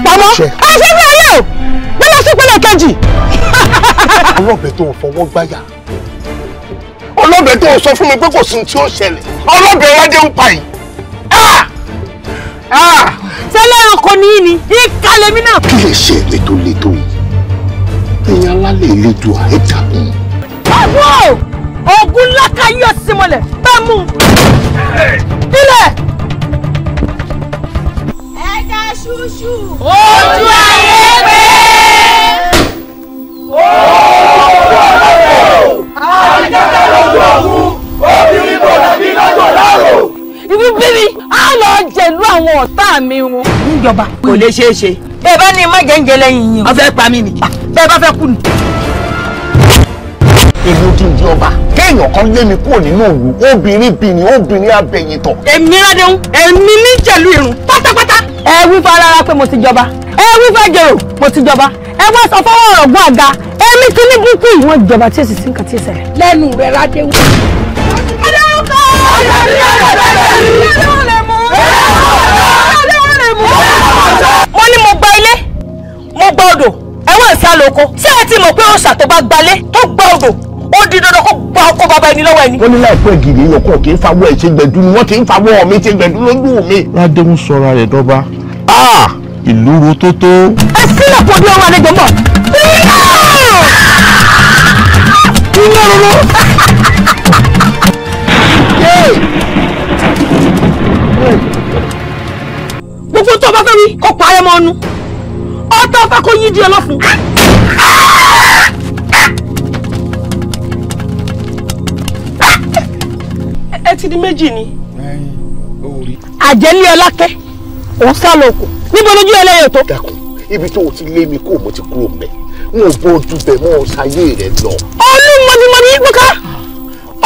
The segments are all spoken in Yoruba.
pamọ́ ẹ ṣe fún ayé o wọ́n lọ sí ìpínlẹ̀ kejì. ọlọ́bẹ̀ tó fọwọ́ gbáyà ọlọ́bẹ̀ tó sọ fún mi pé kò sí ní tí ó ṣẹlẹ̀ ọlọ́bẹ̀ wájú ń pa yìí. sẹ́lẹ̀ ọkọ ni yìí ni ìka lèmi náà. kí lè ṣe ètò lẹ́tọ̀ yìí èèyàn alálẹ̀ ìlejò àìdàkùn. báwo oògùn lákàáyọ̀ símọ̀lẹ̀ bá mú un ṣúṣú. ojú ayé pé. ojú ọ̀rọ̀ àdìgẹ́gẹ́ lójú ọ̀hún obìnrin kò dàbí lọ́jọ́ láàrò. ibi bíbí a lọ jẹ̀lú àwọn ọ̀tá mi wọn. níjọba kò lè ṣeé ṣe. bẹ́ẹ̀ bá ní má jẹ́ǹjẹ́ lẹ́yìn yìí. ọ̀fẹ́ pa mí ni ah, bẹ́ẹ̀ bá fẹ́ kú ni. èmi ò dín di ọba kéèyàn kan lé mi kúrò nínú òwú obìnrin bìnrin obìnrin abẹ̀yìntàn. èmi rádéhùn èmi níjẹ̀lú irun pátápátá ẹ wí fárára pé mo ti jọba ẹ wí fájòrò mo ti jọba ẹ wá sọ fọwọ́ ọ̀rọ̀gún àga èmi kí ní búkú ìwọ̀n ìjọba tí èsì sí nǹkan tí ìṣẹ̀lẹ̀. lẹ́nu rẹ̀ rájẹ́ wù. mo ní mo gba ilé mo gba odò ẹ wá ń sá lóko ṣé ẹ ti mọ̀ pé òòṣà tó bá gbalé tó gba odò ó di dandan kó gba ọkọ bàbá ẹni lọ́wọ́ ẹni. wọ́n ní láìpẹ́ gidi èèyàn kì í fawọ́ ẹ̀ ṣe gbẹ̀dú ni ti ń fawọ́ mi ṣe gbẹ̀dú lójú mi. ládéhùn sọra rẹ̀ dọ́ba ìlú ro tó tó. ẹ sílẹ̀ pọ̀ bí ọwọ́ àlejò mọ̀. iná roro. gbogbo tó o bá fẹ́ mi kó pa ayé mọ́ ọ́nú ọ̀tá ọ̀fà kó yí di ọlọ́fun. ẹ ti di méjì ni. àjẹlé ọlákẹ́ òun sá lọ kù níbo lójú ẹlẹ́yẹ tó. dákun ibi tó o ti lé mi kó o mo ti kúrò mẹ́ n ò bójú bẹ̀ mọ́ ọ sáyé rẹ lọ. olúmọ̀nìmọ̀nì gbọ́ká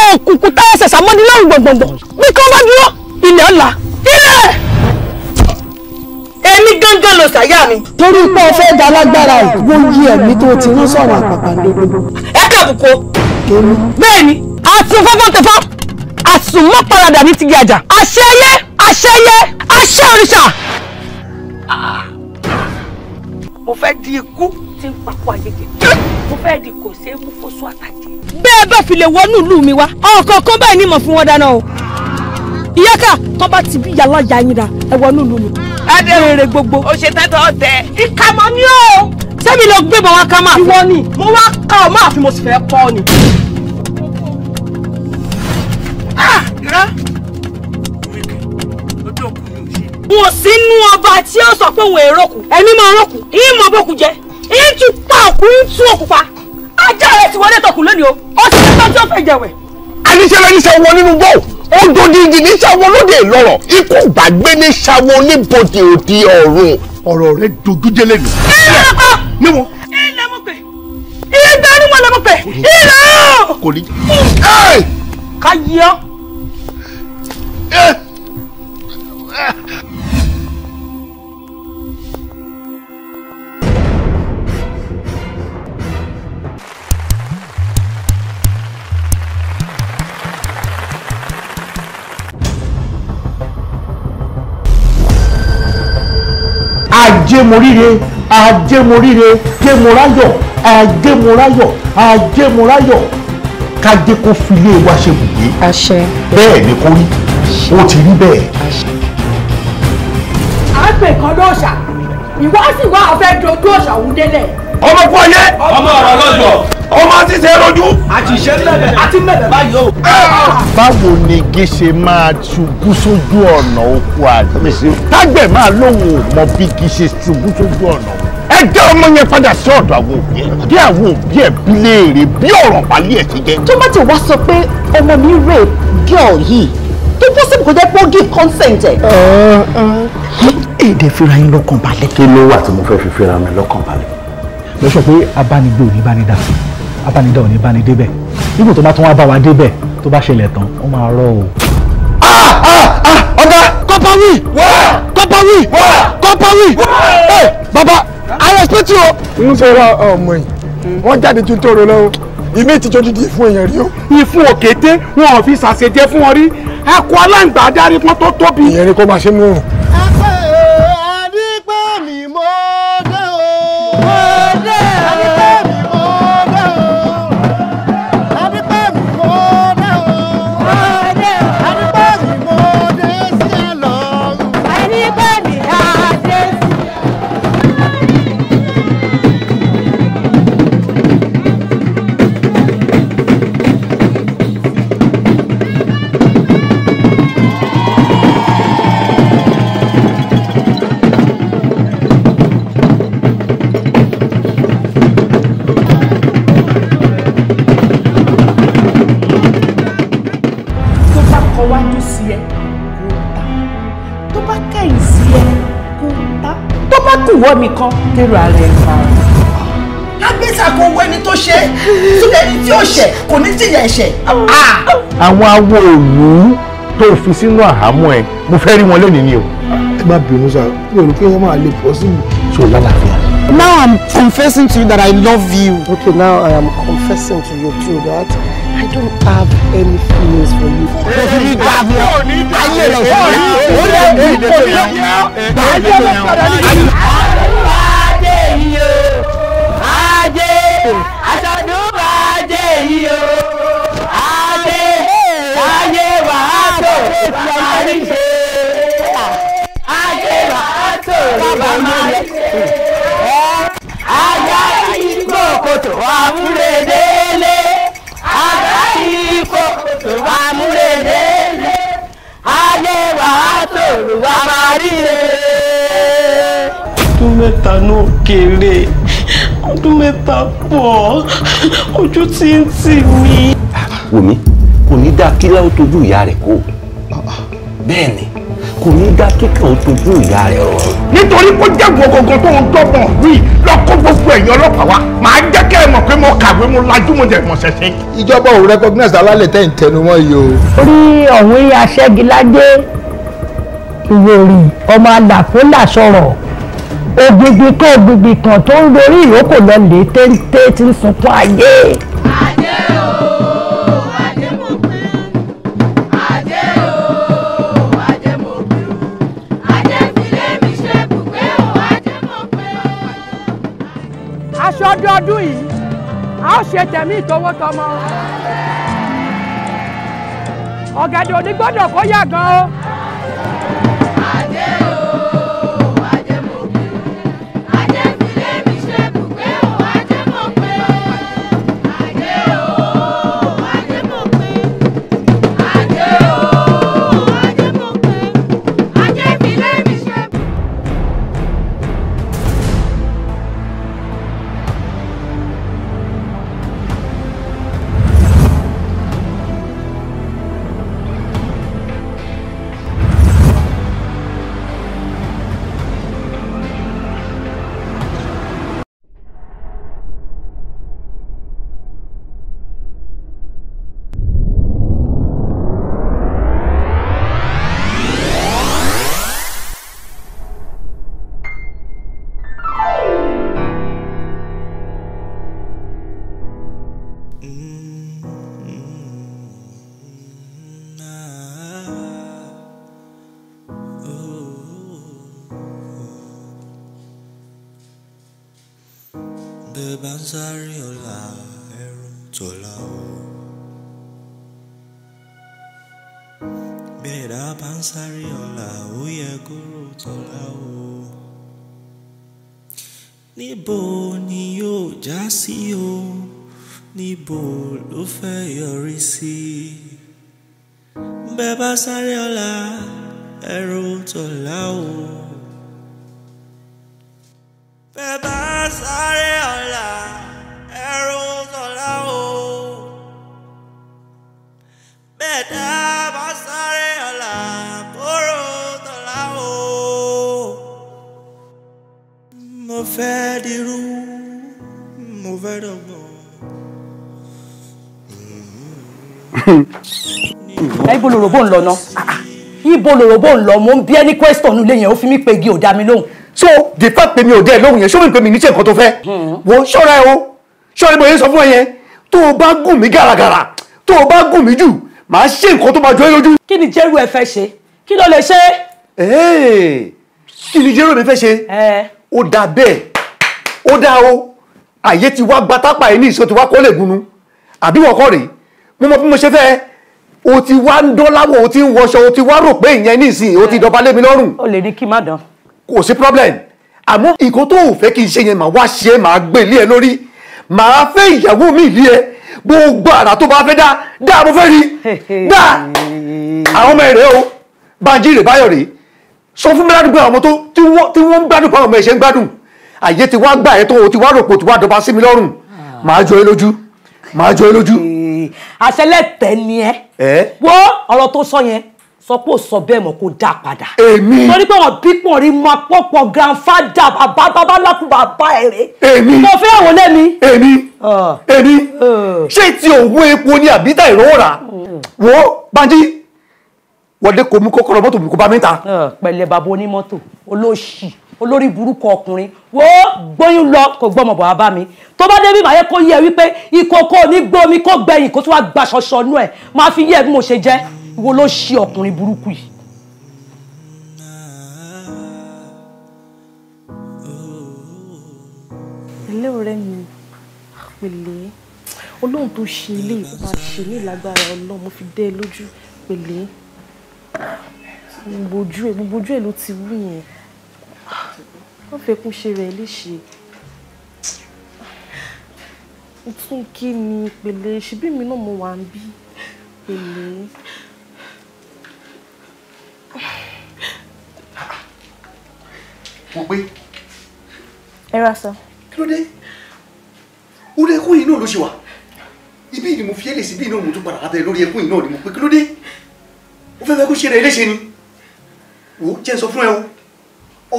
òkùnkùn tá ẹsẹ̀ sàmọ́ni lọ́rùn gbọ̀ngbọ̀ngbọ̀ bí kò bá dúró ilẹ̀ ọ̀la ilẹ̀. èmi gángan ló ṣàyà mi. torí pé o fẹ́ da lágbára ẹ̀ wọ́n yí ẹ̀mí tó ti rán sọ̀rọ̀ àpàpàǹdodo. ẹ kàbùkọ. bẹ́ẹ̀ ni àti fọ́fọ́ tẹ̀fọ́ sùn mọ́ parada ní tigi àjà. àṣeyẹ àṣeyẹ àṣẹ òrìṣà. mo fẹ́ di ikú tí ń papọ̀ àjẹjẹ mo fẹ́ di kò ṣeé mú fọ́sọ́ àtàjẹ. bẹ́ẹ̀ bá fi lè wọnú ìlú mi wá ọkọ̀ kan báyìí ni mo fún wọn dáná o ìyáka tó bá ti bí yàrá ìyá yín ra ẹ wọnú ìlú mi. adé gbogbo. o ṣe tẹ́tọ̀ ọ̀tẹ̀. ìkàmọ́ ni o. sẹ́mi lọ gbé bọ̀ wá ká máa fi. ìwọ ni mo wá ká ọ máa fi mo sì fẹ́ pọ́ ni. rárá wọn sí nú ọba tí ó sọ pé òun èrò kù ẹ̀mí máa rọ̀kù ìyín mọ bókun jẹ ìyín tún pa òkú ń tún òkú pa ajá rẹ ti wọlé tọkùn lónìí o ó ti tọ́ tí ó fẹ́ jẹ̀wẹ̀. àníṣe lẹ́ni ṣe wọ nínú bọ́ọ̀ ododidi ní ṣàwọn olóde ìlọrọ ikú gbàgbé ní ṣàwọn oníbodè òdi ọ̀run. ọ̀rọ̀ rẹ dojújẹ lẹ́nu. ilé ajémoríre ajémoríre jémoráyọ̀ ajémoráyọ̀ ajémoráyọ̀ kájé kó filé wa ṣe bùgbé. àṣẹ. bẹ́ẹ̀ ni kò rí ó ti rí bẹ́ẹ̀. à ń pè kan lóòṣà ìwọ sì wá ọ̀fẹ́ dojú òòṣà òun délẹ̀. ọmọ fún ọyẹ ọmọ ọ̀rọ̀ lọ́jọ́ ọmọ ti ṣe rojú. àti ìṣe mẹ̀bẹ̀ àti mẹ̀bẹ̀ báyìí o. báwo ni igi ṣe máa ṣubú sójú ọ̀nà oko àgbẹ̀ tágbẹ̀ máa lóhùn mọ bí igi ṣe ṣubú sójú ọ̀nà ẹ jẹ́ ọmọ yẹn padà sí ọ̀dọ̀ àwọn òbí ẹ̀ bí àwọn òbí ẹ̀ bí léèrè bí ọ̀rọ̀ balẹ̀ ẹ̀ ti jẹ́. tó bá sọ pé ọmọ mi rè girl yìí possible kò jẹ́ pé ó give consent ẹ̀. èdè fira yín lọ́kàn balẹ̀. kí ló wà tí mo fẹ́ fi fira mi lọ́kàn balẹ̀. lọ sọ pé abánigbé ò ní bá ní dà abánidá ò ní bá ní débẹ̀ nígbà tó bá tún wá bá wa débẹ̀ tó bá ṣẹlẹ̀ tán ó máa rọ o. Ah, ah, ah, ọ̀gá kọ́páwì kọ́páwì kọ́páwì bàbá i respect you. n sọra ọmọ yìí wọn jáde tún tóró lọ ìmí ìtìjọ́jú di ìfún èèyàn rí o. ìfún òkété wọn ò fi ṣàṣejẹ fún wọn rí ẹ̀kọ́ aláǹgbá adarí pọ́n tó tóbi. ìyẹn ni kó máa ṣe mú un. ìwọ mi kọ́ tẹ́rù ara ẹ̀ lágbèsà kò wọ ẹni tó ṣe sílẹ̀ ẹni tí ó ṣẹ̀ kò ní jìyà ẹ̀ṣẹ̀. àwọn awo òru tó fi sínú àhámọ́ ẹ mo fẹ́ rí wọn lónìí ni o. ẹ má bínú sá mi ò rò pé wọn máa lè pọ̀ sí mi. ṣé lálàáfíà. Now I'm confessing to you that I love you. Okay, now I am confessing to you too that I don't have any feelings for you. Ayé lọ sí ọ̀rẹ́ òun lè rí ìdíje yẹn. Ayé lọ sí ọ̀rẹ́ yẹn. wà múre délé àdáyé kòkòtò wà múre délé ayé wà tòrò wà máa ọdún mẹ́ta ní òkèèrè ọdún mẹ́ta pọ̀ ojú tí ń tì mí. wòmí kò ní dáa kí láwọn tójú ìyá rẹ̀ kó bẹ́ẹ̀ ni kò ní dá kíkàn ó tójú ìyá rẹ̀ rọ. nítorí kó jẹ́ gbogbogbò tó ń dọ́gbọ̀n wí lọ́kọ́ gbogbo ẹ̀yìn ọlọ́pàá wa màá jẹ́ kẹ́ ẹ mọ̀ pé mo kàwé mo lajú mo dẹ̀ mọ̀ ṣẹ̀ṣẹ̀. ìjọba ò recognize alálẹ̀ tẹ́ ń tẹnu mọ́ yìí o. orí ọ̀hún yìí aṣẹ́giládé ìwòrì ọmọ àlàfólà sọ̀rọ̀ ògbìgbì kan ògbìgbì kan tó ń dorí ìyókò lọ lè téńté ti ń sunkún ayé. ayé o. ọdún yìí a ó ṣe tẹ̀mí ìtọwọ́ tọmọ ọ̀gẹ̀dẹ̀ òní gbọ́dọ̀ kó yà gan o. sáré ọ̀la ẹrù tọ̀la o. bí ẹ̀dá bá ń sáré ọ̀la ó yẹ kóró tọ̀la o. níbo ni yóò já sí o níbo ló fẹ́ yọrí sí bẹ́ẹ̀ bá sáré ọ̀la ẹrù tọ̀la o bẹ́ẹ̀ bá sáré ọ̀la ẹ̀rù sọ̀la o bẹ́ẹ̀ ẹ ibo lòròbó ń lọ ná ibo lòròbó ń lọ mo ń bí ẹni question nílé ó fi mí pe ò dá mi lóhùn so the fact pé mi ò dẹ́ lóhùn yẹn ṣọ́mọ̀ pé mi níṣẹ́ nǹkan tó fẹ́ wọ́n ṣọ́ra ẹ o ṣọ́ra ìbò yẹn sọ fún ẹ yẹn tó o bá gùn mí gàràgàrà tó o bá gùn mí jù màá ṣe nǹkan tó máa jọ ẹ lójú. kí ni jẹ́rù ẹ fẹ́ ṣe kí ló lè ṣe. kí ni jẹ́rù mi fẹ́ ṣe ó dà bẹ́ẹ̀ ó dà o àyè ti wá gbatápà ẹ ní ìṣó ti wá kọ́lẹ̀ gunu àbí wọ́n kọ́ rèé mo mọ bí mo ṣe fẹ́ o ti wá ń dán láwọ̀ o ti ń wọṣọ o ti wá rò pé ìyẹn nísìnyí o ti dọ̀bálẹ̀ mi lọ́rùn. o lè ní kí má dán kò sí problem àmọ́ nǹkan tó ò fẹ́ kí n ṣe yẹn màá wá ṣe é màá gbé ilé ẹ lórí màá fẹ́ ìyàwó mi ilé ẹ gbogbo àrà tó bá fẹ́ dá dá mo fẹ́ rí dá àwọn ọmọ rẹ o Banji rè Báyọ̀ rè sọ fún mi ládùúgbò àwọn ọmọ tó tí wọ́n ń gbádùn báwọn ọmọ ẹ̀ ń gbádùn àyè ti wá gbà ẹ̀ tó o ti wá rògbò ti wàá dọba sí mi lọ́rùn màá jọ ẹ lójú màá jọ ẹ lójú. àṣẹlẹ tẹ ni ẹ wo ọ̀rọ̀ tó sọ yẹn sọ pé ó sọ bẹ́ẹ̀ mọ̀ kó dá padà. èmi torí pé wọn pípọ̀ rí máa pọ̀pọ̀ grandfather bàbá babaláku bàbá ẹ̀rẹ́. èmi mo fẹ́ àwọn lẹ́mi. èmi èmi ṣé ti òwú epo ni àbí tá ìrora hmm. wo Banji wọlé kò mú kọ́kọ́rọ́ mọ́tò mi kó bá mi ta. pẹ̀lẹ́ bàbá onímọ́tò olóṣì olórí burúkú ọkùnrin wo gbóyún lọ kò gbọ́mọ̀ bọ̀ wá mi tó bá débi màá yẹ kó yẹ wípé ìkòkò ní gbómi kó gbẹ̀yìn kó tún wá gba nú ẹ̀ máa fi yẹ bí mo ṣe jẹ́ ìwọ ló ṣe ọkùnrin burúkú yìí. ilé ọ̀rẹ́ mi pèlè olóhùn tó ṣe ilé ìwọ máa ṣe ní ìlágbára ọlọ́run mo fi dé lójú pèlè gbogbo ẹ gbogbo ẹ ló ti wú yẹn wọn fẹ́ ṣe rẹ léṣe tún kí ni pẹ̀lẹ́ ṣebí mi náà mo wà ń bí pẹ̀lẹ́. mo gbé. ẹ ra sọ. kí ló dé orí ẹkún yìí náà ló ṣe wà ibi ni mo fi ẹ́ lè sí bí iná mo tún padà lábẹ́ lórí ẹkún yìí náà ni mo pé kí ló dé mo fẹ́ fẹ́ kó ṣe rẹ̀ léṣe ni wò ó jẹ́ sọ fún ẹ o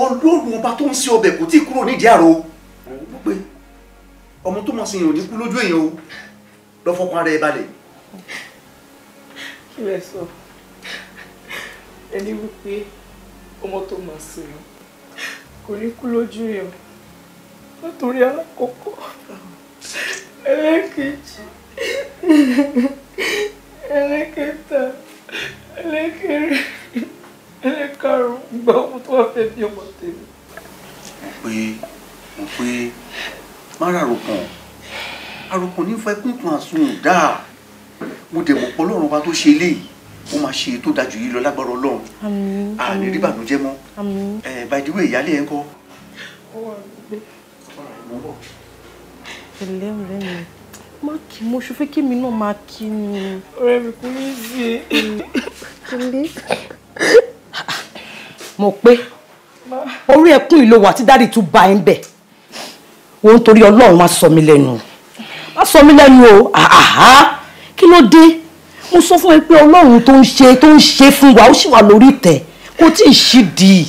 ọlọ́run ọba tó ń ṣe ọbẹ̀ kò tí ì kúrò nídìí àrò mo pé ọmọ tó mọ̀ sí yìí ò ní kú lójú èèyàn o lọ́fọ̀kan ara ẹ balẹ̀. kí lẹ sọ ẹni wípé ọmọ tó mọ̀ sí yìí kò ní kú lójú yẹn nítorí alákọ̀ọ́kọ́ ẹlẹ́kejì ẹlẹ́kẹta ẹlẹ́kẹrin ẹlẹ́karùn-ún gba ọmọ tó wà fẹ́ bí ọmọ tèmi. mo pe mo pe mara àròkàn àròkàn nífẹ̀ẹ́ pínpín àsun dáa mo dẹ̀ mọ̀ pọ̀ lọ́rùn wa tó ṣe eléyìí ó máa ṣe tó dájú yìí lọ lágbára Ọlọ́run àní rí bànújẹ́ mọ́ by the way ìyáálé ẹ̀ ń kọ́. ẹ̀lẹ́ ọ̀rẹ́ mi má kí mo ṣe fẹ́ kí mi náà máa kí ni. ọ̀rẹ́ mi kò ní sí i. mo pé orí ẹkún ìlò wà tí dáàdì tún ba ẹ ń bẹ̀ òun torí Ọlọ́run má sọ mí lẹ́nu má sọ mí lẹ́nu o kí ló dé mo sọ fún ẹ pé ọlọ́run tó ń ṣe tó ń ṣe fún wa ó sì wà lórí ìtẹ́ kò tí ì ṣídìí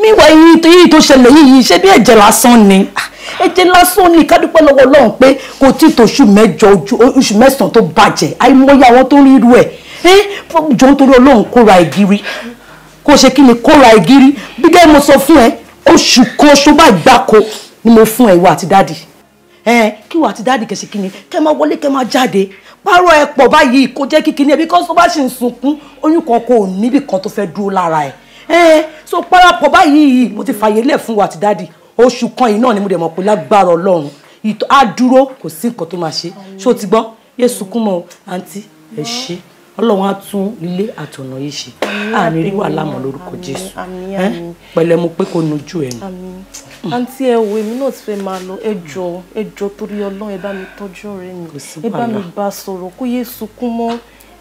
míwá yìí tó ṣẹlẹ̀ yìí ṣé bí ẹ̀jẹ̀ lásán ni ah, ẹ̀jẹ̀ lásán ni kádúpẹ́ lọ́wọ́ ọlọ́run pé kò tí ì tó oṣù mẹ́jọ oṣù mẹ́sàn-án tó bàjẹ́ àìmọye àwọn tó rí irú ẹ̀ jọ nítorí ọlọ́run kóra ìgiri kó ṣe kí ni kóra ìgiri bí gẹ́gẹ́ mo sọ fún ẹ oṣù kan ṣó bá gbáko ni mo fún ẹ ìwà àti dáàdì ẹ kí wàá ti dáàdì kẹsì kínní kẹ máa wọlé kẹ máa jáde párọ̀ ẹ pọ̀ báyìí kò jẹ́ kíkínní ẹ bí kọ́ sọ́ba ṣì ń sunkún oyún kan kò níbì kan tó fẹ́ dúró lára ẹ ẹ so párọ̀ pọ̀ báyìí mo ti fàyè lẹ̀ fún wàá ti dáàdì oṣù kan yìí náà ni mo dẹ̀ mọ̀ pé lágbára ọlọ́run ìtọ́ á dúró kò sí nǹkan tó máa ṣe ṣé o ti gbọ́ yé sunkún mọ́ àǹtí ẹ ṣe ọlọ́run á tún ilé àtọ̀nà yìí ṣe àárín rí wàhálà mọ́ lórúkọ jésù pẹ̀lẹ́ pé kò nujú ẹ̀ nù àǹtí ẹ wo èmi náà ti fẹ́ máa lọ ẹ jọ ẹ jọ torí ọlọ́run ẹ bá mi tọ́jú ọ̀rẹ́ mi ẹ bá mi bá sọ̀rọ̀ kó yé sunkún mọ́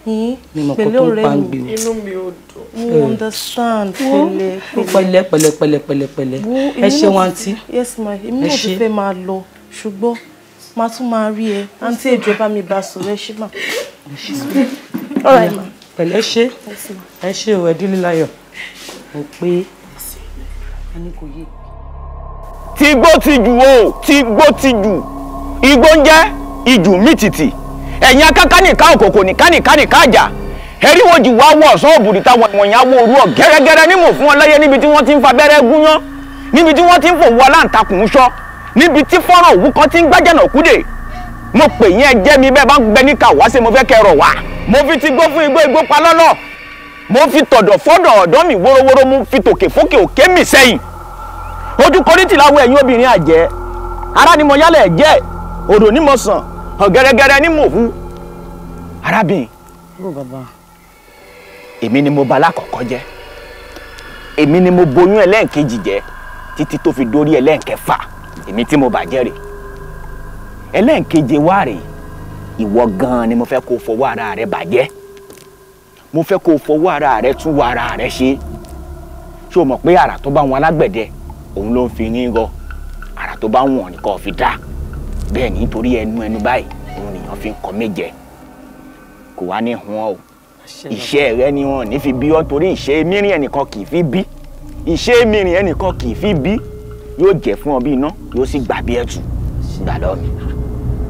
yín pẹ̀lẹ́ ọ̀rẹ́ mi inú mi ò dùn mo eh. understand pẹ̀lẹ́ pẹ̀lẹ́ pẹ̀lẹ́ pẹ̀lẹ́ pẹ̀lẹ́ pẹ̀lẹ́ ẹ ṣe wọn àǹtí yes ma èmi náà ti fẹ́ máa lọ ṣùgbọ́n màá tún máa rí ẹ àǹtí ẹ jọ bá mi bá sọ̀rọ̀ ẹ ṣe mà pẹ̀lẹ́ ṣe ẹ ṣe ò ẹ̀dínláyọ̀ ò pé a kò yé ti gbó ti jù o ti gbó ti jù igbó ń jẹ́ ìjù mítìtì ẹ̀yin akáká nìka òkòkò nìka nìka nìka àjà eriwo jù wá wọ̀ ṣọ́ọ̀bù níta wọ̀nyí awo òru ọ̀ gẹ́rẹ́gẹ́rẹ́ nímò fún ọ lẹ́yẹ níbi tí wọ́n ti ń fa abẹ́rẹ́ gúnyán níbi tí wọ́n ti ń fòwú aláǹtakùn ṣọ́ níbi tí fọ́nrán òwú kan ti ń gbájẹ̀nà kúdè mo pè yín ẹ jẹ́ mi bẹ́ẹ̀ bá ń gbẹ níka wá sí mo fẹ́ kẹ́ rọ̀ wá mo fi ti gbó fún igbó igbó pa mo fi tọ̀dọ̀ fọ́dọ̀ ọ̀dọ́ mi wórówóró mo fi tòkè fókè òkè mi sẹ́yìn ojú kọ́rìtì láwọ ẹ̀yìn obìnrin àjẹ́ ara ni mo yálẹ̀ jẹ́ òdò ni mo sàn ọ̀gẹ́rẹ́gẹ́rẹ́ ni mo hu arábìnrin. ó bàbá. èmi ni mo ba alákọ̀ọ́kọ́ jẹ́ èmi ni mo boyún ẹlẹ́ǹkejì jẹ́ títí tó fi dórí ẹlẹ́ǹkẹfà èmi tí mo bàjẹ́ rè ẹlẹ́ǹkeje wá rè ìwọ gan-an ni mo fẹ́ kó fọwọ́ ara rẹ bàjẹ́ mo fẹ́ kó fọwọ́ ara rẹ tún wọ ara rẹ ṣe ṣé o mọ̀ pé àrà tó bá wọn alágbẹ̀dẹ òun ló ń fi yín rọ àrà tó bá wọ̀n ní kò fi dá bẹ́ẹ̀ ni nítorí ẹnu ẹnu báyìí òun nìyàn fi ń kọ méje kò wá ní hun ọ o iṣẹ́ rẹ ni wọn ní fi bí ọ torí ìṣe mìíràn ẹnìkan kì í fi bí ìṣe mìíràn ẹnìkan kì í fi bí yóò jẹ́ fún ọ bí iná yóò sì gbà bí ẹ̀tù gbà lọ́ọ̀ mi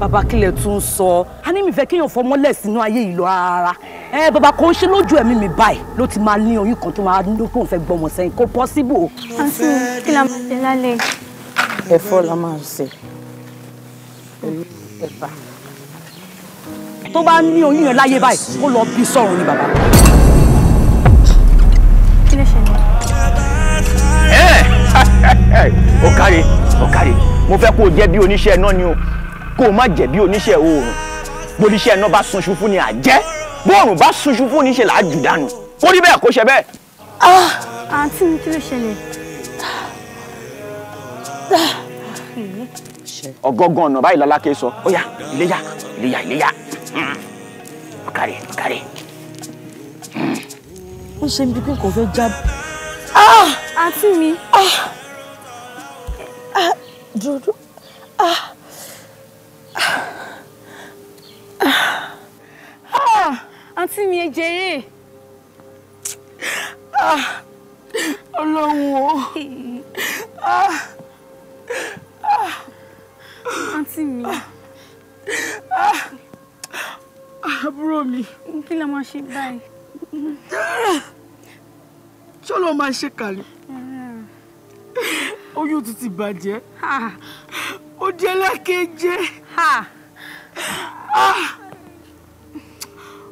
bàbá kílẹ̀ tún sọ a ní mi fẹ́ kéèyàn fọmọ́lẹ̀ sínú ayé yìí lọ rárá ẹ bàbá kò ń ṣe lójú ẹ̀mí mi báyìí ló ti máa ní oyún kan tó máa ní kó n fẹ́ gbọmọ sẹ́yìn kó pọ́síbò. àǹtí kí la máa ṣe lálẹ́. ẹ̀fọ́ la máa ṣe ẹ̀fà. tó bá ní oyún yẹn láyé báyìí kó lọ bí sọ̀rọ̀ ni bàbá. ẹ ẹ ọ̀kàrẹ̀ ọ̀kàrẹ̀ mo fẹ́ kó o jẹ́ bí oníṣẹ́ náà ni o kó o má jẹ̀ bí oníṣẹ́ oòrùn bóníṣẹ́ iná bá sunṣu fún ni àjẹ́ bóòrùn bá sunṣu fún ni ṣe là á jù dànù kó rí bẹ́ẹ̀ kó ṣe bẹ́ẹ̀. Ah, àǹtí mi kí ló ṣẹlẹ̀. ọgọgàn ọ̀nà báyìí lálákè sọ ó iléyà iléyà iléyà hmm. ọ̀kàrẹ̀ ọ̀kàrẹ̀. Hmm. ó ṣe bí kò fẹ́ já. Ah! àǹtí mi. dúró ah! dúró. Ah, àǹtí mi ẹ jèrè ah, ọlọ́run o ah, àǹtí mi àbúrò mi kí la máa ṣe báyìí ṣó ló máa ṣe kàlẹ́ oyún tún ti bàjẹ́ ó jẹ́ lákèjẹ́. Ah.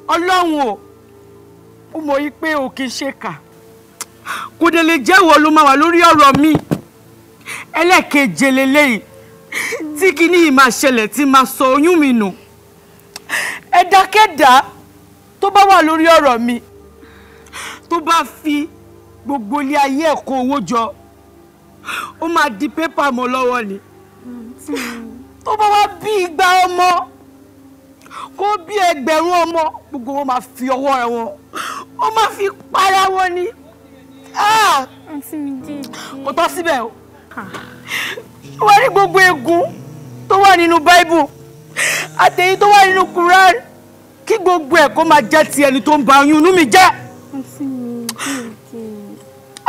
ọlọ́run o ó mọ̀ yí pé o kì í ṣe kà kò dé lè jẹ́wọ́ ló máa wà lórí ọ̀rọ̀ mi ẹlẹ́ẹ̀keje lélẹ́yìí tí kinní yìí máa ṣẹlẹ̀ tí máa sọ oyún mi nù ẹ̀dákẹ́dá tó bá wà lórí ọ̀rọ̀ mi tó bá fi gbogbo ilé ayé ẹ̀ owó jọ ó máa di pépà mọ́ lọ́wọ́ ni. Mm -hmm tó bá wá bí igba ọmọ kó bí ẹgbẹ̀rún ọmọ gbogbo wọn máa fi ọwọ́ rẹ̀ wọn wọ́n máa fi para wọn ni. Ah! àǹtí mi jẹ́ kò tọ́ síbẹ̀ o ah. wọ́n rí gbogbo ègún tó wà nínú Bible àtẹ̀yí tó wà nínú Quran kí gbogbo ẹ̀ kó máa jẹ́ ti ẹni tó ń ba oyún inú mi jẹ́. àǹtí mi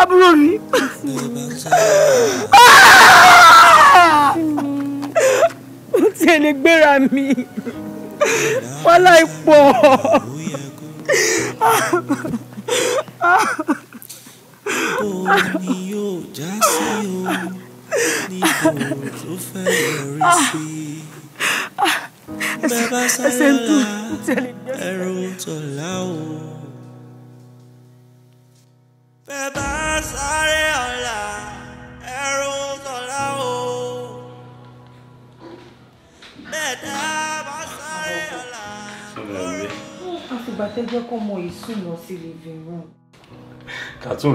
àbúrò mi mo ti ẹ̀ lè gbéra mi wàhálà ipò. Òní yóò já sí o, ní ìhòòhò tó fẹ́ yọrí sí i. Bẹ́ẹ̀ bá sáré ọ̀la, ẹ̀rù tọ̀la o. Bẹ́ẹ̀ bá sáré ọ̀la, ẹ̀rù tọ̀la o bẹ́ẹ̀dá bá sáré ọ̀la. àfìgbà sí living room.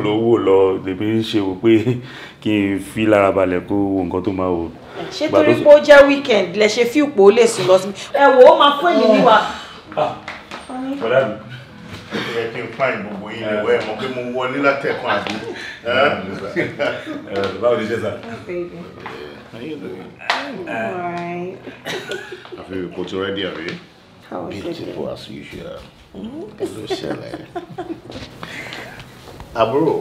ló wò lọ lèmi ń ṣe wò pé kí n fi lára balẹ̀ kó wo nǹkan tó máa wò. ṣé torí pé ó jẹ́ weekend lẹ ṣe fi ipò ó lè sùn lọ sí mi ẹ wò ó máa fún èmi níwà. Ah, bọ́dà mi ẹ kí n pààyàn gbogbo yín lè wọ ẹ mọ pé mo wọlé látẹ̀kùn àbí. báwo ni ṣe sá. How you doing? Uh, Alright. Have you put already away? How is Beautiful it as usual. Ló ṣẹlẹ̀. Àbúrò,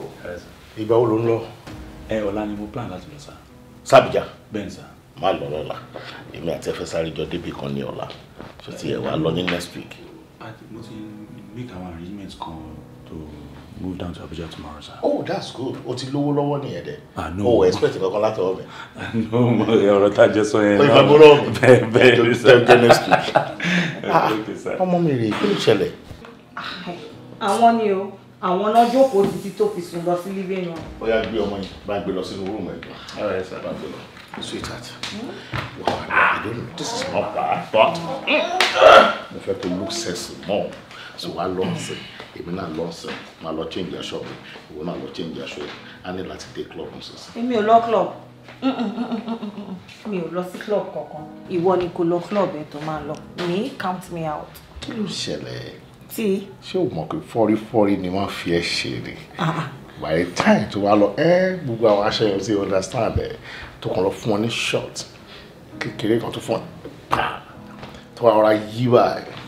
ìgbà wo ló ń lọ? Ẹ ọ̀la ni mo plan láti lọ sá. Benza, Bẹ́ẹ̀ni sá. Má lọ lọ́la. Èmi àti ẹ̀fẹ́ sáré jọ débì kan ní ọ̀la. Ṣé ti ẹ̀ wá lọ ní next week? Mo ti make our arrangements kan To move down to Abuja tomorrow, sir. Oh, that's good. O ti lówó lọ́wọ́ nìyẹn dẹ̀. Ah, no. O expect kankan láti ọ̀bẹ. No, mo ọ̀rọ̀ tá a jẹ so yẹn. Ìgbà gbọ́dọ̀ mi. Bẹ́ẹ̀ bẹ́ẹ̀ ni sir. Tẹ́lẹ̀ next week. Ah, ọmọ mi rè é, kí ló ṣẹlẹ̀? Ah, àwọn ni o, àwọn náà jókòó títí tó fi sùn lọ sí living room. Ó yá gbé ọmọ yìí, bá gbé lọ sínú rúùmù ẹ̀ All right, sir. bá gbé lọ. Sweetheart, hmm? wow, I don't know, this is not bad, but hmm. mo fẹ́ to look sexy more so wàá lọ ọ̀sẹ̀ èmi náà lọ ọ̀sẹ̀ máa lọ change aṣọ mi ìwọ náà lọ change aṣọ yìí a ní láti dé club n sọsọ. èmi ò lọ club mi ò lọ sí club kankan ìwọ ni kò lọ club ẹ tó máa lọ ní count me out. kí ló ṣẹlẹ̀ tí. ṣé o mọ̀ pé fọ́rífọ́rí ni wọ́n fi ẹ ṣe ni ah, ah. by the time tó wá lọ ẹ gbogbo àwọn aṣọ yẹn ti understand ẹ tó kàn lọ fún ọ ní short kékeré kan tó fún ọ pa tó wá rọra yí báyìí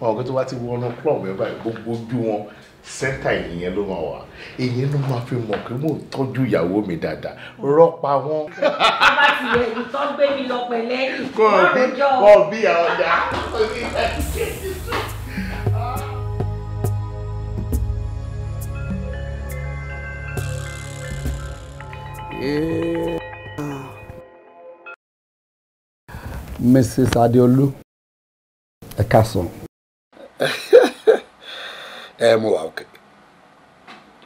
ọ̀gá tó bá ti wọnú club ẹ̀ báyìí gbogbo ojú wọn sẹ́ńtà ìyẹn ló máa wà ìyẹn ló máa fi mọ̀ pé mò ń tọ́jú ìyàwó mi dáadáa rọ́pa wọn. wọ́n ti rẹ̀ ìtọ́ gbé mi lọ pẹ̀lẹ́ ìfọ̀rọ̀jọ́. kọ́ bí àwọn ọjà Mrs. Adeolu ẹ káàsán ɛyɛ eh, mo wa ok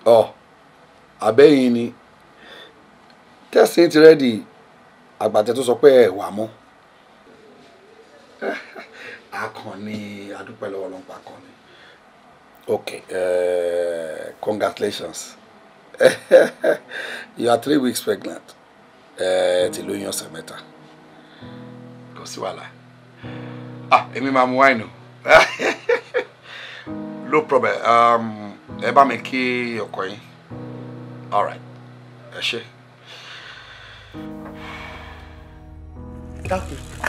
ɔ abẹ́yìn ni tẹ́sán ti rẹ́dì àgbàtẹ́ tó sọ pé ẹ wà mọ́ akọni adúpẹ́ lọ́wọ́ ló ń pa akọni. ok uh, congratulations you are three weeks pregnant eh, ti lóyún ọ̀sẹ̀ mẹ́ta kò sí wàhálà ah èmi máa mu wáìnì o no problem um, ẹ bá mi kí ọkọ yín all right ẹ ṣe.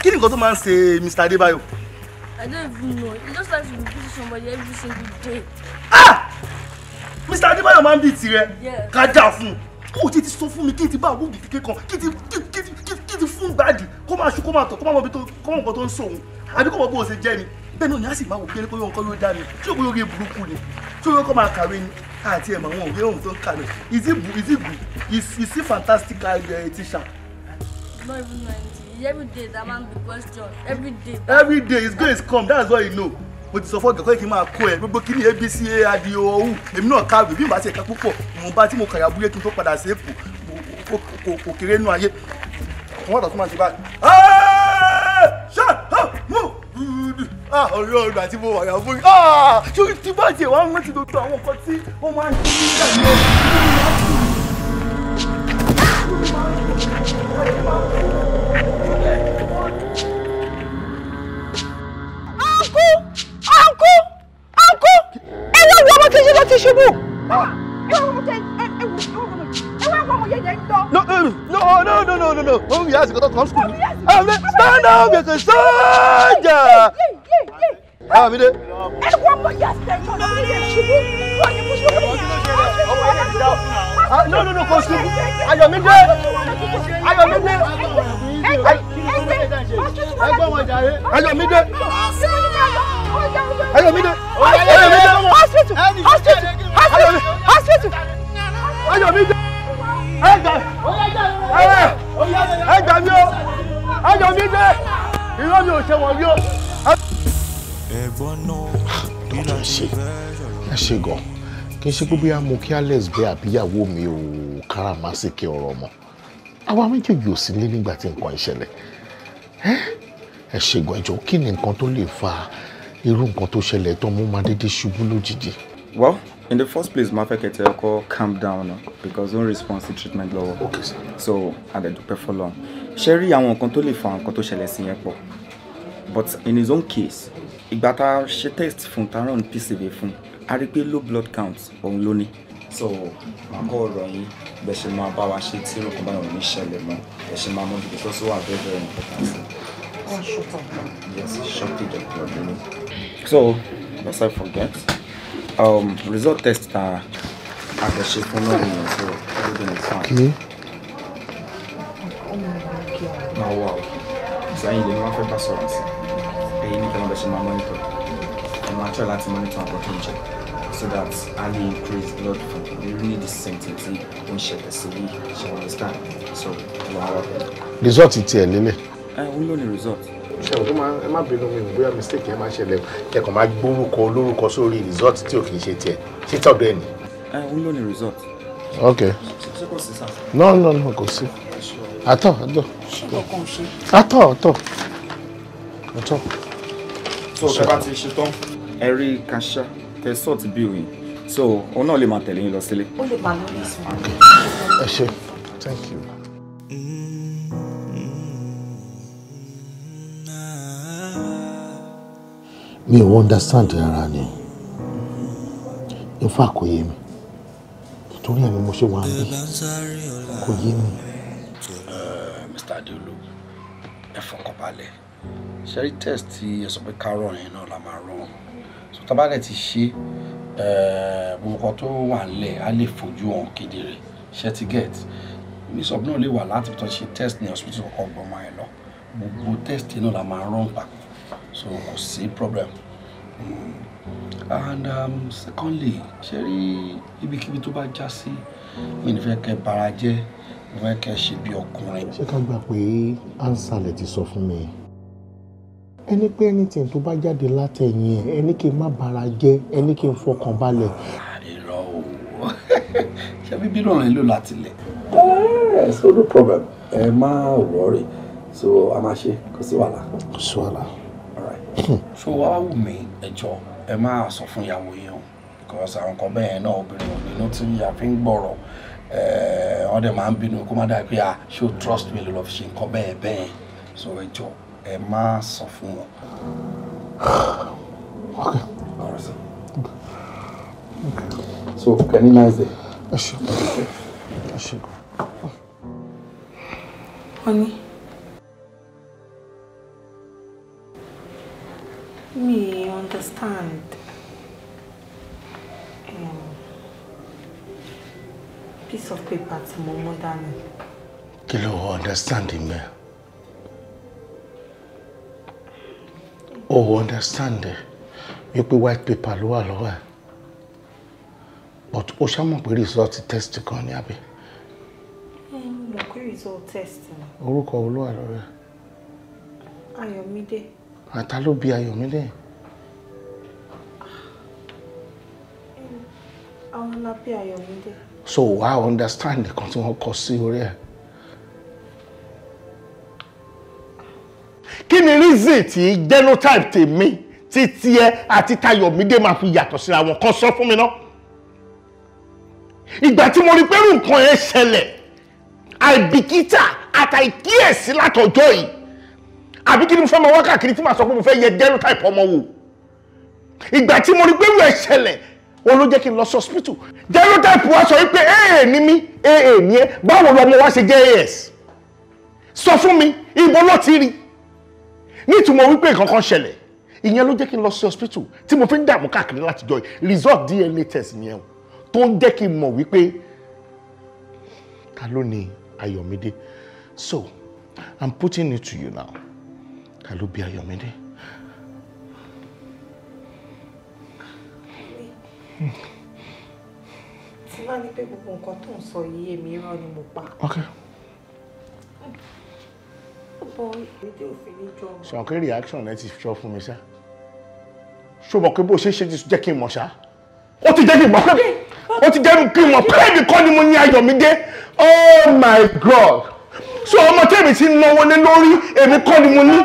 kí ni nǹkan tó máa ń ṣe Mr. Adébáyọ̀. I don't even know he just like to be busy somebody every single day. ah Mr. Adébáyọ̀ máa ń bí tirẹ̀ kájà fún un ó ti ti sọ fún mi kí n ti bá àwọn òbí kékeré kan kí n ti kí n ti fún gbàdì kó máa ṣu kó máa tọ̀ kó máa mọ ibi tó kó mọ nǹkan tó ń sọ òun àbí kó mọ bó o ṣe jẹ́ ni bẹ́ẹ̀ náà yàtì máa wò pé kó yóò yóò dá mi tí yóò kó burúkú ni tí yóò kọ́ máa kàwé ni àti ẹ̀mọ̀ àwọn òwe ohun tó kà ní is it good is it good is is it fantastic uh, uh, teacher. not even ninety every day that man be question every day. every day his grace come that's all you know mo ti sọ fún ọ̀gá kí n máa kó ẹ gbogbo kí ni abc adio ọ̀hún èmi náà kàwé bí n bá ṣe ẹ̀ka púpọ̀ ìwọ̀nba tí mo kàyà búyẹ́ kí n tó padà sí èkó kò kéré nú ayé àwọn ọ̀dọ́ tó máa ṣe báyìí. ṣé mú Ah, ọ̀rọ̀ ọ̀rọ̀ àti mo wà yà fún mi ah, ṣé tí bá tiẹ̀ wá rántí gbogbo àwọn nǹkan tí wọ́n máa ń ṣe nígbà yẹn. Uncle! Uncle! Uncle! ẹ wá wo ọmọ kejì lọ ti ṣubú. Ah! ẹ wá ọmọ kejì. No, no, no, no, no, no, no no no no no no no òun yà á sì kọ́tọ̀ tó kọ́ sùkúl mi. àmì stand up yẹsẹ sọ́jà. àmì dé. ẹ wá pọ̀ yẹsẹ sọ́jà ṣubú wọ́n ti kú sùkúl yẹn. no no no kò sùkúl Ayọ̀mídé Ayọ̀mídé. Ayọ̀mídé. Ayọ̀mídé. Ayọ̀mídé. hospital hospital hospital. Ayọ̀mídé ẹ gbà ẹ gbà mí o ẹ jọ mí dé irọ́ mi ò ṣe wọ̀n rí o. dókítà ṣe ẹ ṣe gan kì í ṣe pé bóyá mo kí alex bẹ àbíyàwó mi ò káràmásìkè ọ̀rọ̀ ọmọ àwa méjèèjì ò sí lé nígbà tí nǹkan ìṣẹ̀lẹ̀ ẹ ṣe ẹjọ kí ni nǹkan tó lè fa irú nǹkan tó ṣẹlẹ̀ tó mú máa dédé ṣubú lójijì. well in the first place máa fẹ́ kẹ̀tẹ̀ call. calm down because don't respond to treatment law. okay, so I fọlọ́n ṣe for long. Sherry, tó lè control nǹkan tó ṣẹlẹ̀ sí yẹn pọ̀ but in his own case he got a she test fún taron pcv fún i repeat, low blood counts on ló so my call yìí bẹ́ẹ̀ ṣe máa bá wa ṣe tí ìròkàn báyọ̀ ní ṣẹlẹ̀ mọ́ bẹ́ẹ̀ ṣe máa mọ́ bí kò tó wà bẹ́ẹ̀ important. Yes, shortage of blood. So, lest I forget um, result test at the fún náà nìyẹn so everything is fine. máa wà ó sẹ́yìn lè ní wọ́n fẹ́ bá sọ̀rọ̀ sí èyí to. kẹ́lọ́ bẹ́ẹ̀ ṣe máa mọ́nítọ̀ ẹ máa tọ́ láti mọ́nítọ̀ so that a lè increase blood flow we really need the same thing tí ó she ṣẹlẹ̀ sí i understand so wàá wà. result here, ẹ̀ lélẹ̀. ẹ wúlò ní result ṣe òkú máa ẹ má bínú mi bóyá mistake ẹ má ṣẹlẹ̀ kẹkàn máa gbórúkọ olórúkọ sórí result tí ò kì í ṣe tiẹ̀ ṣé tọ̀dọ̀ ẹ ni. ẹ ń ní result. ok no no no kò sí àtọ àtọ àtọ àtọ àtọ. so ṣe bá ti ṣe tán ẹ rí kàṣà tẹsán ti bí òyìn so òun náà lè máa tẹ̀lé yín lọ sílé. ó lè máa lọ ní ẹ ṣe thank you. mi ò understand rárá ni ifá kò yé mi nítorí ẹni mo ṣe wà ń bí kò yé mi. Eh, Mr. Adeolu ẹ fọkàn balẹ̀ ṣẹ́rí test tí ẹ sọ pé kárọ̀ yẹn náà la máa rán so tábàlẹ̀ ti ṣe eh, gbogbo kan tó wà nílẹ̀ á lè fojú hàn kedere ṣe ti get mísọ̀bù náà lè wà láti tó ṣe test ní hospital kọ̀ọ̀kan máa ẹ lọ gbogbo test náà la máa rán papọ̀ so kò sí problem. and um, secondly ṣe rí ibikíbi tó bá já sí mi ní fẹ́ kẹ́ bara jẹ́ mo fẹ́ kẹ́ ṣe bí ọkùnrin. ṣé ká gbà pé ansalẹ ti sọ fún mi ẹni pé anything tó bá jáde látẹ̀yìn ẹ̀ ẹni kí n má bara jẹ́ ẹni kí n fọkàn balẹ̀. àìrọ o ṣe bíbí náà nílò láti lẹ̀. Eh, so no problem ẹ má wọrí so a máa ṣe kò sí wàhálà. kò sí wàhálà. so wàá wù mí ẹjọ ẹ máa sọ fún ìyàwó yìí o because àwọn kan bẹ́ẹ̀ náà obìnrin ò nínú tí a fi ń gbọ̀rọ̀ eh, wọ́n dẹ̀ máa ń bínú kó má dàbí à ah, ṣó trust me ló lọ fi ṣe nǹkan bẹ́ẹ̀ bẹ́ẹ̀ so ẹjọ ẹ máa sọ fún wọn. okay. so kẹ́ni náà ṣe. ẹ ṣe kọ́ ẹ ṣe kọ́. wọ́n ní. Me understand. Um, piece of paper tí mo mú dání. Kí understand me? Oh, understand wípé white paper ló wà lọ́wọ́ ẹ̀ but ó ṣàmọ̀ result test to ni àbí. mo mọ̀ pé result test ni. orúkọ wo ló wà lọ́wọ́ ẹ̀ àtà ló bí ayọ̀ mi lẹ́yìn. àwọn la bí ayọ̀ mi dé. so wà á understand nǹkan tí wọ́n kọ sí orí ẹ̀. kí ni reason tí genotype tèmi tí tiẹ̀ àti tayọ̀mídé máa fi yàtọ̀ síra wọn kan sọ fún mi náà ìgbà tí mo rí pẹ́rù nǹkan yẹn ṣẹlẹ̀ àìbìkítà àtàìkíyèsí látọjọ́ yìí àbí kí ni mo fẹ́ máa wá káàkiri tí màá sọ pé mo fẹ́ yẹ genotype ọmọ wò ìgbà tí mo rí pé wíwẹ̀ ṣẹlẹ̀ wọn ló jẹ́ kí n lọ sí hospital genotype wa sọ wípé aa ni mí aa ni ẹ báwo lọ ọmọ wa ṣe jẹ́ as sọ fún mi ibo ló ti rí nítumọ̀ wípé nǹkan ṣẹlẹ̀ ìyẹn ló jẹ́ kí n lọ sí hospital tí mo fi ń dààmú káàkiri látijọ́ yìí result DNA test yẹn tó ń jẹ́ kí n mọ̀ wípé ta ló ni Ayọ̀mídé so I'm putting it to you now Kalau biar bí Ayọ̀mídé. tí máa ní pé gbogbo nǹkan tó ń sọ ni muka. Okay. ṣàwọn kí reaction rẹ ti sọ fún mi ṣá ṣó mọ̀ pé bó ṣe ṣe ti jẹ́ kí n mọ̀ ṣá ó ti jẹ́ kí n mọ̀ pé ó ti jẹ́ kí n mọ̀ pé nìkan ni mo ní Ayọ̀mídé oh my god so ọmọ tẹ́mi ti náwó lé lórí èmi kọ́ ni mo ní.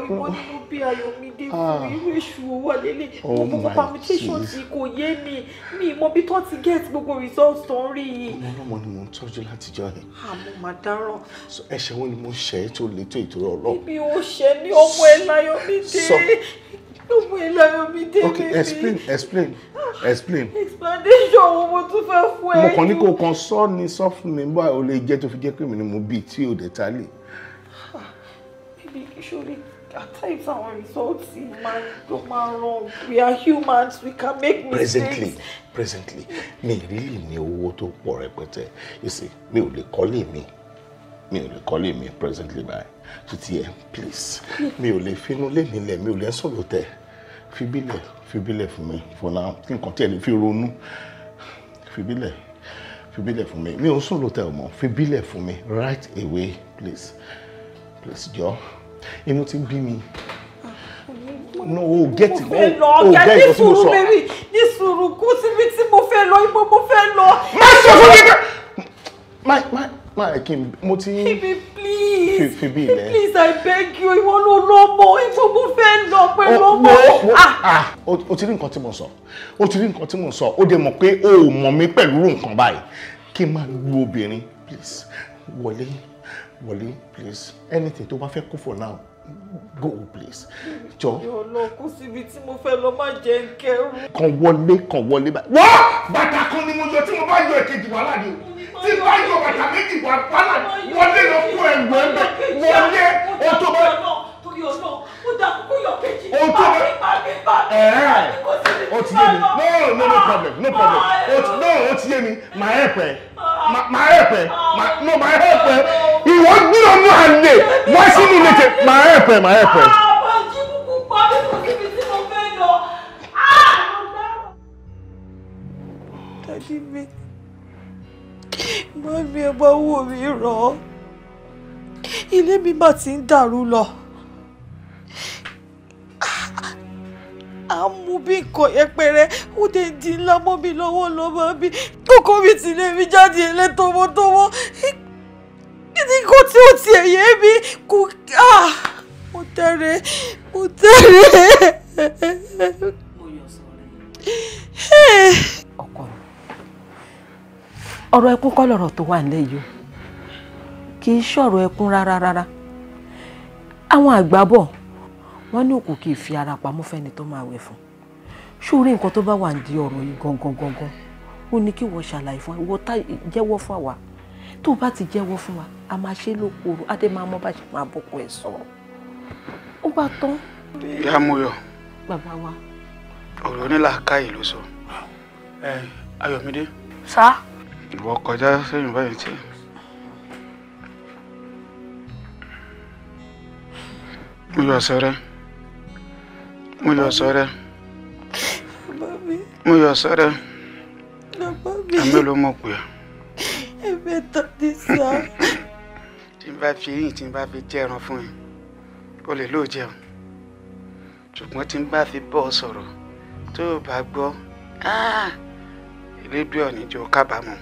Ah, nínú bí Ayọ̀mídé fún ah. irú èṣù owó lélẹ̀ oh gbogbo permutation tí kò yé mi mi mọ bí tó ti get gbogbo results tó ń rí yìí. ọmọ ọlọmọ ni mò ń tọ́jú látijọ́ yẹn. àmọ́ ah, màá dáràn. ẹ̀ṣẹ̀ wo ni mo ṣẹ̀ tó lè tó ìtòrò ọlọ́. ibi ò ṣẹ̀ ní ah, mo tún fẹ́ fún ẹ. mo kàn ní o lè jẹ́ tó fi jẹ́ mo bí tí ò dé ta lè at times our results máa ló máa ràn we are humans we can make mistakes. presently presently me really ní owó tó pọ̀ rẹpẹtẹ you see me only calling me, me only calling me presently by to ti ẹ please Me only lè finú lé mi lẹ mi ò lè sọ̀rọ̀ tẹ fibilẹ̀ fibilẹ̀ fún mi for now kí nǹkan tell ẹ you fi Fibile, fibile for me. Me also ò sọ̀rọ̀ tẹ ọmọ fibilẹ̀ fún right away please please jọ inú ti bí mi no o get it o get it o ti mo sọ ní sùúrù kú síbi tí mo fẹ́ lọ ibo mo fẹ́ lọ. má sọ fún mi má má má kí n mo ti. ibi please fi bí ilẹ̀. please i beg you ìwọ ló lọ mọ ibo mo fẹ́ lọ pẹ̀lú ọmọ. Ah. Ah, o ti rí nǹkan tí mo sọ o ti rí nǹkan tí mo sọ o dẹ̀ mọ̀ pé o ò mọ̀ mi pẹ̀lú nǹkan báyìí kí n máa lu obìnrin please wọlé yín wọlé please anything tó bá fẹ́ kó for now go please jọ. yóò lọ kú síbi tí mo fẹ́ lọ má jẹ nkẹ́rù. kàn wọlé kàn wọlé wọ́n bàtà kan ni mo yọ tí mo bá yọ èkejì wàhálà ni tí bá yọ bàtà méjì wàhálà wọlé lọ kó ẹ̀wọ̀n ẹ̀mẹ́ wọlé o tó bá torí ọlọ́run ó dà ti yé mi no no no ah, problem no problem ah, ó ti no ó ti yé mi màá ẹ̀ pẹ́ màá ẹ̀ pẹ́ no màá ẹ̀ pẹ́ ìwọ gbúdọ̀ mú àlè wá sínú ilé tẹ màá ẹ̀ pẹ́ màá ẹ̀ pẹ́. Dadi mi, mọ́ mi ẹ bá wò mí rọ̀ ọ́, ilé mi mà ti ń dàrú lọ a mú bí nǹkan yẹpẹrẹ ó dé di ńlá mọ́ mi lọ́wọ́ lọ́mọ mi kókó mi ti lé mi jáde ilé tọmọtọmọ nǹkan tí ó tiẹ̀ yé mi kò ah, mo tẹ̀rẹ̀ mo tẹ̀rẹ̀. ọkọ mi ọ̀rọ̀ ẹkún kọ́ lọ̀rọ̀ tó wà nílẹ̀ yìí o kì í ṣọ̀rọ̀ ẹkún rárá rárá àwọn àgbà bọ̀ wọ́n ní òkú kì í fi ara pamọ́ fẹ́ni tó máa wẹ̀ fún ṣúrí nǹkan tó bá wà ń di ọ̀rọ̀ yìí gangan gangan ó ní kí wọ́n ṣàlàyé fún ìwọ tá jẹ́wọ́ fún àwa tó bá ti jẹ́wọ́ fún wa a máa ṣe lókòrò á dé máa mọ bá ṣe máa bọ́kọ ẹ̀ sọ̀rọ̀ ó bá tán. ìyá moyọ. bàbá wa. ọ̀rọ̀ onílà káyè ló sọ ẹ ayọ̀mídé. sá. ìwọ kọjá sẹ́yìn báyìí tí. moyọ sẹ́rẹ́ mo yọ sọrẹ mo yọ sọrẹ àmì ló mọ̀ pé. ẹ bẹ tọ́ ti sọ. tí n bá fi yín tí n bá fi jẹ ẹran fún yín o lè lóò jẹun ṣùgbọ́n tí n bá fi bọ́ ọ sọ̀rọ̀ tó o bá gbọ́ elédùn ọ̀nì jọ kábàámọ̀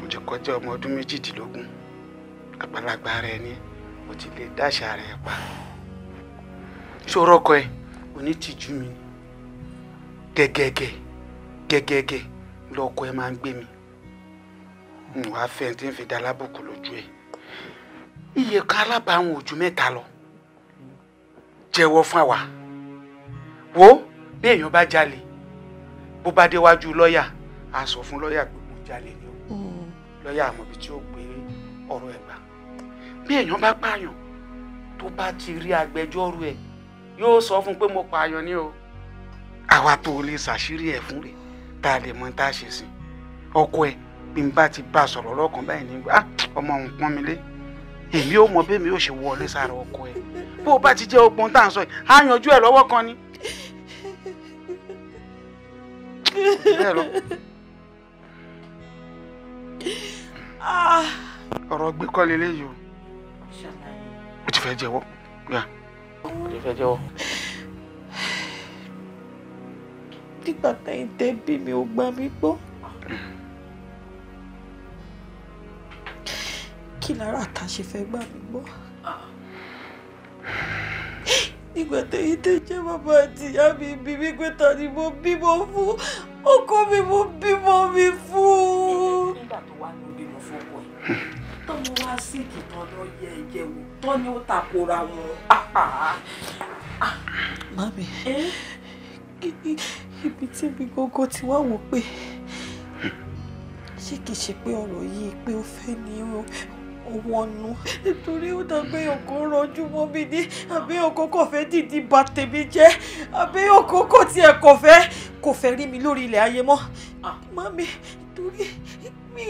mo ti kọjá ọmọ ọdún méjìdínlógún àgbàlagbà rẹ ni mo ti lè dáṣà rẹ pa ìṣòro ọkọ ẹ onítìjú mi ni gẹ́gẹ́gẹ́ gẹ́gẹ́gẹ́ lọ́kọ ẹ máa ń gbé mi wàá fẹ́ tí ń fi da lábùkù lójú ẹ iye kan alábàáwọn ojú mẹ́ta lọ jẹ́wọ́ fún àwa wo bí èèyàn bá jalè bó bá déwájú lọ́ọ̀yà a sọ fún lọ́ọ̀yà pé mo jalè ni o mm. lọ́ọ̀yà àmọ́ ibi tí ó gbé ọ̀rọ̀ ẹ̀ gbà bí èèyàn bá pààyàn tó bá ti rí agbẹjọ́rò ẹ̀ yóò sọ fún pé mo pààyàn ni o àwa tó lè ṣàṣírí ẹ̀ fún rẹ̀ tá a lè mọ tá a ṣe sí ọkọ ẹ̀ bí n bá ti bá a sọ̀rọ̀ lọ́kàn báyìí nígbà ah, ọmọ òun pọ́n mi lé èmi ò mọ bí èmi ò ṣe wọlé sára ọkọ ẹ̀ bó o bá ti jẹ́ ogun tá à ń sọ yìí á yanjú ẹ̀ lọ́wọ́ kan ni. bẹ́ẹ̀ ah. gbé kọ́ lélẹ́yìí o ó ti fẹ́ jẹ́wọ́ gbà. Yeah kò fẹ́ jẹ́wọ́. nígbà táyìn tẹ́ bí mi ò gbà mí gbọ́. kí lára ta ṣe fẹ́ gbà mí gbọ́. nígbà táyìn tẹ́ jẹ́ bàbá àti ìyá mi bí mi pé ta ni mo bímọ fún ọkọ mi mo bímọ mi fún. nígbà tó wà ló bímọ fún ọkọ yìí tọ́mọ wá síìkì tán lọ yẹ ẹ̀jẹ̀ tọ́ ni ó takora wọn. Mami, ibi tí mi gógó ti wá wò pé ṣé kìí ṣe pé ọ̀rọ̀ yìí pé ó fẹ́ ní wọnú nítorí ó dàgbé ọkọ rọjú mọ́ mi ní àbí ọkọ kò fẹ́ dìdí bà tèmi jẹ́ àbí ọkọ kò tiẹ̀ kò fẹ́ kò fẹ́ rí mi lórí ilẹ̀ ayé mọ́. Ah. Mami, torí mi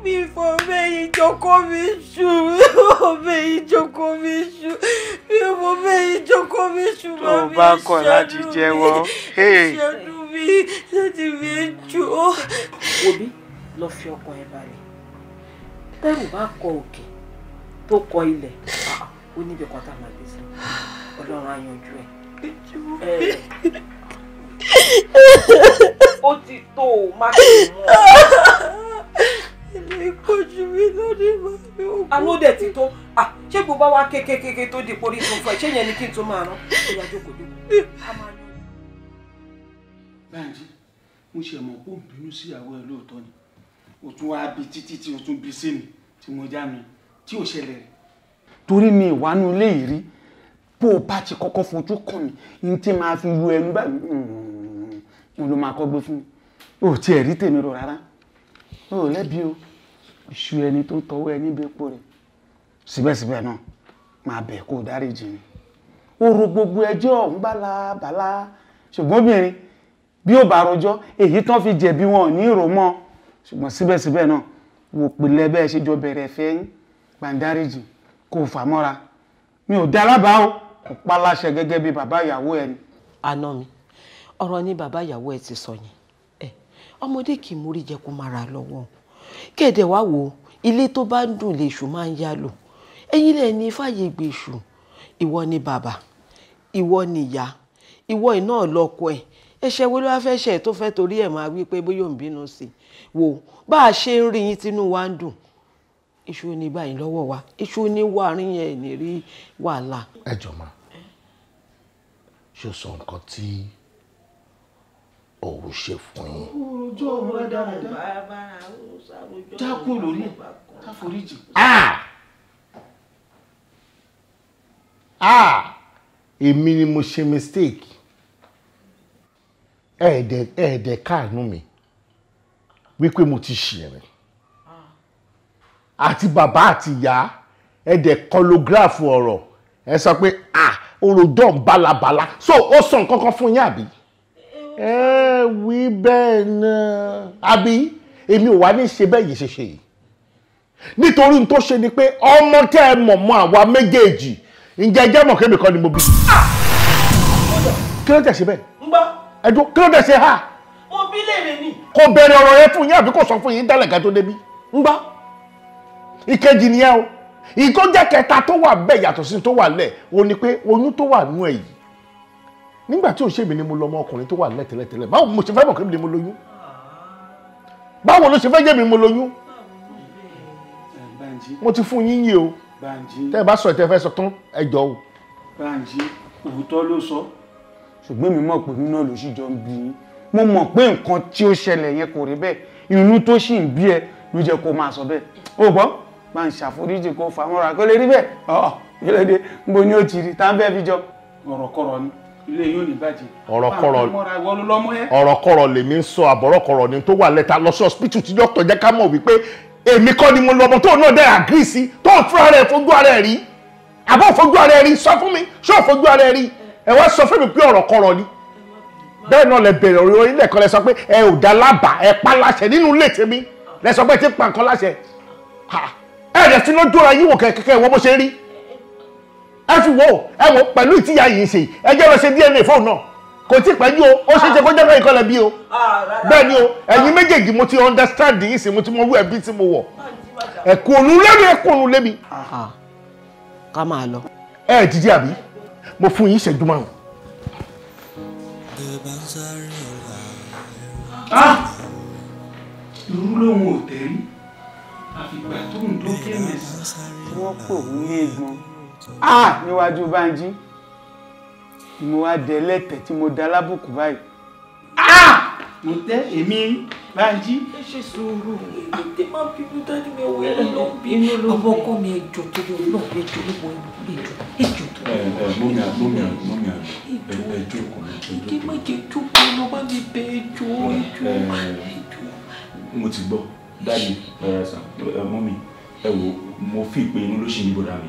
mi fo me joko mi su mi fo me joko mi su mi fo me joko mi su ma mi ṣẹnu mi ṣẹnu mi láti mi jọ. òbí lọ fi ọkàn ẹ balẹ̀ tẹ́rù bá kọ òkè tó kọ ilẹ̀ ó níbi kan tá a máa gbé sí ọlọ́run á yanjú ó ti tó o má kì í mú ọ ilé ìpọ́jú mi lórí màmí ògùn. àánú dẹ̀ ti tó ṣé gbogbo wa kékeré tó di porí tó fún ẹ ṣé yẹn ni kí n tó máa rán ìyá jókòó jókòó. báyìí mo ṣe mọ̀ pé òun bínú síyàwó ẹ lóòótọ́ ni o tún wá bi títí tí o tún bi sí mi tí mo já mi tí ò ṣẹlẹ̀ rẹ̀. torí mi ìwánú ilé yìí rí bó o bá ti kọ́kọ́ fojú kàn mí ní tí màá fi lu ẹnu báyìí mm, n ló máa kọ́ gbé fún mi ò tiẹ̀ rí tèmi rò rárá o ò lẹ́bi o ìṣù ẹni tó tọwọ́ ẹni bẹ́pọ̀ rẹ̀ síbẹ̀síbẹ̀ náà máa bẹ̀ kó o dáríjì ni ó ro gbogbo ẹjọ́ ọ̀hún bala bala ṣùgbọ́n obìnrin bí ó bá rojọ́ èyí tán fi jẹ̀bi wọn ò ní ìrò mọ́ ṣùgbọ́n síbẹ̀síbẹ̀ náà wò pìlẹ̀ bẹ́ẹ̀ ṣe jọ bẹ̀rẹ̀ fẹ́ yín gbàndáríjì kò fà mọ́ra mi ò dá o kò pa láṣẹ gẹ́gẹ́ bí bàbá ìyàwó ẹni. àná mi ọ̀rọ̀ ni bàbá ìyàwó ẹ ti sọ yẹn ọmọdé kì í mórí jẹ kó má ra lọ́wọ́ kẹ̀dẹ̀ wá wo ilé tó bá ń dùn lèṣù máa ń yálò ẹ̀yin lẹ̀ ní fàyè gbèṣù ìwọ ni bàbá ìwọ ni ìyá ìwọ iná ọlọ́kọ ẹ̀ ẹ̀ṣẹ̀ wo ló wá fẹ́ ṣe tó fẹ́ torí ẹ̀ máa wí pé bóyá òun bínú sí i wò bá a ṣe ń rí yín tínú wa ń dùn iṣu ni báyìí lọ́wọ́ wa iṣu ni wà rí yẹn ní rí wàhálà. ẹ jọ̀ọ́ ma ṣe sọ nǹkan tí. Tí òwò ṣe fún yín. ojú ọmọ dáadáa jákò lórí káforíjì. èmi ni mo ṣe mistake ẹ̀ẹ́dẹ̀ ẹ̀ẹ́dẹ̀ káàánú mi wípé mo ti ṣì rìn àti bàbá àti ìyá ẹ̀ẹ́dẹ̀ kọlógráfù ọ̀rọ̀ ẹ sọ pé òròjọ́ ń balabala so ó sọ nǹkan kan fún yín ẹ wí bẹ́ẹ̀ náà àbí èmi ò wá ní ṣe bẹ́ẹ̀ yìí ṣe ṣe yìí nítorí n tó ṣe ni pé ọmọ tẹ́ ẹ mọ̀ mọ́ àwa méjèèjì ǹjẹ́ ẹjẹ́ mọ̀ kébì kan ni mo bí. Ah! kí ló tẹ̀ ṣe bẹ́ẹ̀. ń gbọ́. ẹ̀dùn kí ló tẹ̀ ṣe hà. mo bí léèrè ni. kò bẹ̀rẹ̀ ọ̀rọ̀ yẹn fún yín àbí kò sọ fún yín dálẹ̀ ká tó débi. ń ìkejì nìyẹn o ìkọjẹ́ kẹta tó wà bẹ́ẹ̀ yàtọ̀ sí tó wà lẹ̀ o ni pé oyún tó wà nú ẹ̀ yìí nígbà tí ò ṣe mi ni mo lọ ọmọ ọkùnrin tó wà lẹ́tẹ̀lẹ́tẹ̀lẹ́ báwo mo ṣe fẹ́ mọ̀ kí ni mo lóyún báwo ló ṣe fẹ́ jẹ́ mi mo lóyún mo ti fún yín yé o tẹ́ ẹ bá sọ ìtẹ́fẹ́ sọ tán ẹ jọ o. Bánjí òótọ́ ló sọ. ṣùgbọ́n mi mọ̀ pé nínú olùṣíjọ ń bí yín mo mọ̀ pé nǹkan tí ó ṣẹlẹ̀ yẹn kò rí bẹ́ẹ̀ inú tó sì ń bí ẹ ló jẹ́ kó máa sọ bẹ́ẹ̀ o gbọ́ máa ń ṣàforíjì kó fa mọ́ra kó lè rí bẹ́ẹ̀ ọ̀ ọ̀ yẹlẹ́dẹ́ nbo ni ó ti rí tá ń bẹ́ẹ̀ fi jọ ọ̀rọ̀kọ̀rọ̀ ni ilé yóò ní bàjẹ́. ọ̀rọ̀kọ̀rọ̀ ọ̀rọ̀kọ̀rọ̀ lèmi ń sọ àbọ̀rọ̀kọ̀rọ̀ ni tó wà lẹ́ta lọ sí ọ̀sìpìtì tí dókítà jẹ́ ká mọ̀ wípé èmi kọ́ ni mo lọ́mọ tóun náà dẹ́ àgírí sí tóun fúnra rẹ̀ fojú ara ẹ̀ rí àbọ̀ fojú ara ẹ̀ rí sọ fún mi ṣó fojú ara ẹ̀ rí ẹ wá sọ fún mi pé ọ̀rọ̀kọ̀rọ̀ ni bẹ́ẹ̀ náà lẹ bẹ̀rẹ̀ orí orílẹ̀ kan lẹ sọ pé ẹ ò dá lábà ẹ pa láṣẹ nínú ilé tèmi lẹ sọ pé ẹ ti pa nǹkan láṣẹ ẹ rẹ̀ sínú dúró ayíwò kẹ̀kẹ́ wọ́n bó ṣe rí ẹ fi wo ẹ wo pẹ̀lú ìtìyà yìí ṣe ẹ jẹ́ lọ ṣe DNA fóònù náà kò tí pẹ́jú o ó ṣe ṣe kó jẹ́ pé ìkọlẹ̀ bí o ah, bẹ́ẹ̀ ni o ẹ̀yin méjèèjì mo ti understand yìí sí mo ti mọ wú ẹbí tí mo wọ̀ ẹ̀kọ́ òun lẹ́nu ẹ̀kọ́ òun lẹ́mi. ká máa lọ. ẹ ẹ jíjí àbí mo fún yín ìṣẹ́jú márùn. Ah! irú lòun ò tẹ̀rí àfìgbà tóun tó kéré sí. wọ́n pò ní eegun ah níwájú Bánjí ni mo wá dẹ lẹ́tẹ̀ tí mo da lábùkù báyìí ah mo tẹ́ èmi Bánjí. ẹ ṣe sùúrù èmi tẹ máa fi inú dání mi wọ ẹni ló ń bínú ló ń bẹ ọkọ mi ẹjọ́ tó lọ náà ẹjọ́ ló wọ ẹjọ́ ẹjọ́ tó lọ. ẹ ẹ mọmi à mọmi à mọmi à ẹ jókòó ẹjọ́ kí má jẹ jókòó lọ bá mi bẹ ẹjọ́ ẹjọ́ ẹjọ́. mo ti gbọ́ dáàdi ẹ mọ́mi ẹ wò ó mo fi ìpè inú ló ṣe yí bọ̀dà mi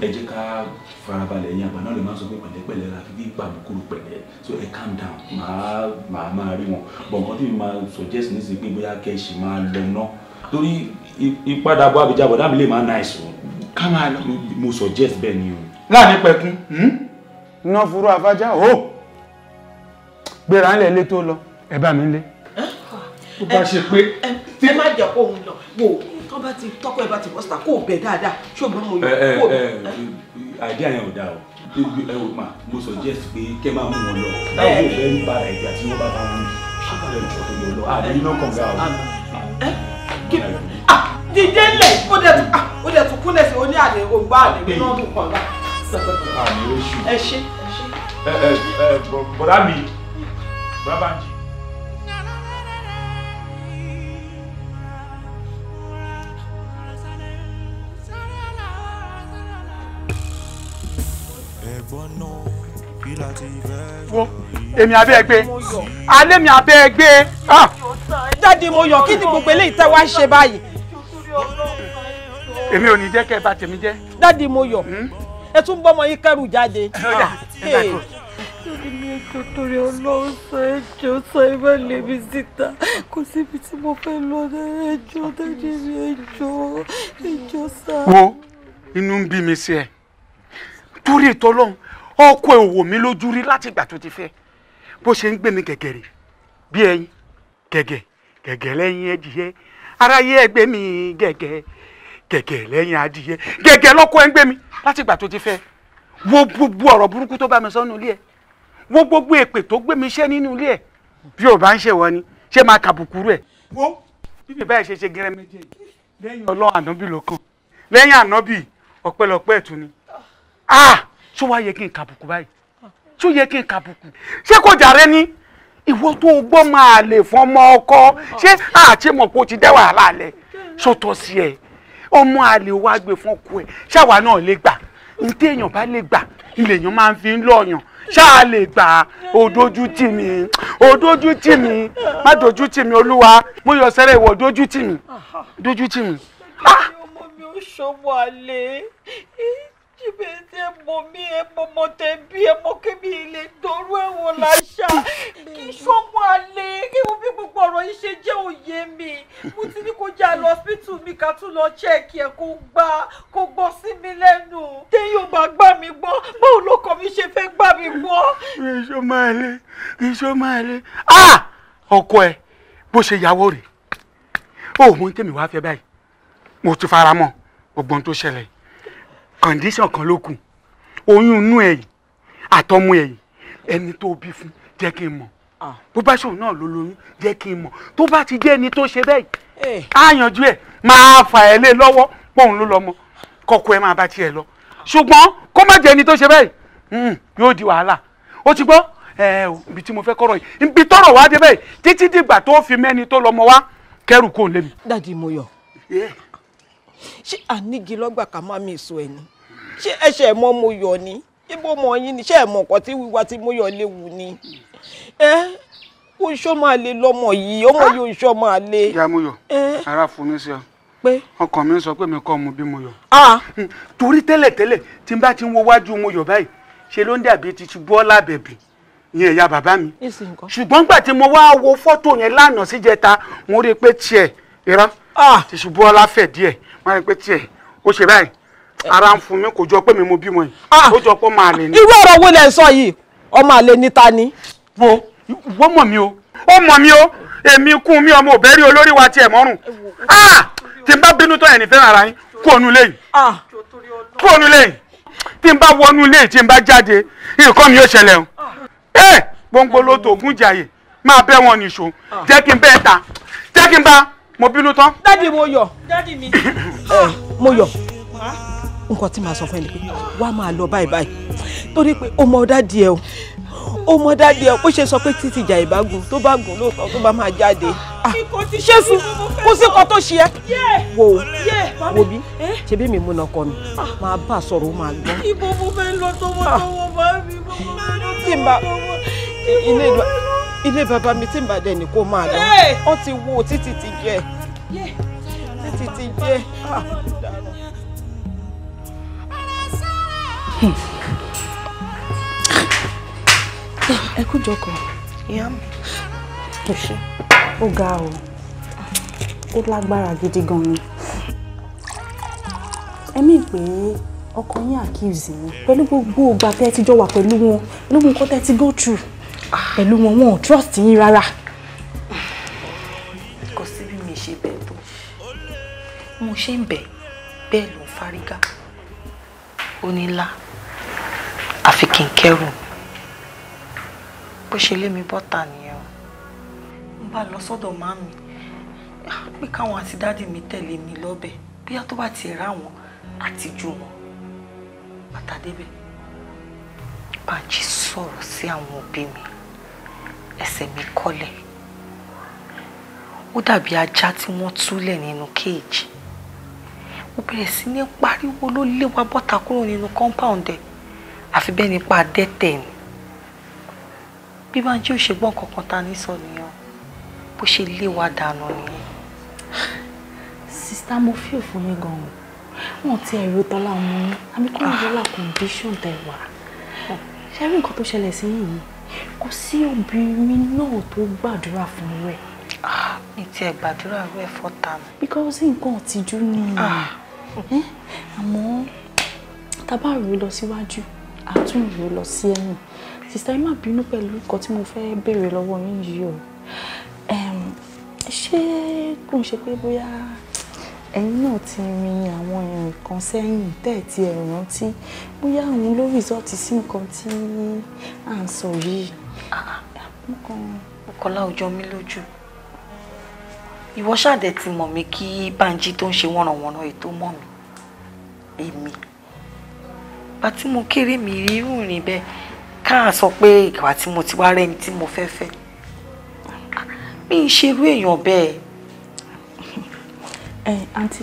ẹ jẹ́ ká farabalẹ̀ yín àgbà náà lè máa sọ pé pẹ̀lẹ́pẹ̀lẹ́ la fi gbà mí kúrò pẹ̀lẹ́ so ẹ calm down màá màá máa rí wọn bọ̀ nǹkan tí mi máa suggest nísìnyí pé bóyá kẹ́ ẹ ṣì máa lọ ná torí ìpadàbọ̀ àbíjà bọ̀dà mi lè máa nice o ká máa lọ mo suggest bẹ́ẹ̀ ni o. láàrin pẹkun hmm? iná furu afájá o gbéra ńlẹ̀ lé tó lọ ẹ bá mi lé. tó bá ṣe pé. ẹ má jẹ́ kó òun lọ wò ó tó bá ti tọ́kọ ẹ bá ti bọ́sítà kó bẹ̀ dáadáa ṣóògùn mo yọ kó bẹ̀. àìdí eh, àyàn eh, ò dáa o ẹ wò eh, ma mo suggest pé kẹ máa mú wọn lọ báwo ló fẹ́ ń bá ẹgbẹ́ àti wọn bá bá wọn ṣàkàlẹ̀ ìjọ tó lọ lọ àbí iná kan gà o. Ah, dídé lẹ̀ ó dẹ̀ tún ah, ó dẹ̀ tún kúnlẹ̀ sí oní àlè ògbà àlè iná tó kàn gà. ẹ ṣe. ẹ ẹ bọ̀dá mi bàbá ń wo èmi abẹ́ ẹgbẹ́ alẹ́ mi abẹ́ ẹgbẹ́. Ah! dáàdi mo yọ kí ni gbogbo eléyìí tẹ́ wá ṣe báyìí. èmi ò ní jẹ́ kẹ́ ẹ bá tèmi jẹ́. dáàdi mo yọ hmm? ẹ tún bọ́mọ yìí kẹ́rù jáde. Torí ní ẹjọ́ torí ọlọ́run sọ ẹjọ́ sọ ẹgbẹ́ lèmi síta kò síbi tí mo fẹ́ lọ ẹjọ́ dájú mi ẹjọ́ ẹjọ́ sá. wo inú ń bí mi sí ẹ torí ètò ọlọ́run ọkọ ẹ̀ wò mí lójú rí láti ìgbà tó ti fẹ́ bó ṣe ń gbé mi gẹ̀gẹ̀ rè bí ẹyin gẹ̀gẹ̀ gẹ̀gẹ̀ lẹ́yìn ẹdìyẹ aráyé ẹ gbé mi gẹ̀gẹ̀ gẹ̀gẹ̀ lẹ́yìn adìyẹ gẹ̀gẹ̀ lọ́kọ ẹ ń gbé mi láti ìgbà tó ti fẹ́ wo gbogbo ọ̀rọ̀ burúkú tó bá mi sọ́nu ilé ẹ wo gbogbo èpè tó gbé mi ṣẹ́ nínú ilé ẹ bí ò bá ń ṣèwọ ni ṣé máa kàbùkù rẹ̀ wo bí bèbá ṣe ṣe gẹrẹ méjèèjì lẹ́yìn ọlọ́run ànábì ló lẹ́yìn ànábì ọ̀pẹ̀lọpẹ̀ ẹ̀tún ni ah ṣó wá yẹ kí n kàbùkù báyìí ṣó yẹ kí n kàbùkù ṣé kò jàre ni ìwọ tó o gbọ́ máa lè fún ọmọ ọkọ ṣé àti ah, mọ̀ pé o ti dẹ́ wàhálà lẹ̀ ṣó sí ẹ ọmọ àlè wa gbé fún ọkọ ẹ ṣáwa náà lè gbà ní téèyàn bá lè gbà ilèèyàn máa ń fi ń lọ̀yàn ṣáà lè gbà òdójú tì mí òdójú má dojú tì olúwa mo yọ sẹ́rẹ̀ ìwọ dojú tì mí dojú ah! ọmọ mi ò ṣọwọ́ àlè jìbìtì ẹ mọ mi ẹ mọ mọ tẹbi ẹ mọ kébì ilé dòrú ẹwọn làṣà kí sọmọ alẹ kí wọn bí gbogbo ọ̀rọ̀ yìí ṣe jẹ òye mi mo ti ní kó jẹ àlọ hospital mi ká tún lọ chẹẹkì ẹ kó gbá kó gbọ́ sí mi lẹ́nu téyí ò bá gbà mí gbọ́ báwo ló kọ mi ṣe fẹ́ gbà mí gbọ́. iṣó máa lé iṣó máa lé ọkọ ẹ bó ṣe yàwó rèé ó mọ tèmi wàá fẹ́ báyìí mo ti fara mọ́ gbogbo ohun tó ṣẹlẹ̀ yìí condition kan ló kù oyún inú ẹ yìí àtọmọ ẹ yìí ẹni tó bí fún jẹ́ kí n mọ̀ ah. bó bá ṣòun náà ló lóyún jẹ́ kí n mọ̀ tó bá ti jẹ́ ẹni tó ṣe bẹ́ẹ̀ eh. á yanjú ẹ̀ máa fà ẹ́ lé lọ́wọ́ pòun ló lọ́mọ kọ́kọ́ ẹ máa bá tiẹ̀ lọ ṣùgbọ́n kó má jẹ́ ẹni tó ṣe bẹ́ẹ̀ yóò di wàhálà ó ti gbọ́ ẹ ò ibi tí mo fẹ́ kọ́rọ̀ yìí ibi tọ́rọ̀ wá dé bẹ́ẹ̀ títí dìgbà tó fi mẹ́ni tó lọ́mọ wá kẹ́rù kò lé mi. mo yọ eh ṣé ànígi lọ́gbà ká má mi sọ ẹ̀ ni ṣé ẹ̀ṣẹ̀ mọ́ mo yọ̀ ni ibo mọ̀ yín ni ṣé ẹ̀ mọ̀ nǹkan tí wíwá tí mo yọ̀ léwu ni ẹ kó iṣọ́ máa le lọ́mọ yìí ọmọ yìí iṣọ́ máa le. ìyá mo yọ ara fún mi sí ọ pé ọkàn mi ń sọ pé mi kọ́ mu bí mo yọ. torí tẹ́lẹ̀tẹ́lẹ̀ tí n bá ti ń wo wájú mo yọ báyìí ṣe ló ń dàbí ti ti bọ́ lábẹ̀bì yẹn ìyá bàbá mi ṣùgbọ́n gbà tí mo wá wo fọ́tò yẹn lánàá síjẹta mo rí i pé tiẹ̀ irọ́ ti ṣubú ọlá fẹ̀ díẹ̀ máa rí pé tiẹ̀ ó ṣe báyìí ara ń fún mi kò jọ pé mi mo bímọ yìí ah! ó jọ pé máa lè ní. irú ọ̀rọ̀ wo lẹ̀ ń sọ yìí ọmọ àlè níta ni. wo wọ́n mọ̀ mí o ó mọ̀ mí o èmi kún mi ọmọ òbẹ́rí olórí wa tiẹ̀ mọ́rùn ah! tí n bá bínú tó ẹ̀nì fẹ́ràn ara yín kú ònú lẹ́yìn ah! kú ònú lẹ́yìn tí n bá wọnú lẹ́yìn tí n bá jáde nǹkan mi yóò ṣẹlẹ̀ o ẹ eh! gbóngbó ló tó ògùn jàyè máa bẹ́ wọn nìṣó jẹ́ kí n bẹ́ẹ̀ ta jẹ́ kí n bá mo bínú tán. dádì mo yọ. dádì mi. ẹ eh, mo yọ nǹkan tí màá sọ fún ẹ ni pé wàá máa lọ báyìí báyìí torí pé ó mọ dádì ẹ o ó mọ dádì ẹ bó ṣe sọ pé títí ìjà ìbágun tó bá gùn lóòótọ́ tó bá máa jáde. Ah, ṣé sùn kó sí kan tó ṣe ẹ. wo wo bí eh? ṣebí mi múná kọ mi ah. máa bá a sọ̀rọ̀ ó máa gbọ́. ibo mo fẹ́ lọ tọwọ́tọwọ́ ah. bá mi mo fẹ́ lọ tọwọ́tọwọ́. ilé ìdúrà ilé bàbá mi tí ń bàdẹ ní kó máa lọ wọn ti wo títí ti jẹ títí ti jẹ. Ah, hmm. ẹ kú jọkọ ìyá mi kò ṣe ó ga o ó lágbára gidi gan ni ẹmí pé ọkọ yín accuse yín pẹ̀lú gbogbo ìgbà tẹ́ ẹ ti jọ wà pẹ̀lú wọn lóhun kọ́ tẹ́ ẹ ti go through pẹ̀lú wọn wọn ò trust yín rárá. kò sí bí mi ṣe bẹ̀ tó mo ṣe ń bẹ̀ bẹ́ẹ̀ ló ń fárígá ó àfi kí n kẹ́rù bó ṣe lé mi bọ́ta nìyẹn o n bá lọ sọ́dọ̀ màmí ah, pé káwọn àti dáàdì mi tẹ̀lé mi lọ́bẹ̀ bóyá tó bá ti rà wọ́n àti jù wọ́n bàtà débẹ̀ bàjẹ́ sọ̀rọ̀ sí àwọn òbí mi ẹsẹ̀ mi kọ́lẹ̀ ó dàbí ajá tí wọ́n túlẹ̀ nínú kéèjì ó bẹ̀rẹ̀ sí ní pariwo ló lé bọ́ta kúrò nínú compound ẹ̀ àfi bẹ́ẹ̀ nípa adẹ́tẹ̀ ni bí Bánjí ò ṣe gbọ́n kankan ta ní sọ nìyẹn bó ṣe lé dànù nìyẹn. sista mo feel fún mi gan-an wọn ti ẹ̀rọ tọ́lá ọmọ yín àbí kọ́ ọ̀rọ̀ condition tẹ̀ wá ṣẹ́rí nǹkan tó ṣẹlẹ̀ sí yìí kò sí obìnrin náà tó gbàdúrà fún rẹ̀. Ah, mi tiẹ̀ gbàdúrà rẹ̀ fọ́ta mi. because nǹkan ọ̀tìjú ni ah. àmọ́ tábà rò lọ síwájú àtún rò lọ sí ẹ̀yìn sista ẹ má bínú pẹ̀lú nǹkan tí mo fẹ́ béèrè lọ́wọ́ yín yìí o ṣé kò ń ṣe pé bóyá ẹ̀yin náà ti rin àwọn ìrìn kan sẹ́yìn tẹ́ẹ̀tì ẹ̀ rántí bóyá òun ló rìsọ́ọ̀tì sí nǹkan tí à ń sọ yìí. ọkọlá ọjọ́ mi lójú ìwọ ṣáàdẹ ti mọ̀ mí kí Bánjí tó ń ṣe wọ̀nàwọ̀nà ètò mọ̀ mí èmi bá tí mo kéré mi rí rìnrìn bẹ́ẹ̀ káà sọ pé ìgbà tí mo ti wá rẹ́ni tí mo fẹ́ fẹ́ mi ń ṣerú èèyàn bẹ́ẹ̀ ẹ àǹtí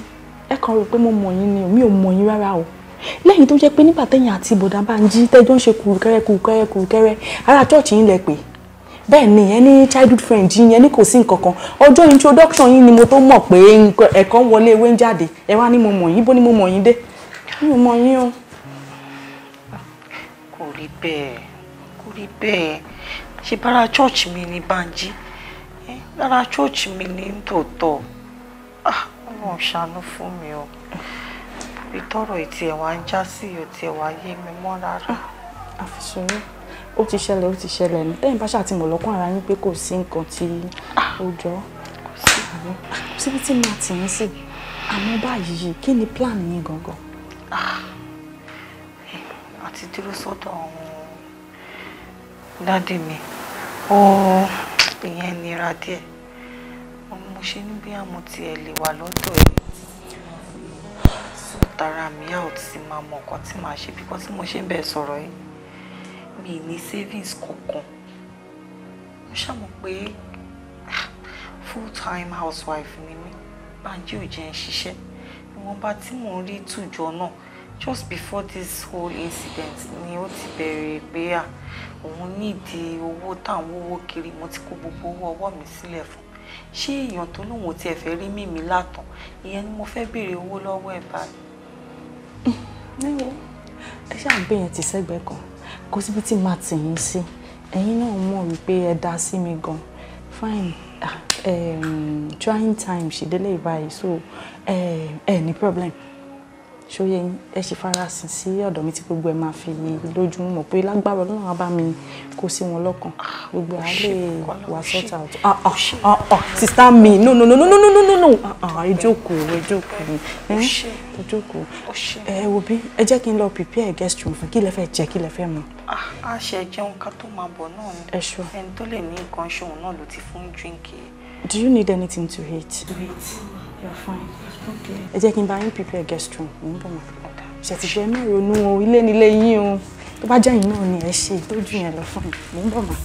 ẹ kàn rò pé mo mọ̀ yín ni mi ò mọ̀ yín rárá o lẹ́yìn tó jẹ́ pé nígbà tẹ̀yìn àti ìbòdà bá ń jí tẹ́jọ́ ń ṣe kùrùkẹ́rẹ́ kùrùkẹ́rẹ́ kùrùkẹ́rẹ́ ará church yín lẹ pè bẹ́ẹ̀ ni ẹ ní childhood friend yín ẹ ní kò sí nǹkan ọjọ́ introduction yín ni mo tó mọ̀ pé ẹ̀kan wọlé ewé ń jáde ẹ wá ní mo mọ̀ yín bó ní mo mọ̀ yín dé mi ò mọ̀ yín o. kò rí bẹ́ẹ̀ kò rí bẹ́ẹ̀ ṣe bára church mi ní Banji lára church mi ní tòótọ́ ah náà ṣàánú fún mi o bí tọrọ ìtì ẹwà ń já sí ìtì ẹwà yé mi mọ́ rárá. Ah, àfisùnú ó ti ṣẹlẹ̀ ó ti ṣẹlẹ̀ ní tẹ́yìn bá ṣàtìmọ̀ lọ́kàn ara yín pé kò sí nǹkan tí ó jọ síbi tí màá tì yín sí àmọ́ báyìí kí ni plan yín gangan. àti ah, dúró sọ́dọ̀ dáàdì mi ó ìyẹn nira díẹ̀ mo ṣe ní bí àmọ́ tí ẹ lè wà lọ́dọ̀ ẹ̀ tara mi a ò ti máa mọ nǹkan tí màá ṣe bíkọ́ tí mo ṣe ń bẹ̀ sọ̀rọ̀ yìí mi ní savings kankan mo ṣàmọ̀ pé ah, full time housewife mi mi Bánjí ò jẹ́ ń ṣiṣẹ́ ìwọ̀nba tí mò ń rí tùjọ náà just before this whole incident ni ó ti bẹ̀rẹ̀ pé à òun nídìí owó táwọn owó kiri mo ti kó gbogbo owó ọwọ́ mi sílẹ̀ fún ṣé èèyàn tó lóun ò tiẹ̀ fẹ́ rí mímí látàn ìyẹn ni mo fẹ́ béèrè owó lọ́wọ́ ẹ̀ báyìí. níwò ẹ ṣáà ń gbẹ̀yìn ti sẹ́gbẹ̀ẹ́ kan kó síbi tí màá tì yín sí ẹ̀yin náà mọ̀ wípé ẹ dá sí mi gan fine um, trying time ṣèdélé ìbáyìí so ẹ eh, ẹ eh, ní problem ṣòye ẹ ṣì farasin sí ọ̀dọ̀ mi tí gbogbo ẹ máa fi lójú mọ̀ pé lágbára ọlọ́run bá mi kó sí wọn lọ́kàn gbogbo ẹ á lè wà sort out. sista mi no no no no no no no no no. Ah, ah, ẹ jókòó ẹ jókòó ẹ jókòó ẹ wo bí ẹ jẹ́ kí n lọ prepare guest room fún kí lẹ fẹ́ jẹ kí lẹ fẹ́ mu. Ah, a ṣe jẹun ká tó máa bọ̀ náà ni ẹni tó lè ní nǹkan ṣòun náà ló ti fún dírìnkì. Do you need anything to eat? To eat. You're fine. Okay. Ẹ jẹ́ kí n bá yín prepare guest room. Mo ń bọ̀ mọ́. Ṣètìṣẹ́ mẹ́rin onú ilé nílé yín o. Tó bá jẹ́ yín náà ni ẹ ṣe ìtọ́jú yẹn lọ fún mi. ń bọ̀ mọ́.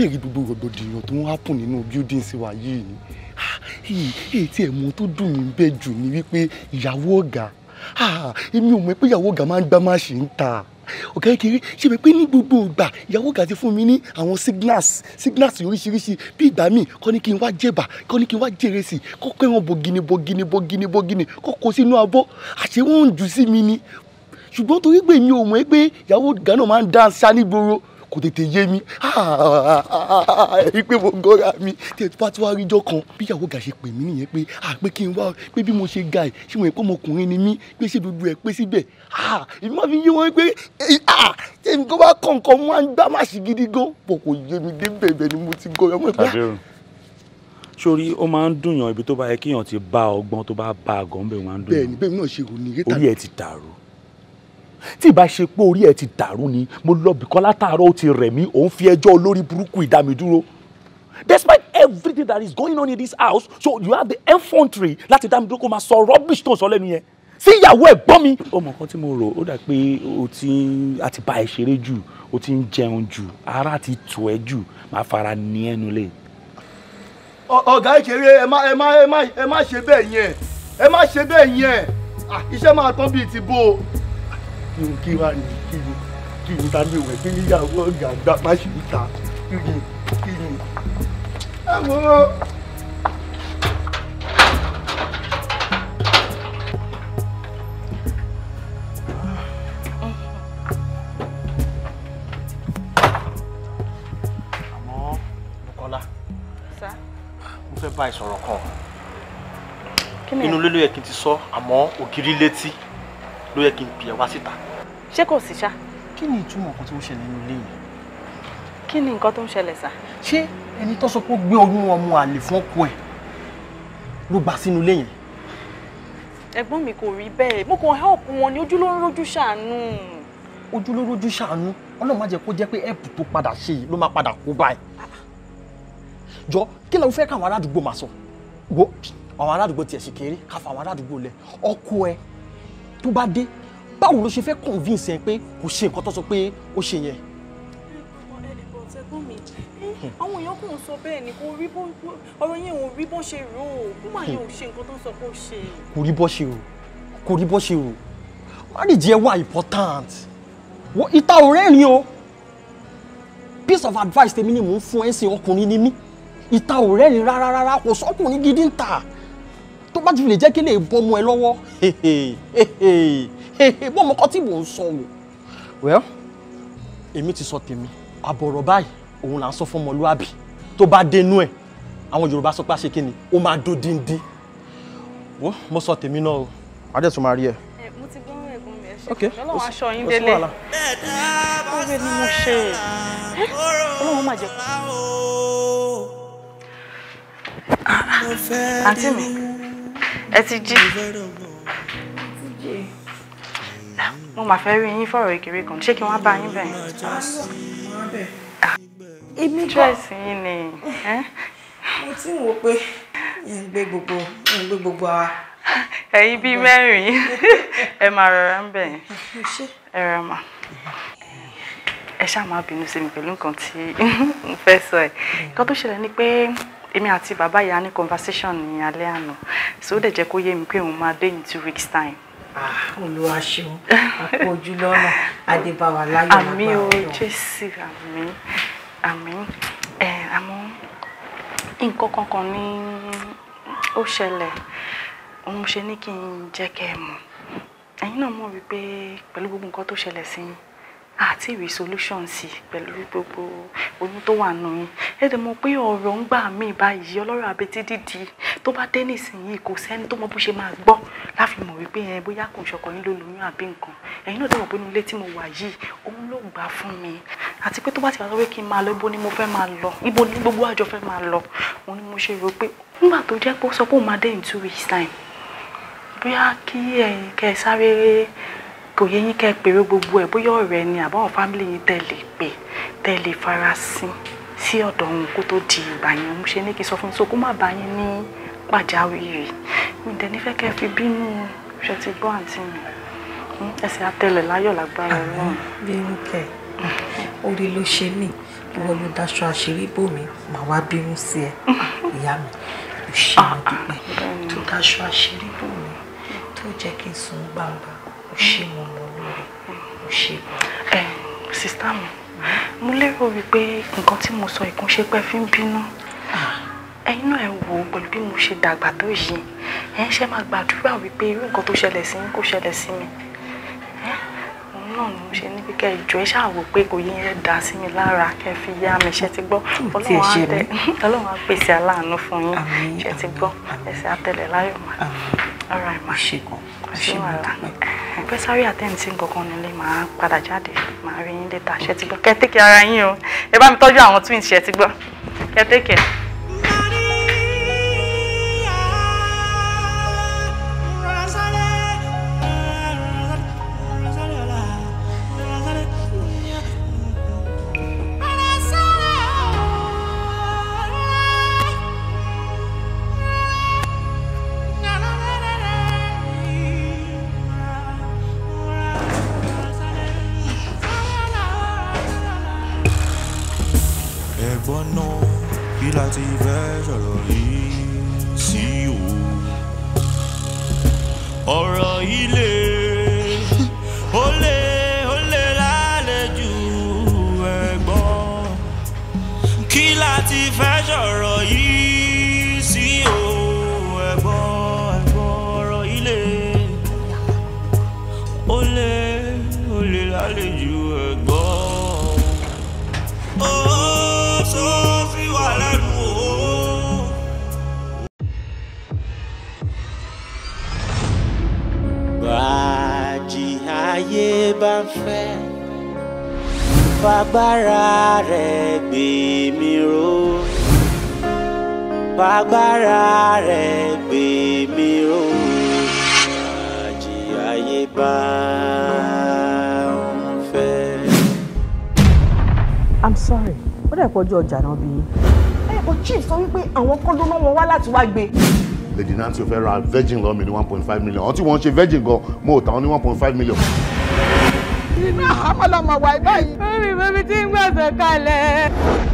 bèèrè gbogbo rògbòdìyàn tó ń hápùn nínú buildings wa yìí ni èyí tí ẹ̀ tó dùn mí bẹ́ẹ̀ jù ni wípé ìyàwó ọ̀gá èmi ò mọ̀ pé ìyàwó ọ̀gá máa ń gbá máṣí ń ta ọ̀gá kékeré ṣe pé pé ní gbogbo ìgbà ìyàwó ọ̀gá ti fún mi ní àwọn signals signals oríṣiríṣi bí ìgbà míì kọ́ ni kí n wá jẹ̀bà kọ́ ni kí n wá jẹ̀rẹ̀sì kọ́ pé wọn bògìnì bògìnì bògìnì bògìnì kọ́ kó sínú abọ́ àṣé wọ́n ń jù sí mi ni ṣùgbọ́n torí pé mi ò mọ̀ pé ìyàwó ọ̀gá náà máa ń dá ṣá nígboro kò tètè yé mi ah, pé mo gọ́ra mi tí ètò bá ti wá ríjọ́ kan bí ìyàwó gà ṣe pè mí nìyẹn pé ah, pé kí n wá pé bí mo ṣe ga ẹ̀ ṣé mo yẹ pé ọmọkùnrin ni mí pé ṣé dúdú ẹ̀ pé síbẹ̀ ah, èmi máa fi yé wọn pé èmi eh, kò bá kọ̀ọ̀kan wọn á gbá má sí gidi gan pọ̀ kò yé mi dé bẹ̀bẹ̀ ni mo ti gọ́ra mọ́ ẹ̀ sórí ó máa ń dùn yàn ibi tó bá yẹ kéèyàn ti bá ọgbọ́n tó bá bá àgọ́ ń bẹ̀ wọ́n á ń dùn yàn bẹ́ẹ̀ ni bẹ́ẹ̀ náà ṣe rò ní orí ẹ̀ ti dàrú tí ìbá ṣe pé orí ẹ ti dàrú ni mo lọ bìkan látàárọ̀ ó ti rẹ̀ mí òun fi ẹjọ́ olórí burúkú ìdá despite everything that is going on in this house so you have the infantry láti dá mi dúró kó máa sọ rubbish tó ń sọ lẹ́nu yẹn sí ìyàwó ẹ̀gbọ́n mi. ó mọ̀ nǹkan tí mo rò ó dà pé o ti ń a ti bá ẹ ṣeré jù o ti ń jẹun jù ara ti tù ẹ jù máa fara ní ẹnu lé. ọ̀gá ìṣeré ẹ má ẹ má ẹ má ẹ má ṣe bẹ́ẹ̀ yẹn ẹ má ṣe bẹ́ẹ̀ yẹn ah, iṣẹ́ máa tán bíi ti bó o kí n kí wá ní kí n kí n ta ní ìwé kí níyàwó ọ̀gá àgbà má ṣe ń ta kí ni kí ni. ẹ wo. bá ìsọ̀rọ̀ kan inú ilé ló yẹ kí n ti sọ àmọ́ ògiri létí ló yẹ kí n pè ẹ́ wá síta ṣé kò sí ṣá. kí ni ìtumọ̀ nǹkan tó ń ṣẹlẹ̀ nínú ilé yìí. kí ni nǹkan tó ń ṣẹlẹ̀ sá. ṣé ẹni tó sọ pé ó gbé oyún ọmọ àlè fún ọkọ ẹ̀ ló gbà sínú ilé yẹn. ẹ̀gbọ́n mi kò rí bẹ́ẹ̀ mo kàn help wọn ni ojú ló ń rojú ṣàánú. ojú ló rojú ṣàánú ọlọ́run má jẹ́ kó jẹ́ pé help tó padà ṣe yìí ló máa padà kó báyìí. jọ kí ló fẹ́ káwọn aládùúgbò máa sọ wo àwọn aládùúgbò tiẹ̀ sì kéré káfọ àwọn aládùúgbò lẹ ọkọ ẹ tó bá báwo ló ṣe fẹ́ convince ẹ pé kò ṣe nǹkan tó sọ pé ó ṣe yẹn. àwọn èèyàn kò ń sọ bẹ́ẹ̀ ni kò rí bó ọ̀rọ̀ yẹn ò rí bó ṣe rò ó kó máa yẹn ò ṣe nǹkan tó ń sọ pé ó ṣe. kò rí bó ṣe rò kò rí bó ṣe rò marriage yẹn wà important ìta ò rẹ́rìn o piece of advice tèmi ni mò ń fún ẹ ṣe ọkùnrin ni mí ìta ò rẹ́rìn rárá rárá kò sọ́kùnrin gidi ń tà tó bá ti lè jẹ́ kí lè bọ́mú ẹ lọ́wọ́ wọ́n mọ̀ kọ́ tí mò ń sọ o. well èmi ti sọ tèmi àbọ̀rọ̀ báyìí òun là ń sọ fún ọmọlúwàbí tó bá dénú ẹ̀ àwọn yorùbá sọ pé àṣẹ kí ni ó máa dó díndín wọ́n mo sọ tèmi náà o. adé máa rí ẹ. mo ti gbọ́ ẹ̀gbọ́n mi ẹ ṣe lọ́wọ́ aṣọ yín délé ọ̀rẹ́ ni mo ṣe ọlọ́run má jẹ́ kú. Ah, ah. àǹtí mi ẹ ti jí mo mà fẹ́ rí yín fọ̀rọ̀ ìkéré kan ṣé kí wọ́n bá yín bẹ̀yìn. èmi kọ́ dírẹ́sì yín ni. mo ti ń wo pé ń gbé gbogbo ń gbé gbogbo ara. ẹ̀yin bíi mẹ́rin ẹ máa rọra ń bẹ̀yìn ẹ rà mà ẹ ṣáà máa bínú sí mi pẹ̀lú nǹkan tí mo fẹ́ sọ ẹ̀ nǹkan tó ṣẹlẹ̀ ni pé èmi àti bàbá ìyá ní conversation ní alẹ́ àná so ó dẹ̀ jẹ́ kó yé mi pé òun máa dé in two weeks time Ah, olúwa ṣeun àpọ̀jù lọ́nà adébáwa láyọ̀ lágbára àmín o jésì àmín àmín ẹ àmọ́ nǹkan kankan ni ó ṣẹlẹ̀ òun ṣe ní kí n jẹ́ kẹ́ ẹ mọ̀ ẹ̀yin náà mọ̀ wípé pẹ̀lú gbogbo nǹkan tó ṣẹlẹ̀ sí yín àti rí solution sí pẹ̀lú gbogbo oyún tó wà nù yín ẹ dẹ̀ mọ̀ pé ọ̀rọ̀ ń gbà mí báyìí ọlọ́rọ̀ abetí dídì tó bá dé nísìnyí kò sẹ́ni tó mọ bó ṣe máa gbọ́ láfi mọ̀ wípé ẹ bóyá kò ń ṣọkọ yín ló lóyún àbí nǹkan ẹ̀yin náà dẹ̀ pé inú ilé tí mo wà yìí òun ló gbà fún mi àti pé tó bá ti wà lọ́wọ́ kí n máa lọ ibo ni mo fẹ́ máa lọ ibo ni gbogbo àjọ fẹ́ máa lọ òun ni mo ṣe rò pé nígbà tó jẹ́ pé ó sọ pé òun máa dé two weeks time bóyá kí ẹ̀yin kẹ́ sáré kò yẹ yín kẹ́ pèrè gbogbo ẹ̀ bóyá ọ̀rẹ́ ni àbáwọn fámìlì yín tẹ̀lé pé tẹ̀lé farasin sí ọ̀dọ̀ òun kó tó di ìgbà yẹn òun ṣe ní kí n sọ fún un so kó má bá yín ní pàjáwìrì mi dẹ̀ nífẹ̀ẹ́ kẹ́ fi bínú ṣe ti gbọ́ àǹtí mi hmm, ẹsẹ̀ àtẹlẹ̀ láyọ̀ lágbára ah, ọlọ́run. bínú kẹ orí ló ṣe mí ìwọ ló daṣọ àṣírí bò mí màá wá bínú sí ẹ ìyá mi kò ṣe mọ dúpẹ́ ah, tó daṣọ àṣírí bò mí tó jẹ́ kí n sùn gbangba kò ṣe mọ ṣe sista mi mo lérò wípé nǹkan tí mo sọ ìkúnṣe pẹ́ fi ń bínú ah. ẹ̀yin náà ẹ wò ó pẹ̀lú bí mo ṣe dàgbà tó yìí ẹ ṣe máa gbàdúrà wípé irú nǹkan tó ṣẹlẹ̀ sí yín kó ṣẹlẹ̀ sí mi òun náà ni mo ṣe ní kíkẹ́ ìjọ ẹ ṣáà wò pé kò yí ẹ dá sí mi lára kẹ́ fi yá mi ṣe ti gbọ́ ọlọ́run á pèsè aláàánú fún yín ṣe ti gbọ́ ẹsẹ̀ àtẹlẹ̀ láyọ̀ mà ọ̀rọ̀ ẹ̀ mà ṣe gan ṣé wàá dà pé sáré àtẹ́ǹtì gbọ̀ngàn nílé màá padà jáde màá rí yín létà ṣe ti gbọ́ kẹ́tẹ́kẹ́ ara yín o ẹ bá mi tọ́jú àwọn twins ṣe kẹ́tẹ́kẹ́. lójú ọjà náà bí. ẹ ò chief sọ wípé àwọn kan ló rán wọn wá láti wá gbé. lady nancy fẹ́ ra virgin lọ́mì ní one point five million ọtí wọ́n ṣe virgin gan mo tà wọ́n ní one point five million. iná àmàlà mà wà báyìí. bẹ́ẹ̀ni bẹ́ẹ̀ni tí ń gbàgbé kalẹ̀.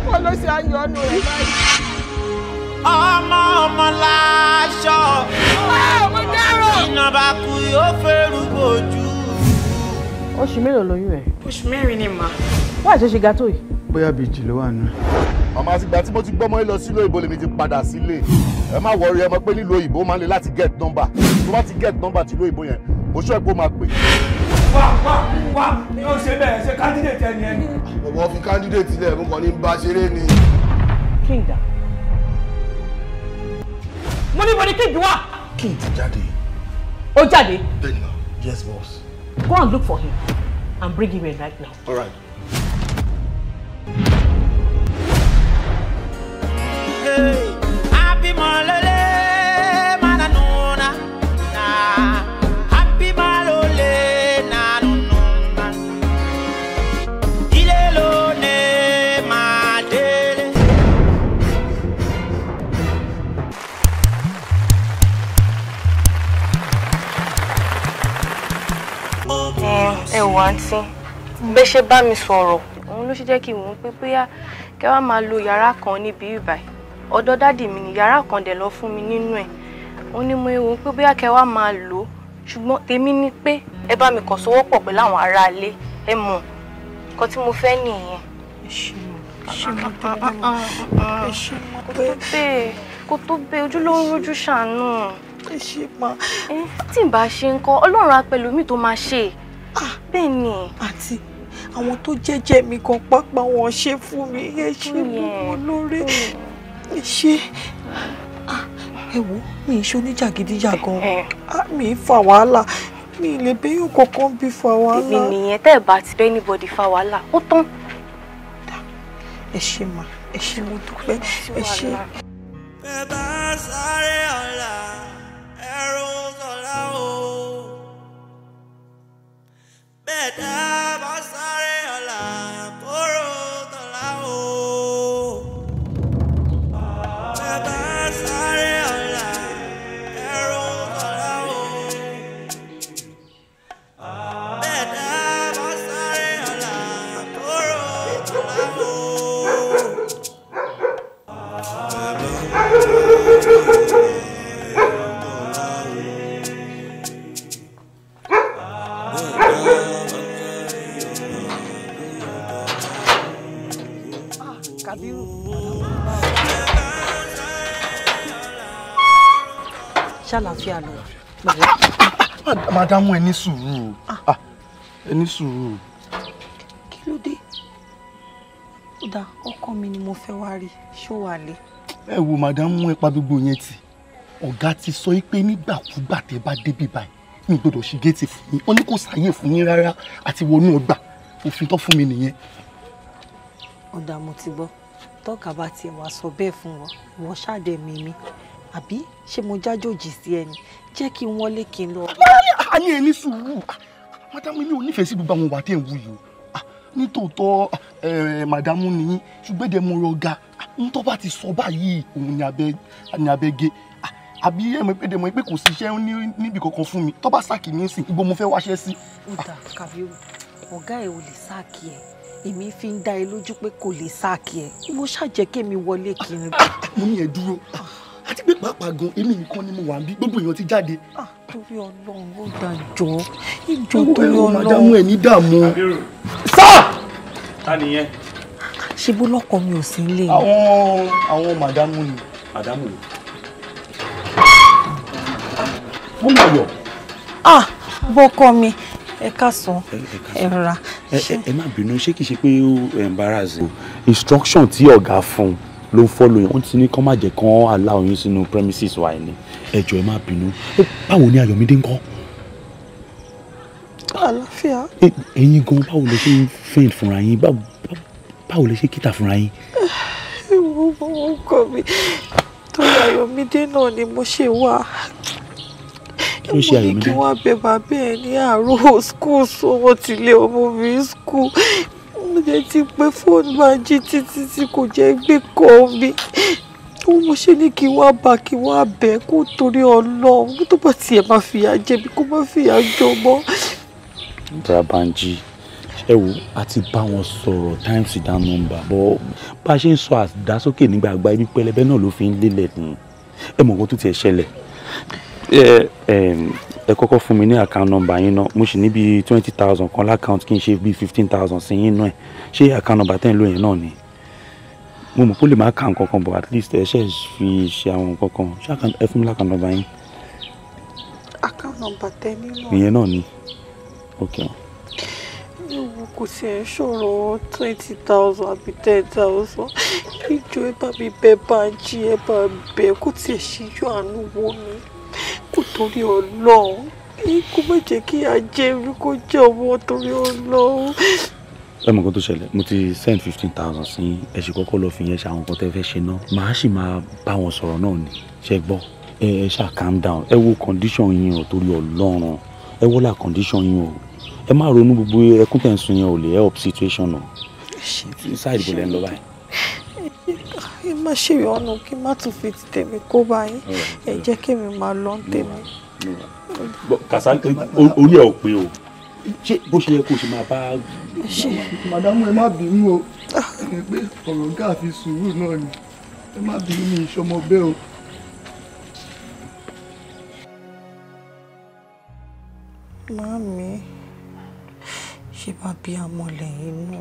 wọ́n ló ṣe àyọ̀nù rẹ̀ báyìí. ọmọ ọmọ láṣọ. Ah, ọmọ dárò. ìnàbà kù yóò fẹ́rù bòjú. oṣù mélòó lóyún ẹ. oṣù mẹ́rin ni mà. wọ́n àṣẹṣe ga tó yìí bóyá bèjì ló wà nù. ọmọ àtìgbà tí mo ti gbọ́mọ lọ sílé òyìnbó lèmi ti padà sílé ẹ má wọrí ẹ mọ̀ pé nílùú òyìnbó máa ń le láti get number tó bá ti get number tìlú òyìnbó yẹn oṣù ẹ̀kọ́ máa pè. wá wá wá ni ó ṣe bẹ́ẹ̀ ṣe candidate ẹni ẹni. bọ̀bọ̀ fi candidate ilẹ̀ mú kàn ní bá ṣeré ni. kíndà mo ní bọ̀dé kíndì wá. kíndì jáde. ó jáde. bẹ́ẹ̀ ni yes boss. go and look for him and bring him in right now. all right. sí bẹ́ ṣe bá mi sọ̀rọ̀ òun ló ṣe jẹ́ kí n wò ó pé bóyá kẹ́ wá máa lo yàrá kan níbi ìbàyí ọ̀dọ̀ dádì mi ni yàrá kan dẹ̀ lọ fún mi nínú ẹ̀ ó ní mo wò ó pé bóyá kẹ́ wá máa lò ó ṣùgbọ́n tèmi ni pé ẹ bá mi kàn sówó pọ̀ pẹ̀lú àwọn aráalé ẹ mọ̀ nǹkan tí mo fẹ́ nìyẹn. ẹ ṣe mọ ṣe mọ tẹ́lẹ̀ mọ ẹ ṣe mọ pé kò tó bẹ́ẹ̀ ojú ló ń rojú ṣàánú. ẹ ṣe mọ. tí ì bá ṣe ń kọ ọlọ́run apẹ̀lú mi tó máa ṣe é Ah, ah. bẹ́ẹ̀ ni. àti àwọn tó jẹ́jẹ́ mi gan pápá wọn ṣe fún mi ẹ ṣe mú wọn lórí ẹ ṣe ah, ẹ wo mi ì ṣe oníjàgídíjàgan mi ì fa wàhálà mi ì lè béyàn kankan bí fa wàhálà. èmi nìyẹn tẹ́ ẹ̀ bá ti bẹ́ẹ̀ anybody fa wàhálà ó tán. ẹ ṣe mà ẹ ṣe mo dúpẹ́ ẹ ṣe. Ádámù ẹ ní sùúrù o ah. ah, ẹ ní sùúrù o. kí ló dé ó dá ọkọ mi ni mo fẹ́ wá rí ṣó wà lé. ẹ wo màdámù ẹ pa gbogbo yẹn tì ọ̀gá ti sọ pé nígbàkúgbà tẹ bá débi báyìí mi gbọdọ̀ ṣí géètì fún yín ó ní kò sáàyè fún yín rárá àti wọnú ọgbà òfin tó fún mi nìyẹn. ọ̀dà mo ti gbọ́ tọ́ka bá tiẹ̀ wá sọ bẹ́ẹ̀ fún wọn ìwọ ṣáà dẹ̀ àbí ṣé mo jájòjì sí ẹni jẹ́ kí n wọlé kí n lọ. a ní ẹni sùúrù madamu mi ò nífẹ̀ẹ́ sí gbogbo àwọn wà tẹ̀ ń wuyì o ah, nítòótọ́ eh, madamu ni ṣùgbọ́n ẹ̀dẹ̀ mo rọ ga ah, n bá ti sọ báyìí òun ni abẹ́gẹ́ ah, àbí ẹ̀mọ́ ẹ̀dẹ̀ mọ́ pé kò sí iṣẹ́ níbi kankan fún mi tó bá sáàkì ní sìn ibo mo fẹ́ wáṣẹ́ sí. ọ̀dà kàbírù ọ̀gá ẹ̀ ò lè sáàkì ẹ̀ èmi fi ń dá ẹ lójú pé kò lè sáàkì ẹ̀ ìwọ ṣàjẹ́kẹ́ mi wọlé kiri. mo ní ẹ dúró àti pé pàápàá gan èmi nìkan ni mo wà níbí gbogbo èèyàn ti jáde. Ah, torí Ọlọ́run ó dájọ ìjọ torí Ọlọ́run. màdàmú ẹ ní dààmú. sá. ta nìyẹn. ṣe bó lọkọ mi ò sí nílé. àwọn àwọn màdàmú ni. màdàmú ni. wọ́n máa yọ. ah bọ́kọ mi ẹ káàsán ẹ rà. ẹ má bínú ṣé kìí ṣe pé ó embarrass. instruction tí ọ̀gá fún un ló ń fọ́lọ̀ yẹn wọ́n ti ní kán má jẹ́ kán allow yín sínú premises wa ẹ̀ ni ẹ jọ̀ọ́ ẹ má bínú báwo ni Ayọ̀mídé ń kọ́. àlàáfíà. ẹ̀yin gan báwo lè ṣe faint fúnra yín báwo lè ṣe kíta fúnra yín. ẹ wo orúkọ mi torí Ayọ̀mídé náà ni mo ṣe wá mo ní kí wọ́n bẹ bàbá ẹ̀ ní àárọ̀ school sówó tilé ọmọ mi school mo dẹ̀ ti pé fóònù máa jí títí tí kò jẹ́ gbé kọ́ mi òun mo ṣe ní kí n wá bá kí n wá bẹ̀ kó torí ọlọ́run tó bá tiẹ̀ máa fìyà jẹ mi kó má fìyà jọ mọ́. Rabanji ẹ wo a ti bá wọn sọ̀rọ̀ times down number bọ́ bá a ṣe ń sọ àdásókè nígbàgbà ibi pẹlẹbẹ náà ló fi ń lélẹ̀ ni ẹ mọ̀ nǹkan tó tiẹ̀ ṣẹlẹ̀ ẹ kọ́kọ́ fún mi ní account number yín náà mo sì ní bíi twenty thousand kan lákàntì kí n ṣe bíi fifteen thousand sí yín náà ṣé account number tẹ́ ń lò yẹn náà ni mo mọ̀ pé lè má kà nǹkan kan at least ẹ ṣe fi ṣe àwọn nǹkan kan ṣé ẹ fún mi lákàntì number yín. account number tẹ́ ní náà. ìyẹn náà ni ok kò tiẹ̀ ṣòro twenty thousand àbí ten thousand ìjọ ẹ bá mi bẹ báńkì ẹ bá bẹ kó tiẹ̀ ṣíjú àánú wò mí kò torí ọlọ́run kó má jẹ́ kí ajẹ́rú kó jẹ́ ọmọ torí ọlọ́run. ẹ mọ̀ nǹkan tó ṣẹlẹ̀ mo ti send fifteen thousand sí ẹ ṣe kọ́kọ́ lọ́ọ́ fi yẹn ṣe àwọn nǹkan tẹ́ fẹ́ ṣe náà màá sì máa bá wọn sọ̀rọ̀ náà ni ṣe gbọ́ ẹ ṣáà calm down ẹ wo condition yín o torí ọlọ́run ẹ wọ́lá condition yín o ẹ má ronú gbogbo ẹkún tẹ̀ ń sun yẹn ò lè help situation o ṣáà ìdìbò lẹ́ ń lọ báyìí. ẹ má ṣe ìyọnu kí má tún fi ti tèmi kó báyìí ẹ jẹ́ kí mi máa lọ tèmi. kàṣà orí ẹ ò pé o bó ṣe yẹ kó o ṣe máa bá. màdàmú ẹ má bínú o ẹ pé ọ̀rọ̀ gáà fi sùúrù náà ni ẹ má bínú mi ìṣọmọ bẹ́ẹ̀ o. Mami ṣé bàbí amọ̀lẹ̀ inú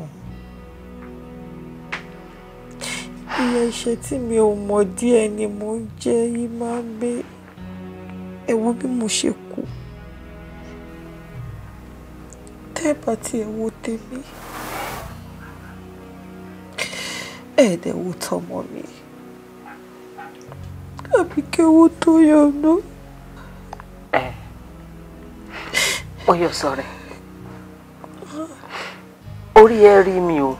iye iṣẹ́ tí mi ò mọ̀ díẹ̀ ni mo ń jẹ́ yìí máa ń gbé ẹ wo bí mo ṣe kú tẹ́ẹ̀bà tí ẹ wo tèmi ẹ̀ẹ́dẹ̀ wo tọmọ mi àbí kéwó tó yọ̀ ọ́ náà. ó yọ sọ rẹ̀ orí ẹ rí mi o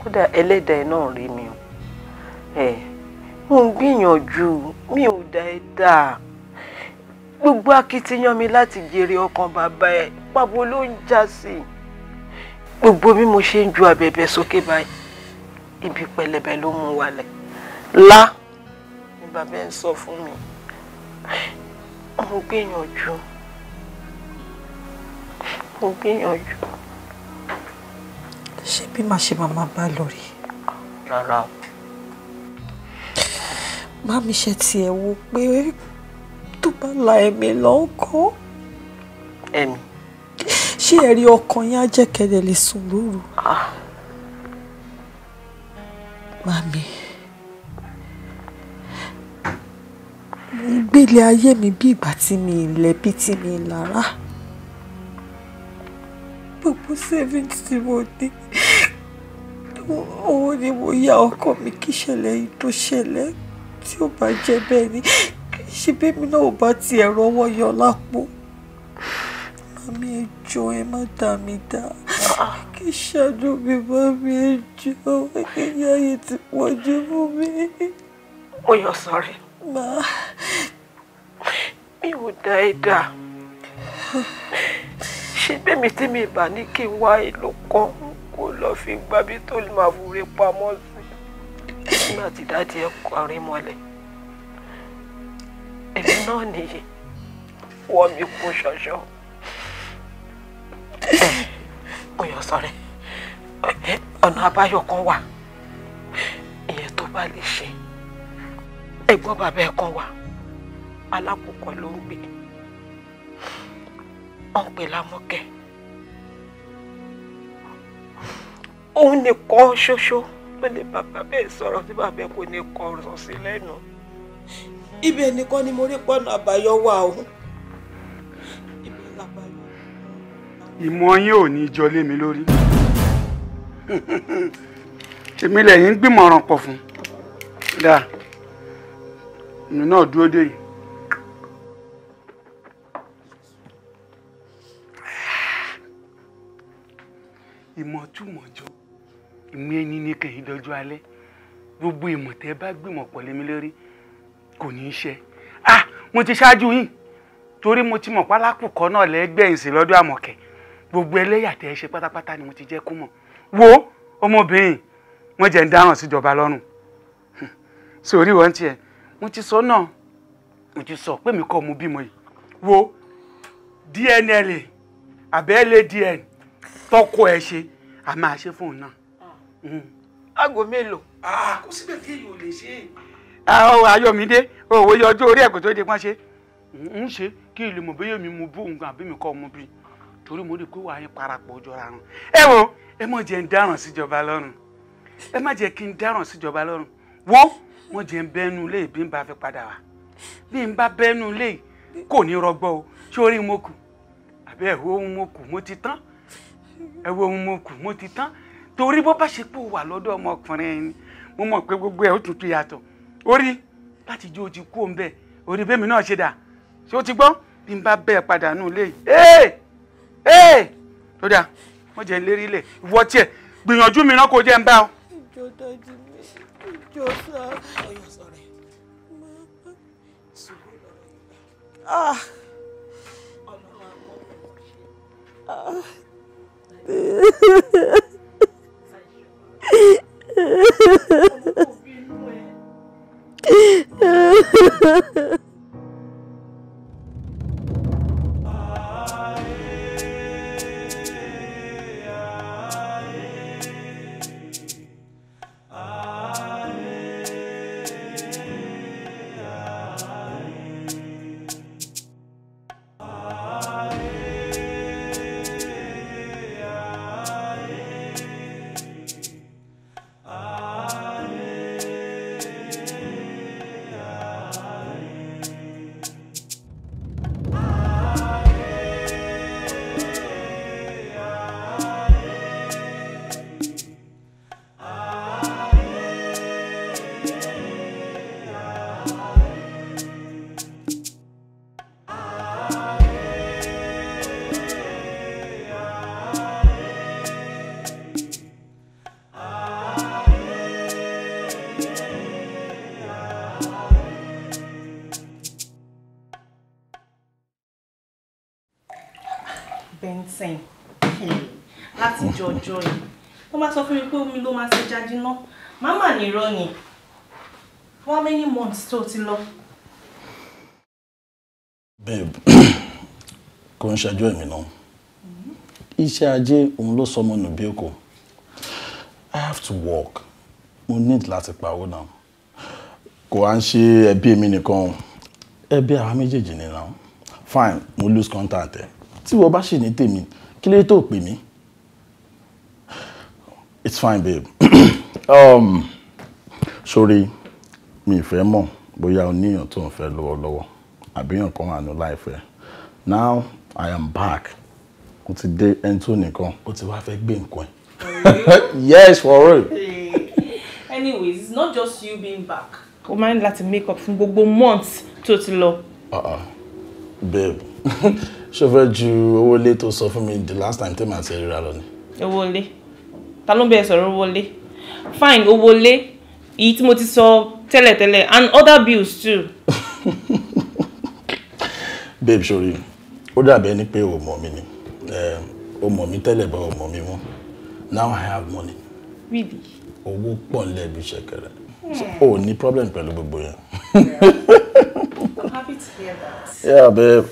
kódà ẹlẹ́dàá ẹ náà rí mi o ẹ mo ń gbìyànjú mi ò dá ẹ dà gbogbo akitiyan mi láti jèrè ọkàn bàbá ẹ pàbó ló ń já sí i gbogbo bí mo ṣe ń ju abẹ̀bẹ̀ sókè báyìí ibi pẹlẹbẹ ló mú wálẹ̀ lá ni bàbá ẹ ń sọ fún mi mo gbìyànjú mo gbìyànjú ṣé bí màá ṣe máa máa bá lọ rí. rárá o. má mi ṣe tiẹ̀ wo pé tó bá la ẹ̀mí lọ́kọ́. ẹ̀mí. ṣé ẹ̀rí ọkàn yín á jẹ́ kẹ́lẹ́ lè sùn lóru. Ah. Mami, mo ń gbélé ayé mi bí ìgbà tí mi ì lẹ́bí tí mi ì lára gbogbo savings tí mo ní owó ni mo yá ọkọ mi kí ìṣẹ̀lẹ̀ yìí tó ṣẹlẹ̀ tí ó bá jẹ́ bẹ́ẹ̀ ni ṣe bẹ́ẹ̀ mi náà ò bá tiẹ̀ rọ́wọ́ yọ lápò mami ẹ jọ̀ọ́ ẹ má dà mí dá kí ṣàánú mi mami ẹ jọ̀ọ́ ẹyà yìí ti pọ̀ jù fún mi. ó yọ sọrí. má. mi ò dá ẹ dá ṣé gbẹ̀mí tí mi bà ní kí n wá èlò kan kó lọ́ọ́ fi gbábí tó lè máa wúre pamọ́ sí nígbà tí dáàdi ẹ̀ kọrin mọ́lẹ̀ èmi náà nìyí wọ́ mi kú ṣọ̀ṣọ́ ẹ̀ ọ̀yọ́ sọ̀rẹ́ ọ̀nà àbáyọ kan wà ìyẹn tó bá lè ṣe ẹ̀gbọ́n bàbá ẹ̀ kan wà alákòókò ló ń gbé wọ́n ń pè lámọ́kẹ́ òun nìkan ṣoṣo ló lè bàbá bẹ́ẹ̀ sọ̀rọ̀ tí bàbá kò ní kọ ọ̀rọ̀ sí lẹ́nu. ibẹ̀ nìkan ni mo rí pọ́nà àbáyọ wà o. ìmọ̀ yín ò ní jọ lé mi lórí èmi lẹ́yìn gbìmọ̀ràn pọ̀ fún dáa èmi náà dúró dé yìí. ìmọ̀túmọ̀jọ́ ìmú ẹni ní kẹ́yìn dọ́jú alẹ́ gbogbo ìmọ̀ tẹ́ bá gbìmọ̀ pọ̀ lémi lórí kò ní í ṣe ah mo ti ṣáájú yín torí mo ti mọ̀ pálákùkọ náà lẹ́gbẹ̀yìn sí lọ́dọ̀ àmọ̀kẹ́ gbogbo ẹlẹ́yà tẹ́ ẹ ṣe pátápátá ni mo ti jẹ́ kó mọ̀ wo ọmọbìnrin wọn jẹ́ ń dáràn síjọba lọ́rùn sórí wọn tiẹ̀ mo ti sọ náà mo ti sọ pé mi kọ́ mo bímọ yìí wo DNA àbẹ́lẹ̀ DNA tọkọ ẹ ṣe a máa ṣe fún un náà. Hmm. aago mélòó. Ah, kò síbẹ̀ kí èyí ò lè ṣe. ayọ̀mídé òwe yọjú orí ẹ̀kọ́ tó dé pọ́n ṣe ń ṣe kí ìlú mọ̀ bóyá mi mú bú nǹkan àbí mi kọ́ mu bí torí mo rí i pé wàá yín parapọ̀ jọra rùn. ẹ wo ẹ má jẹ́ ń dáràn síjọba lọ́rùn ẹ má jẹ́ kí n dáràn síjọba lọ́rùn wo wọ́n jẹ́ ń bẹ́nu lé bí n bá fi padà wá bí n bá bẹ́nu lé kò ní rọgbọ́ o ṣé orí mo kù àbí ẹ̀hó mo kù mo ti tán ẹ wo ohun mo kù mo ti tán torí bó bá ṣe pò wà lọ́dọ̀ ọmọkùnrin ẹni mo mọ̀ pé gbogbo ẹ̀ ó tún tún yàtọ̀ orí láti jó o ti kú òun bẹ́ẹ̀ orí bẹ́ẹ̀ mi náà ṣe dà ṣé o ti gbọ́ bí n bá bẹ́ẹ̀ padà nù lé yìí ee tó dáa wọ́n jẹ́ lérí ilẹ̀ ìwọ tiẹ̀ gbìyànjú mi náà kò jẹ́ ń bá ọ. ìjọ dájú mi ìjọ sá. ọyọ sọ̀rọ̀ máa sùúrù lọ́rọ̀ yìí. Ha ha ha. jáde ná màmá nìrọ ni how many months tó ti lọ. babe kò ń ṣàjọ èmi náà iṣẹ́ ajé òun ló sọ ọmọ nù bí èkó i have to work mo need láti pawó náà kò wá ń ṣe ẹbí mi nìkan ẹbí àwa méjèèjì ni fine mo lose contact ẹ tí wọ́n bá ṣì ní tèmi kí ló tó pè mí it's fine babe um, sorry, mi ìfẹ́ mọ̀ bóyá o níyàn tó ń fẹ́ lọ́wọ́lọ́wọ́ àbíyàn kan wà ní láìfẹ́ now i am back mo ti dé ẹni tó nìkan ó ti wá fẹ́ gbé nǹkan yes for real. anyways it's not just you being back. o máa ń láti make up fún gbogbo months tó ti uh, babe ṣé o fẹ́ ju owó ilé tó sọ fún mi the last time tẹ́lẹ̀ àti ẹ̀rí ra lọ ni. owó ilé ta ló ń bẹ̀rẹ̀ sọ̀rọ̀ owó ilé fine owó lé èyí tí mo ti sọ tẹ́lẹ̀tẹ́lẹ̀ and other bills too. babe sori ó dàbí ẹni pé o mọ̀ mi ni ehm, o mọ̀ mi tẹ́lẹ̀ bá o mọ̀ mi mọ́ now i have money. really. owó pọ̀ ń lẹ́bi ṣẹ̀kẹ̀rẹ̀ hmm. o ní problem pẹ̀lú gbogbo yẹn. i'm happy to hear that. yeah babe.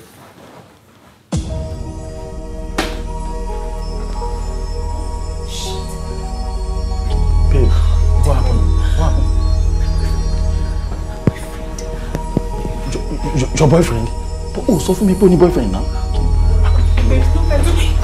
your boyfriend? oh, so fún mi pé boyfriend now. Babe,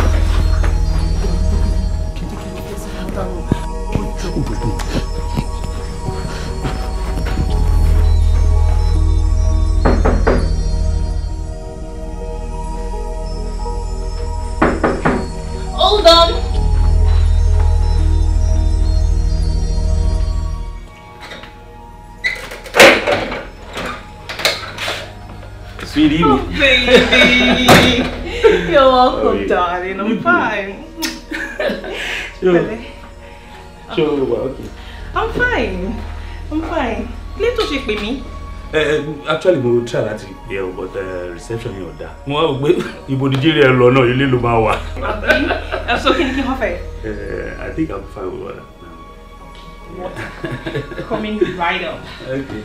baby. You're welcome, you? darling. I'm fine. okay. I'm fine. I'm fine. Little chick with me. Uh, actually will try that. Yeah, ọ́ but uh, reception mi order. dáa you will gbé ibo nigeria lọ náà ilé ló máa wà. ẹ so kí ni kí n i think i'm fine with that. okay water coming right up. okay.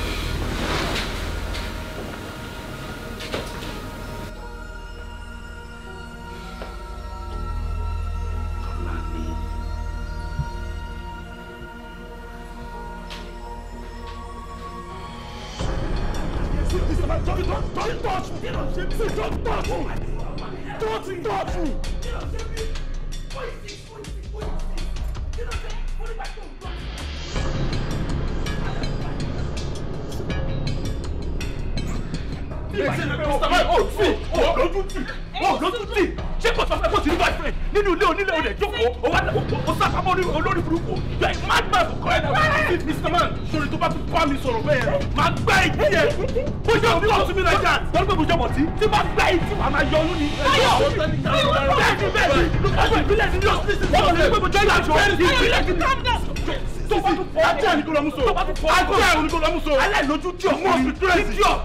ajá ni kò lọ mú so ajá ni kò lọ mú so aláìlójú tí o o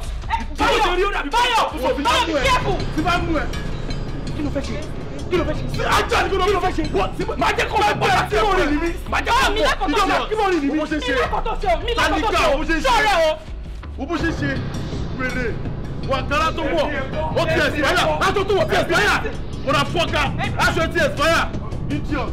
báyọ̀ báyọ̀ báyọ̀ kíẹ́kù. tí bá mú ẹ kí ló fẹ́ ṣe kí ló fẹ́ ṣe ajá ni kí ló fẹ́ ṣe máa jẹ́ kó bọ́ ẹ kí mo rìn ní mi máa jẹ́ kó bọ́ kí mo rìn ní mi o mi lẹ́kọ̀tọ̀ sí o sọ̀rọ̀ o. o bó ṣe ṣe wèrè wàkàrà tó wọ̀ ó ti ẹ̀sìpáyà aṣọ tó wọ̀ ti ẹ̀sìpáyà mo ra fọ́ọ̀kà aṣọ ti idiot.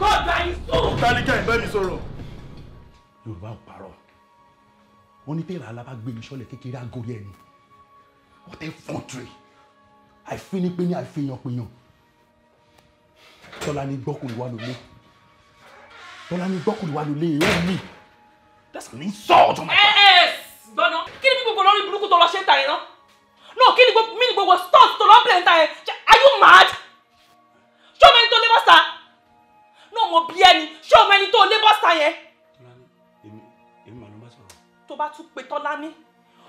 God I sue. Tálíkẹ́ ìbẹ́ mi sọ̀rọ̀. Yorùbá ò parọ́. Wọ́n ní tẹ́lẹ̀ alábàgbémi sọ́lẹ̀ kékeré àgórí ẹni. What a country. Àìfínípéní àìfihànpéyàn. Tọ́lá ní gbọ́kùnrin wa lólé. Tọ́lá ní gbọ́kùnrin wa lólé èèyàn mi. That's an insult on my part. Ẹ ẹ gbọ́nà kí ni gbogbo lórí burúkú tó lọ ṣe ń ta yẹn náà? No, kí ni gbogbo stop tó lọ bẹ̀rẹ̀ ń ta yẹn? Are you mad? Ṣọ́mẹ́ni tó lé bá sa náà mo bí ẹni ṣé ọmọ ẹni tó lé bọ́sà yẹn. tọ́lání èmi èmi màá ló bá sọ̀rọ̀. tó bá tún pe tọ́lání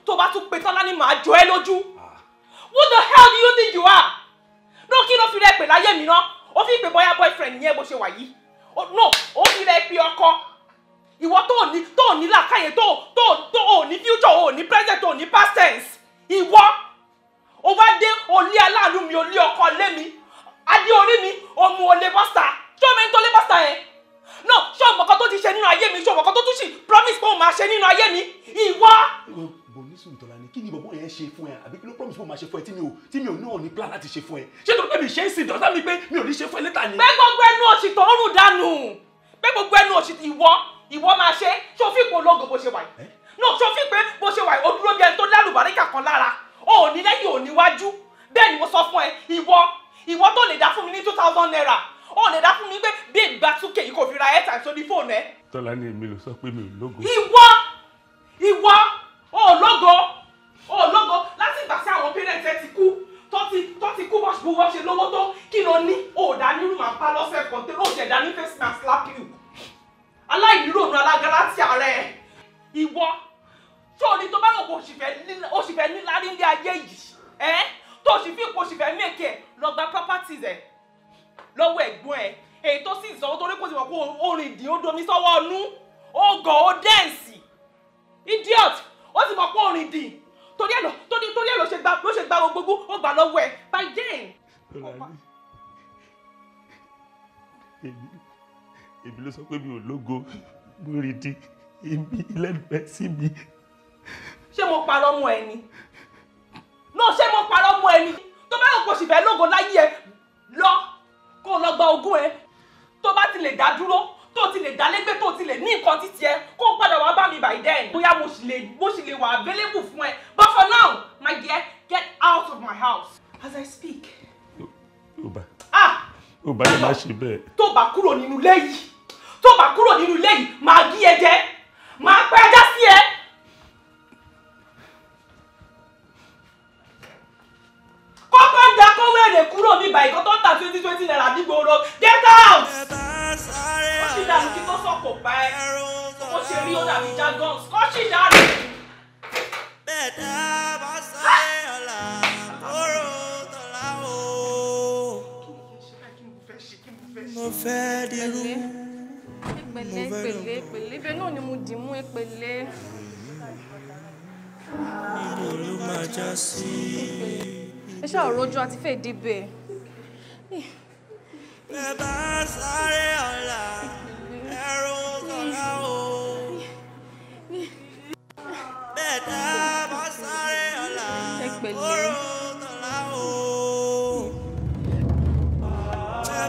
tó bá tún pe tọ́lání màá jọ ẹ lójú. who the hell do you think you are? ló kí ló fi rẹ pè láyé mi náà ó fi pè bóyá boyfriend yẹn bó ṣe wà yìí no ó fi rẹ pè ọkọ ìwọ tó ò ní tó ò ní làkàyè tó tó tó ò ní future ò ní present ò ní past tense ìwọ ó wá dé olé aláàánú mi olé ọkọ lé mi adé orí mi òmu olè bọ́sà ṣé omi ń tọ́lé pásítà yẹn náà ṣé ọmọ kan tó ti ṣe nínú ayé mi ṣé ọmọ kan tó tún sì promise pé òun máa ṣe nínú ayé mi ìwọ. bò ní sùn tọ́lá ni kí ni bọ̀bọ̀ yẹn ṣe fún ẹ àbí kí ló promise pé òun máa ṣe fún ẹ tí mi ò tí mi ò ní òní plan láti ṣe fún ẹ ṣé tó pé mi ṣe é sì dọ́tà mi pé mi ò ní ṣe fún ẹ létà ni. pé gbogbo ẹnu òsì tó ń rùn dànù pé gbogbo ẹnu òsì ìwọ ìwọ máa ṣe ṣé o fi ipò ológo bó ṣe wà yìí náà ṣé o fi pé bó ṣe wà yìí o dúró bí ẹni tó lálùbáríkà kan lára o ò ní lẹ́yìn ò níwájú bẹ́ẹ̀ ni mo sọ fún ẹ ìwọ ìwọ tó lè dá fún mi ní two thousand naira ó lè dá fún mi pé bí ìgbà túkè yìí kò fi ra airtime sórí fóònù ẹ. tọ́lá ní èmi ló sọ pé mi ò lógo. ìwọ ìwọ ò lógo ò lógo láti ìgbà tí àwọn parent ẹ ti kú tó ti tó ti kú bọ́ṣù bọ́ṣù ṣe lówó tó kí ló ní òòdà nírú màá pa lọ́sẹ̀ kan tó lóòjẹ̀ dání face mask slap you aláìníròònù alágara ti ààrẹ ìwọ tó ní tó bá lọ kó o sì fẹ́ nílárí ní ayé yìí tó o sì fi ipò o sì fẹ́ mèkè lọ gba properties ẹ̀ lọ́wọ́ ẹ̀gbọ́n ẹ̀ èyí tó sì sọ torí kò sì mọ̀ pé orin ìdí ó domi sọ́wọ́ ọnú ó gọ̀ ó dẹ́ǹsì idiot ó sì mọ̀ pé orin ìdí torí ẹ̀ lọ torí torí ẹ̀ ló ṣe gba ló ṣe gba gbogbo ó gbà lọ́wọ́ ẹ̀ by jane. èmi ló sọ pé mi ò lógo mo rí di èmi lẹ́gbẹ̀ẹ́ sí mi. ṣé mo parọ́ mọ́ ẹni? náà ṣé mo parọ́ mọ́ ẹni? tó bá yọ̀ kó sì fẹ́ lógo láyé ẹ lọ kó o lọ gba ogún ẹ tó bá ti lè dá dúró tó ti lè dálẹ́gbẹ́ tó ti lè ní nǹkan títí ẹ kó o padà wá bá mi by then bóyá mo sì lè mo sì lè wà available fún ẹ but for now my dear get out of my house as i speak. ó bá ó bá lè má ṣe bẹ́ẹ̀. tó bá kúrò nínú ilé yìí tó bá kúrò nínú ilé yìí máa gé ẹ jẹ máa pẹ́ ẹja sí ẹ. kúrò ní ìbàyí tó ń ta twenty twenty naira ní get out. ó sì kí tó sọ̀kò pa ẹ́ ó ṣe rí ó dàbí jagons ó sì dànù. mo fẹ́ dirú. pẹ̀lẹ́ pẹ̀lẹ́ pẹ̀lẹ́ ibẹ̀ náà ni mo dì mú pẹ̀lẹ́. ibo ló máa já sí i ẹ ṣáà rojú àti fẹ́ débẹ̀. ẹ bá sáré ọ̀la ẹrù kọ̀ọ̀kan o bẹ́ẹ̀ dá bá sáré ọ̀la oró kọ̀ọ̀la o. ẹ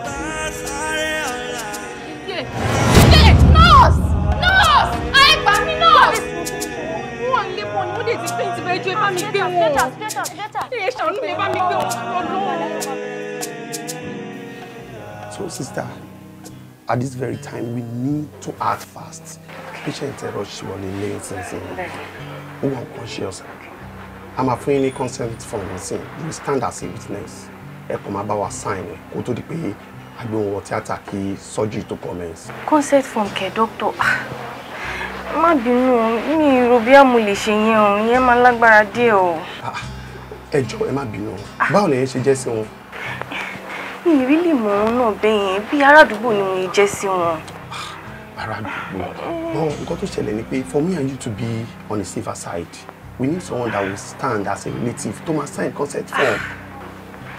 bá sáré ọ̀la. nurse nurse ẹ gbà mí nurse ti pín ti bẹ́ẹ̀ ju ẹ bá mi gbé wọn. ẹ ṣàánú mi ẹ bá mi gbé wọn So sister, at this very time we need to act fast. Patient ẹ̀rọ ṣì wọ the ilé ìsinsìn. who wà conscious. I'm máa fún consent from the scene. You stand as a witness. Ẹ kàn máa bá wa sign ẹ̀ kó tó di pé agbóhùn ọ̀tíátà kí surgery to commence. Consent form kẹ̀ Doctor. Ah má bínú mi rò bí mo lè ṣe yẹn o ìyẹn máa lágbára díẹ̀ o. Ah, ẹ jọ̀ọ́ ẹ má bínú báwo lèyẹn ṣe jẹ́ sí wọn. mi ì rí lè mọ òun náà bẹ́ẹ̀ yẹn bí arádùúgbò ni mo lè jẹ́ sí wọn. Ah, arádùúgbò náà nǹkan tó ṣẹlẹ̀ ni pé for me and you to be on the safer side we need someone that will stand as a relative to my sign consent form.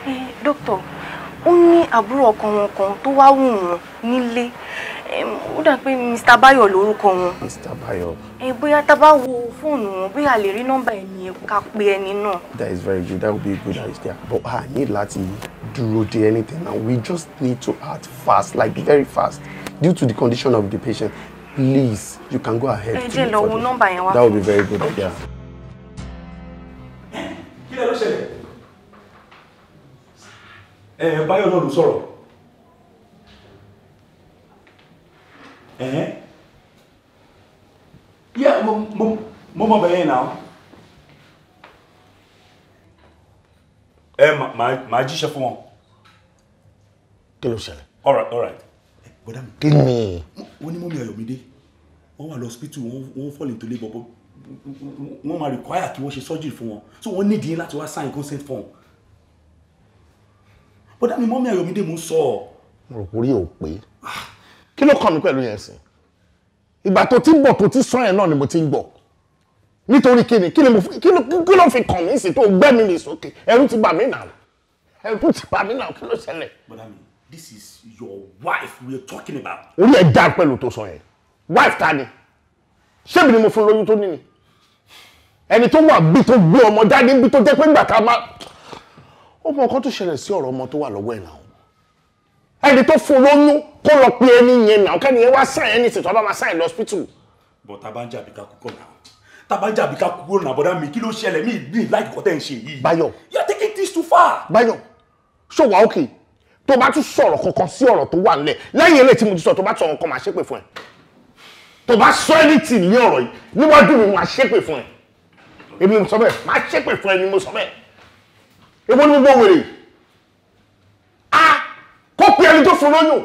ẹ eh, dókítà ó ní àbúrò ọkọ wọn kan tó wá wù wọn nílé ó dà pé Mr. Bayo lórúkọ wọn. Mr. Bayo. ẹ bóyá tá a bá wo fóònù wọn bóyá lè rí nọ́mbà ẹni ká pé ẹni náà. that is very good that would be a good idea but I need láti dúró de anything and we just need to act fast like very fast due to the condition of the patient please you can go ahead. ẹ jẹ́ lọ wo nọ́mbà yẹn wá. that would be very good idea. kí ló ṣẹlẹ̀ ẹ̀ báyọ̀ náà ló sọ̀rọ̀. Eh? Yeah, mo mọ bẹ̀yẹn náà. Eh, ma, ma, fún wọn. Kí ló ṣẹlẹ̀? All right, all right. Bọ̀dá mi. Kí ni? Wọ́n ní mọ́mí Ayọ̀mídé. Wọ́n wà lọ hospital, wọ́n fall into labour but wọ́n máa require to wash a surgery fún wọn. So need nídìí láti wá sign consent form. Bọ̀dá mi mọ́mí Ayọ̀mídé mò ń sọ. Mo rò kórìí Ah kí ló kàn mí pẹ̀lú yẹn sí ìgbà tó ti bọ̀ tó ti sọ yẹn náà ni mo ti ń gbọ́ nítorí kíni kí ni mo kí ló fi kàn mí sí tó gbẹ́mí mi sókè ẹ̀rù ti bà mí nà ẹ̀rù ti bà mí nà kí ló ṣẹlẹ̀. madam this is your wife we are talking about. orí ẹ̀ dá pẹ̀lú tó sọ yẹn wife ta ni ṣébi ni mo fún lóyún tó ní ni ẹni tó wà bí tó gbé ọmọ jáde bí tó jẹ́ pé ńgbà ká má ó mọ nǹkan tó ṣẹlẹ̀ sí ọ̀rọ̀ ọmọ tó wà lọ́wọ́ ẹ̀ náà ẹni tó fún lóyún kó lọ pé ẹni yẹn náà kẹ́ni yẹn wá sáyẹn ẹni sì tó bá máa sáyẹn lọ hospital. bọ̀ tábà ń jàbí ká kúkọ̀ náà tábà ń jàbí ká kúkọ̀ náà bọ̀dá mi kí ló ṣẹlẹ̀ mí ìgbín láì kọ́ tẹ̀ ń ṣe yìí. Báyọ̀ you are taking this too far. Bayo. ṣó wà okay. tó bá tún sọ̀rọ̀ kankan sí ọ̀rọ̀ tó wà nílẹ̀ lẹ́yìn eléyìí tí mo ti sọ tó bá sọ̀rọ̀ kan máa ṣépè fún ẹ bá sọ anything ní ọ̀rọ̀ yìí níwájú mi máa ṣépè fún ẹ èmi ni mo sọ bẹ́ẹ̀ máa ṣépè fún ẹ ni mo sọ bẹ́ẹ̀ èwo ni mo gbọ́ wèrè ah pe ẹni tó fún lóyún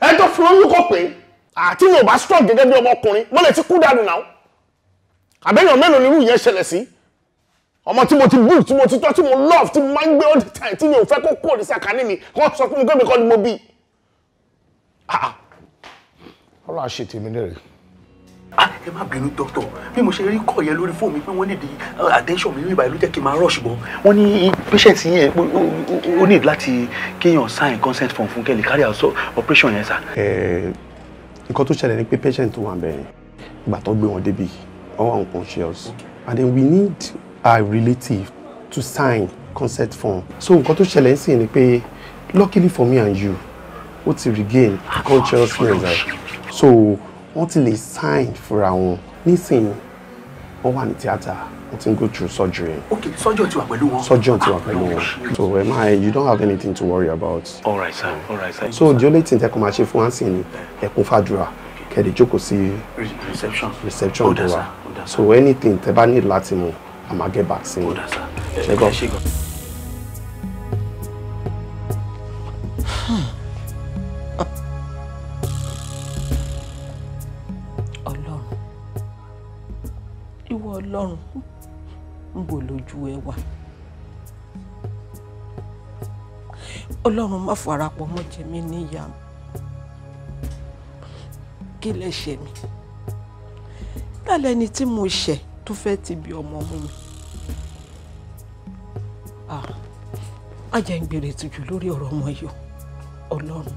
ẹni tó fún lóyún kò pé àti mi ò bá strong gẹ́gẹ́ bí ọmọkùnrin mo lè ti kú dànù náà àbẹ́yàn mélòó nírú yẹn ṣẹlẹ̀ sí ọmọ tí mo ti bú tí mo ti tọ́ tí mo love tí mo máa ń gbé all the time tí mi ò fẹ́ kó kúrò ní sàkání mi wọ́n sọ fún mi pé mi kọ́ ni mo bí ah, ah. ọlọ́run àṣetì mi lérè. Ah, ẹ má bínú dókítà bí mo ṣe rí kọ̀ yẹn lórí fóònù mi pé wọ́n nídìí uh, attention mi níbàá ló jẹ́ kí n máa rush bọ̀ wọ́n ní patient yẹn ó need láti kéèyàn sign consent form fún kẹ́lẹ̀ carry out operation yẹn sà. ẹ nǹkan tó ṣẹlẹ̀ ni pé patient wà bẹ̀rẹ̀ ìgbà tó gbé wọn débi all unconscious and then we need our relative to sign consent form so nǹkan tó ṣẹlẹ̀ ń sìn ni pé luckily for me and you ó ti regain consciousness so wọ́n ti lè sign fúnra wọn nísìnyí wọ́n wà ní tíátà wọ́n ti ń go through surgery. ok surgeon ti wà pẹ̀lú wọn. surgeon ti wà ah, pẹ̀lú wọn so emma you don't have anything to worry about. all right sir all right sir. so the only thing tẹ kó máa ṣe fún wa sí ni ẹkún fàdúrà kẹ̀dẹ̀ jókòó sí reception reception tó wà so anything tẹ bá ní láti mú àmàgẹ́ back sí mi. ṣẹ́gun. ìwọ ọlọ́run ń bò lójú ẹ wà ọlọ́run má farapọ̀ mọ́ jẹ mí níyà kí lẹ ṣe mí lálẹ́ ni tí mo ṣẹ̀ tó fẹ́ ti bí ọmọ mú mi má ń gbèrè ìtìjú lórí ọ̀rọ̀ ọmọ yìí ọlọ́run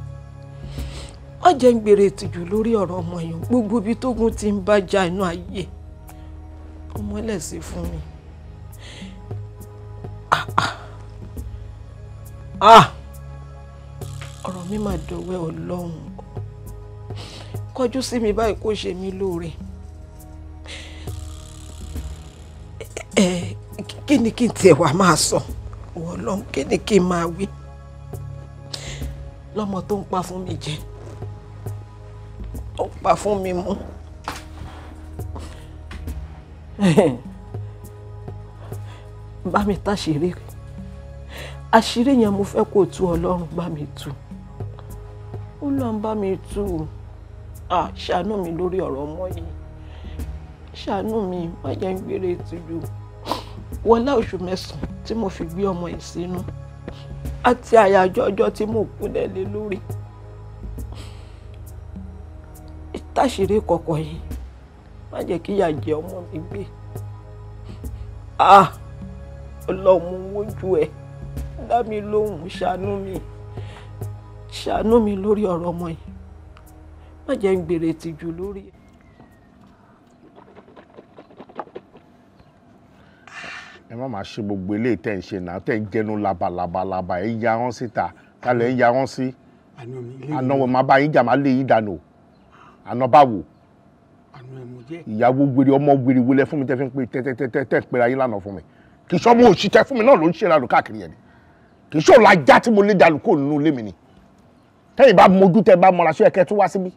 má ń gbèrè ìtìjú lórí ọ̀rọ̀ ọmọ yìí gbogbo ibi tógun ti ń bá já inú ayé mọ́lẹ̀ sí fún mi. Ah, ah. Ah! ọ̀rọ̀ mi máa dọ̀wẹ́ ọlọ́run kọjú sí mi báyìí kó ṣe mí lóore. kí ni kí n tiẹ̀ wá máa sọ wọ́n lọ́n kí ni kí n máa wí lọ́mọ tó ń pa fún mi jẹ ó ń pa fún mi mú. bá mi táṣìírí àṣírí yẹn mo fẹ́ kó tú ọlọ́run bá mi tú ó lọ́n bá mi tú à ṣàánú mi lórí ọ̀rọ̀ ọmọ yìí ṣàánú mi má jẹ́ ń gbére tìjú wọlé oṣù mẹ́sàn-án tí mo fi gbé ọmọ yìí sínú àti àyájọ́ ọjọ́ tí mo kú lẹ́lẹ́ lórí ìtàṣírí kọ̀kọ̀ yìí má jẹ́ kí ìyà jẹ ọmọ mi gbé ah ọlọ́run wojú ẹ̀ dá mi lóhùn ṣàánú mi ṣàánú mi lórí ọ̀rọ̀ ọmọ yìí má jẹ́ ń gbèrè tìjú lórí ẹ̀. ẹ má máa ṣe gbogbo eléyìí tẹ́ ń ṣe náà tẹ́ ń jẹnu labalabalaba ẹ ya wọn síta kálẹ̀ ń ya wọn sí àná wọn má bá yín jà má lé yín dànù àná báwo ìyàwó gbére ọmọ gbére wọlé fún mi tẹ́ fi ń pe tẹ́tẹ́tẹ́tẹ́ pera yín lánàá fún mi kì í sọ́mọ́ òṣì tẹ́ fún mi náà ló ń ṣe ìrànlọ́ káàkiri yẹn kì í sọ́ọ̀lù ajá tí mo lé dànù kó nínú ilé mi ni tẹ́yìn bá mojú tẹ́ bá mọ́ra sí ẹ̀kẹ́ tó wá síbí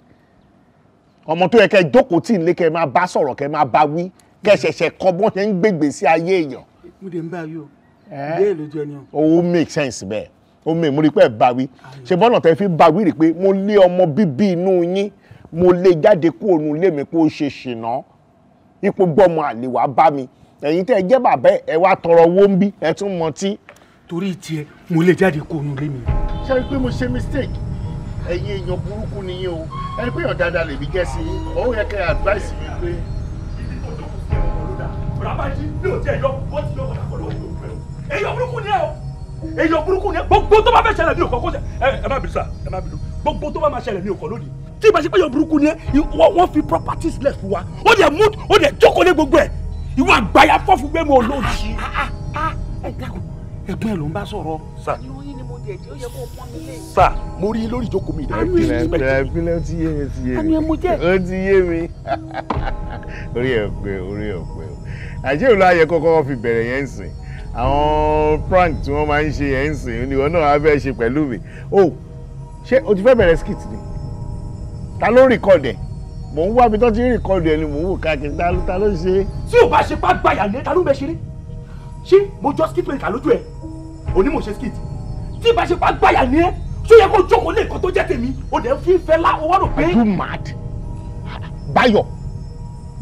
ọmọ tó yẹ kẹ́ jókòó tí ìlé kẹ́ máa bá sọ̀rọ̀ kẹ́ máa bá wí kẹ́ ṣẹ̀ṣẹ̀ kọ́ bọ́n ṣe ń gbègbè sí ayé èèyàn. mo make sense bẹ́ẹ̀ ó make bá wí ṣe bọ́nà tẹ́ fi bá wí rí pé mo lé ọmọ bíbí inú yín mo lé jáde kúrò nínú ilé mi pé ó ṣe ṣìnà ipò gbọ́mọ àlè wàá bá mi ẹ̀yin tẹ́ ẹ jẹ́ bàbá ẹ wá tọrọ owó ń bí ẹ tún mọtí. torí tiẹ̀ mo lé jáde kúrò nínú ilé mi. ṣé rí i pé mo ṣe mistake ẹ̀yin èèyàn burúkú nìyẹn o ẹni pé èèyàn dáadáa lè mi jẹ́ sí i ó yẹ kẹ́ advice mi pé. ibi tó dùn fún ẹ olódà bàbá yìí mi ò tiẹ̀ yọ wọ́n ti yọ ọ̀dà pẹ̀lú òkú rẹ o èèyàn burúkú ni ẹ o èèyàn burúkú ni ẹ gbogbo tó bá fẹ́ ṣẹlẹ̀ ní òkò kó ṣe ẹ má bìrì sà ẹ má bìrì gbogbo tó bá máa ṣẹlẹ̀ ní òkò lónìí tí ìbá ṣe pé yọ burúkú ni wọ́n fi properties lẹ̀ fún wa ó dẹ̀ mú ó dẹ̀ jókòó lé gbogbo ẹ̀ ìwọ àgbáyà fọ́fún gbé mi olóòjì. Ah, ah, ah, ẹ̀gbọ́n ẹ̀ ló ń bá sọ̀rọ̀. sà sà mo rí i lórí ìjókòó mi ìdájọ́ ìpínlẹ̀ ìpínlẹ̀ ti yé mi ti yé mi ó ti yé mi orí ẹ̀ pé orí ẹ̀ pé àjẹ́ òun láàyè kọ́kọ́ fi bẹ̀rẹ̀ yẹn sìn àwọn prank tí wọ́n máa ń ṣe yẹn sìn oníwọ̀n náà á fẹ́ ṣe pẹ̀lú mi ó oh, ṣé o ti fẹ́ bẹ̀rẹ̀ skit ni ta ló rìkọ̀dù ẹ̀ mò ń wá mi tó ti ń rìkọ̀dù ẹ̀ ni mò ń wò káàkiri ta ló ta ló ṣe. tí o bá ṣe pá gbàyà lé ta ló bẹ ṣeré ṣé mo jọ skit maker lójú ẹ onímọ̀ ṣe skit tí o bá ṣe pá gbàyà ní ẹ ṣó yẹ kó jókòó lé nǹkan tó jẹ́ tèmi o dẹ̀ ń fi fẹ́ lá o wá rò pé. are you mad Báyọ̀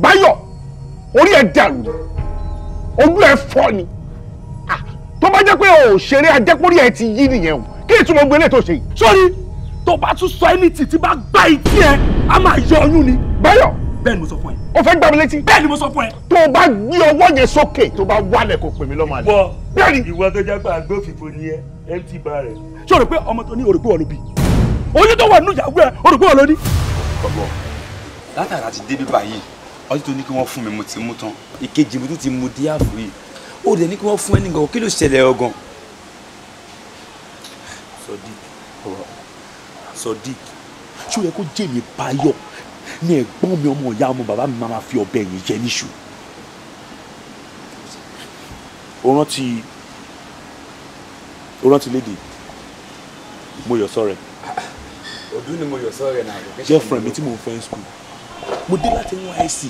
Báyọ̀ orí ẹ̀ dàrú ojú ẹ̀ fọ́ ni ah, tó bá jẹ́ pé o ò ṣeré ajẹ́pórí ẹ̀ ti yí nìyẹn o kí ìtumọ̀ gbélé tó ṣe yìí. sọ́ni tó bá tún sọ anything tí bá gbá etí ẹ a máa yọ ọyún ni. báyọ̀ bẹ́ẹ̀ ni mo sọ fún ẹ. o fẹ́ gbá mi létí. bẹ́ẹ̀ ni mo sọ fún ẹ. tó o bá gbé ọwọ́ yẹn sókè tó bá wálẹ̀ kó pè mí lọ́mọ àlè. ìwọ bẹ́ẹ̀ni. ìwọ tó jẹ́ agbófinfo ni ẹ mt bá rẹ. ṣé o rò pé ọmọ tó ní o rò pé wọ́n ló bí oyún tó wà nínú ìyàwó ẹ o rò pé wọ́n ló ní. gbogbo látara ti débi báyìí ọdún tó ní kí wọ́n fún mi mo ti mú tán ìkejì mi tún ti mu díà fún yìí ó dẹ̀ ní kí wọ́n fún ẹ nìkan kí ló ṣẹlẹ̀ ọgàn. sọdí ọ̀rọ̀ Sodiq ṣé ó yẹ kó jèmi báyọ̀ ní ẹ̀gbọ́n mi ọmọ ìyá ọmọ bàbá mi máa fi ọbẹ̀ yìí jẹ níṣu. o rántí o rántí lady mo yọ sọ rẹ. ọdún ni mo yọ sọ rẹ náà. girlfriend mi tí mo ń fẹ́ school mo dé láti NYSC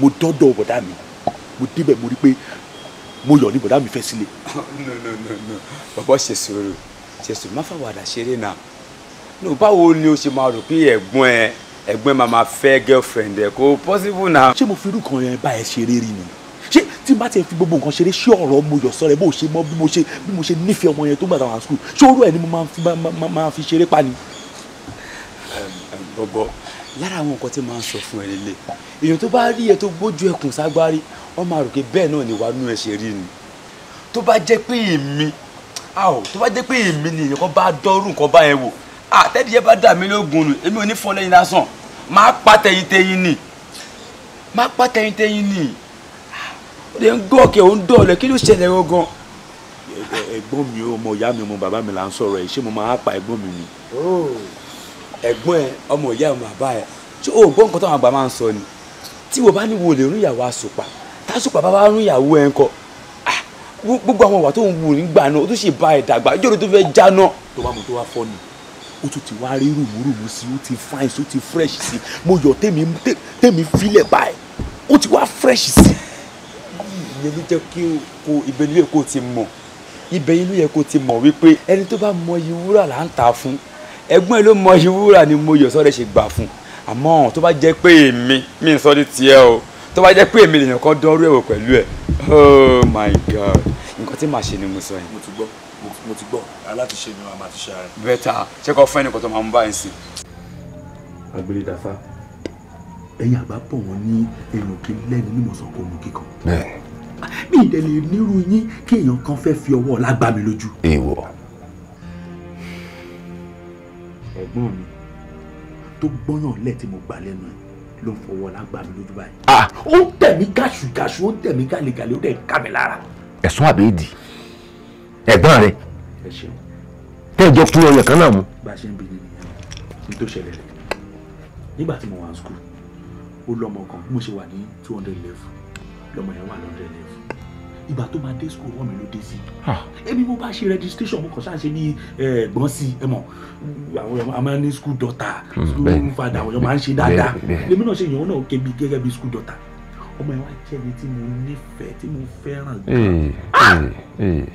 mo dọ́dọ̀ bọ̀dá mi mo débẹ̀ mo rí pé mo yọ̀ ní bọ̀dá mi fẹ́ sílé. no no no no bàbá ṣe sùúrù ṣe sùúrù má fà wàdà ṣeré náà no báwo ni o ṣe máa rò pé ẹ̀gbọ́n ẹ ẹ̀gbọ́n máa máa fẹ́ girlfriend ẹ kò possible na. ṣé mo fi irú kan yẹn bá ẹ ṣeré rí ni ṣé tí n bá ti fi gbogbo nǹkan ṣeré ṣé ọ̀rọ̀ mo yọ̀ sọ́rẹ́ bó ṣe mọ bí mo ṣe bí mo ṣe nífẹ̀ẹ́ ọmọ yẹn tó gbàgbà wọn school ṣé orú ẹ̀ ni mo máa fi ṣeré pa ni. bọ̀bọ̀ lára àwọn nǹkan tí màá sọ fún ẹ lélẹ̀ èèyàn tó bá rí ẹ tó gbójú ẹkùn ságbárí wọn máa rò pé bẹ́ẹ̀ náà ni wàá nú ẹ ṣe rí ni tó bá jẹ́ pé èmi tó bá jẹ́ pé èmi ni èèyàn kan bá dọ́rù nǹkan bá yẹn wò àtẹ́díyẹ ah, bá dà mí lógun nù èmi ò ní fún ọ lẹ́yìn lásán máa pa tẹ̀yìn tẹ̀yìn nì máa pa tẹ̀yìn tẹ̀yìn nì ah, ó lè ń gbọ́ ọ̀kẹ́ òun dọ̀ọ̀lẹ̀ kí ló ṣẹlẹ̀ gangan. ẹ̀gbọ́n mi o ọmọ ìyá mi ọmọ bàbá mi là ń sọ̀rọ̀ ẹ̀ ṣé mo máa pa ẹ̀gbọ́n mi ni. Oh. ẹ̀gbọ́n ẹ ọmọ ìyá ọmọ bàbá ẹ ṣé o gbọ́ nǹkan táwọn àgbà máa ń sọ ni tí wo bá ní wo lè rún ìyàwó àsùpà tásùpà bá bá rún ìyàwó ẹ̀ ń kọ́ ah, gbogbo àwọn ìwà tó ń wù nígbà náà ó tún ṣe bá ẹ̀ dàgbà ìjọ́rò tó fẹ́ já náà. tó bá mu tó wá fọ́ ni ó tún ti wá rí rùmùrùmù sí ó ti fine sí ó ti fresh sí mo yọ tèmi tèmi filẹ̀ báyìí ó ti wá fresh sí. ìyẹn ló jẹ́ kí o ibẹ̀ ló yẹ kó o ti mọ̀ ibẹ̀ yìí ló yẹ kó o ti mọ̀ wípé ẹni tó bá mọ iye là ń ta fún ẹgbọ́n ẹ ló mọ iye ni mo yọ sọ́dẹ̀ ṣe gbà fún àmọ́ tó bá jẹ́ pé èmi mi ń sọ ní tiẹ̀ o tó bá jẹ́ pé èmi lèèyàn kan dánrú ẹ̀wò pẹ̀lú ẹ̀ oh my god nǹkan tí màá ṣe ni mo sọ yẹn. mo ti gbọ́ mo ti gbọ́ aláti ṣe ni màmá ti ṣe ara rẹ̀. bẹ́ẹ̀ta ṣé kò fẹ́ni kòtò máa ń bá ẹ̀ sìn. agbèrè dàfà ẹ̀yin àgbà pọ̀ wọ́n ní èrò kí lẹ́nu ní mọ̀sán kò mú kíkan. mi ì dẹ̀ nírú yín kí èèyàn kan fẹ́ fi ọwọ́ ọ̀la gbá mi lójú. èèwọ̀. ẹ̀gbọ́n mi tó gbọ́yàn lẹ̀ tí mo gbà lẹ́nu ẹ̀ ló ń fọwọ́ ọ̀la gbá mi lójú báyìí. Ah! ó ń tẹ̀ mí gàṣùgàṣù ó ń tẹ̀ mí gàlégàlé ó dẹ̀ ń ká ẹ ṣeun. tẹ́ ẹ jọ kú ọyàn kan náà mú. bá a ṣe ń bi nìyẹn ní tó ṣẹlẹ̀ rẹ̀ nígbà tí mo wà ní skul ó lọ́mọ kan mo ṣe wà ní two hundred eleven. lọ́mọ yẹn wà ní hundred eleven. ìgbà tó máa dé skul wọ́n mi ló dé sí i èmi mo bá ṣe registration mo kàn ṣáà ṣe ní ẹ̀gbọ́n sí ẹ mọ̀ àwọn ọmọ a máa ní skul daughter hmm, skul father àwọn ọmọ máa ń ṣe dáadáa èmi náà ṣe ìyàwó náà kébi gẹ́gẹ́ bí skul daughter ọmọ yẹn wá jẹ́ mi tí mo nífẹ̀ẹ́ tí mo fẹ́ràn gan eh, ah! eh, eh.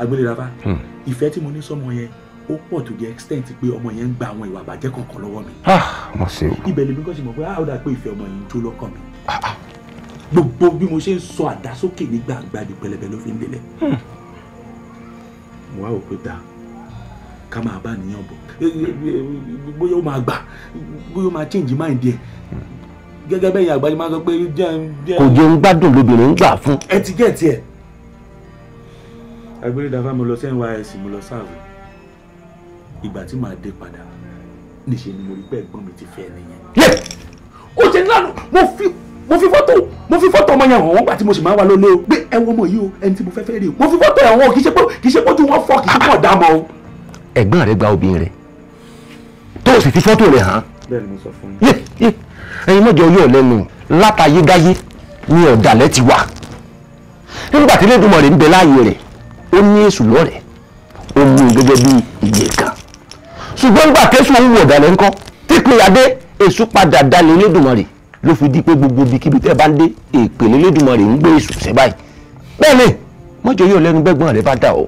agbélé rafa hmm ìfẹ́ tí mo ní sọ́mọ yẹn ó pọ̀ tó di extent pé ọmọ yẹn ń gba àwọn ìwà àbàjẹ́ kọ̀ọ̀kan lọ́wọ́ mi. Ah, mo ṣe o. ibẹ̀ lèmi kọ́ sí mọ̀ pé a ah, ó dà pé ìfẹ́ ọmọ yìí ń tó lọ́kàn mi. gbogbo bí mo ṣe ń sọ àdásókè ní gbàǹgbà di pẹlẹbẹ ló fi ń délẹ̀. Hmm. mo wá wò pé ta ká máa bá nìyàn bọ̀ bóyá ó máa gbà bóyá ó máa change mind ẹ̀ hmm. gẹ́gẹ́ bẹ́yìn àgbáyé máa sọ pé. kò jẹun gbádùn lóbìnrin ń gbà fún. ẹ ti gẹ̀ẹ́tì ẹ̀ agbẹ́rẹ́dàfà mo lọ sí NYSC mo lọ sáàwé ìgbà tí màá dé padà níṣẹ́ ni mo rí pé ẹ̀gbọ́n mi ti fẹ́ nìyẹn. ó ṣe nílànà mo fi mo fi fọ́tò mo fi fọ́tò ọmọ yẹn hàn wọ́n gbà tí mo sì máa wà lólè o pé ẹ wọ ọmọ yìí o ẹni tí mo fẹ́ fẹ́ rí o mo fi fọ́tò ẹ̀ wọ́n kì í ṣe pé kì í ṣe pé ojú wọn fọ́ kì í ṣe pé ọ̀dà mọ́ o. ẹ̀gbọ́n rẹ gba obìnrin rẹ tó o sì fi fọ́tò rẹ hàn. bẹ́ẹ̀ni mo sọ fún yín. ẹyin mọ́jọ yóò lẹ́nu látayégáyé ni ọ̀dàlẹ̀ ti wà nígbà tí lẹ́dùnmọ̀ rẹ̀ ń bẹ láàyè rẹ̀ ó ní èṣù lọ́rẹ̀ ó mú un gẹ́gẹ́ bí ìgbè kan ṣùgbọ́n nígbà kẹ́sùn òun wò dalẹ̀ ńkọ́ típin adé èṣù padà dalẹ̀ Elédùmarè ló fi di pé gbogbo ibikíbi tẹ́ bá ń dé èpèlè Elédùmarè ń gbé èṣù ṣe báyìí bẹ́ẹ̀ ni mọ́jọ yóò lẹ́nu gbẹ́gbọ́n rẹ̀ bá dà ọ́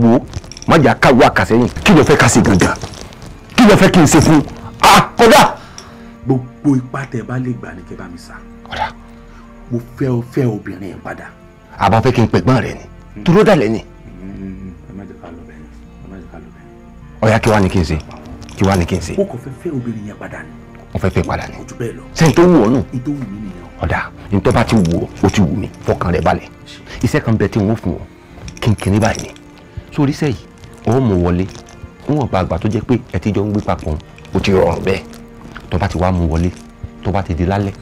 wò ó mọ́jà káwọ́ àkàsẹ́yìn kí ló fẹ́ ká ṣe gangan kí ló fẹ́ kí n ṣe fún àkọ́dà. gbogbo ipá tẹ́ bá lè gbà ní kẹ́ bá mi sá. ọ̀dà mo fẹ́ fẹ́ obìnrin yẹn padà. àbá fẹ́ kí n pẹ̀gbọ́n rẹ ni hmm. dúró dalẹ̀ ni ọ̀yá kí wá ní kí n ṣe kí wá ní kí n ṣe. o kò fẹ́ fẹ́ obìnrin yẹn padà ni. mo fẹ́ fẹ́ padà ni. o jù bẹ́ẹ̀ lọ. sẹ́yìn tó wù ọ́ nù. ètò wù mí nìyẹn. ọ̀dà nítorí bá ti wù ọ́ o ti wù mí fọkàn rẹ̀ balẹ̀. iṣẹ́ kan bẹ tí n ó fún ọ kínkínní báyìí ni. sórí iṣẹ́ yìí ó mú wọlé níwọ̀n bá àgbà tó jẹ́ pé ẹ ti jọ ń gbé papọ̀ o ti rọrùn bẹ́ẹ̀ tó bá ti wá mú wọlé tó bá ti di lálẹ́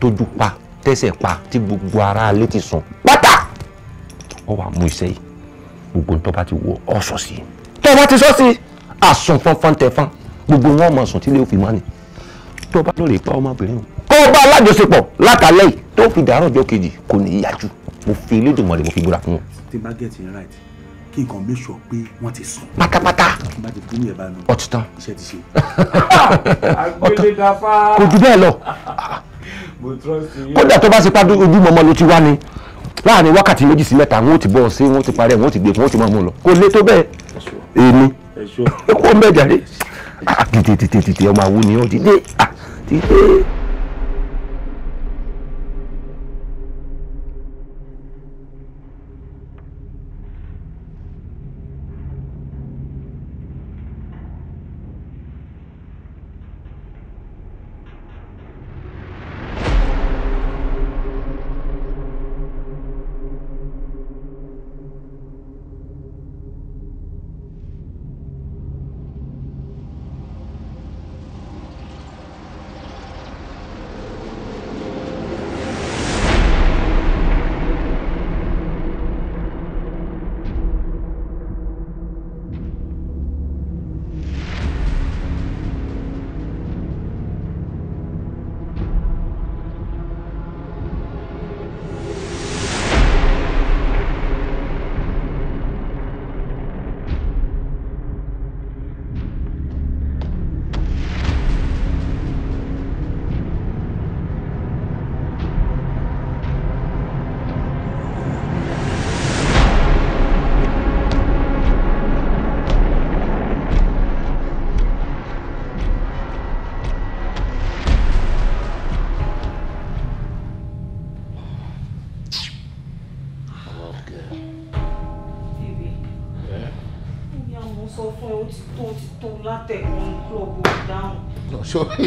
tójú pa tẹ́sẹ̀ pa tí gbogbo ara alẹ́ ti sùn pátá ọ wà mú iṣẹ́ yìí gbogbo tó bá ti wọ ọ sọ tó bá ti sọ àsùn fanfan tẹ̀fan gbogbo wọn máa sùn tílé òfin máa ní tó bá lọ rè pa ọmọbìnrin o kó o bá alájọṣepọ̀ látàlẹ́ yìí tó fi dàárọ̀ ọjọ́ kejì kò ní í yájú mo fi Elédùmarè mo fi búra fún wọn. tí n bá gẹ̀ẹ́tì right kí n kàn make sure pé wọ́n ti sùn. pátápátá ọtí tán kò jù bẹ́ẹ̀ lọ kódà tó bá ṣe pàdé ojúmọmọ ló ti wá ni láàrin wákàtí méjì sí mẹ́ta wọn ò ti bọ́ ọ sí wọn ò ti parẹ́ wọn ò ti gbé wọn ò ti máa mú un lọ kò lè tó bẹ́ẹ̀ èmi kó ń bẹ̀ jàre tètè tètè ọmọ àwọn ni ó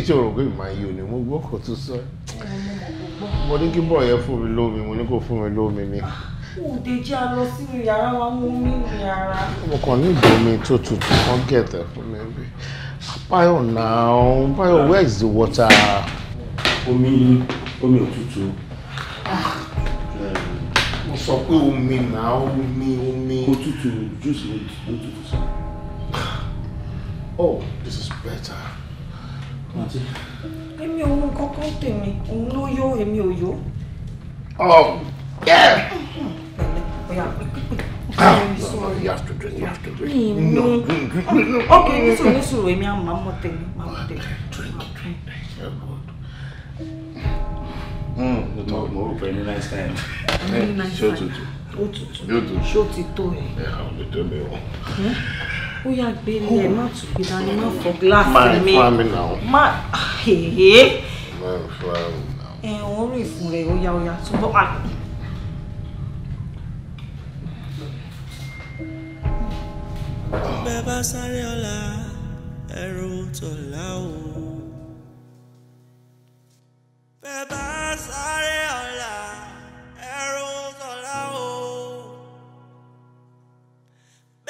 tí o rò pé mi máa yí o ni mo gbọ́ kò tún sọ mo ní kí bọ̀ yẹn fún mi lómi mo ní kò fún mi lómi ni. òde jẹ́ a lọ sínú yàrá wa mú mi ní yàrá. mo kàn ní ìbomi tó tutù kan gẹ̀tẹ̀ fún mi bí Báyọ̀ now Báyọ̀ where is the water. omi omi òtútù sọ pé omi náà omi omi. òtútù juice ló tutù sọ. oh this is better àǹtí. èmi ò mú kankan tèmi òun ló yó èmi ò yó. Oh, yeah. Ah, no, you have to drink, you have to drink. No, no, no. Okay, this one, this one, I'm not taking, I'm not taking. Drink, drink, you're oh, good. Mm, you talk more for any nice time. Any nice time. Ṣé òtútù? Òtútù. Ṣé òtútù? Ṣé òtítọ́ ẹ̀? Ẹ̀ àwọn ètò mi wọ̀ ó yà gbélé ẹ má tún gbé dání má fọ gíláàsì mi má hèhè ẹ̀hún orí ìfun rẹ̀ ó yá ó yá túbọ̀ bẹ́ẹ̀ bá sáré ọ̀la ẹ̀rù tọ̀la o. bẹ́ẹ̀ bá sáré ọ̀la ẹ̀rù tọ̀la o.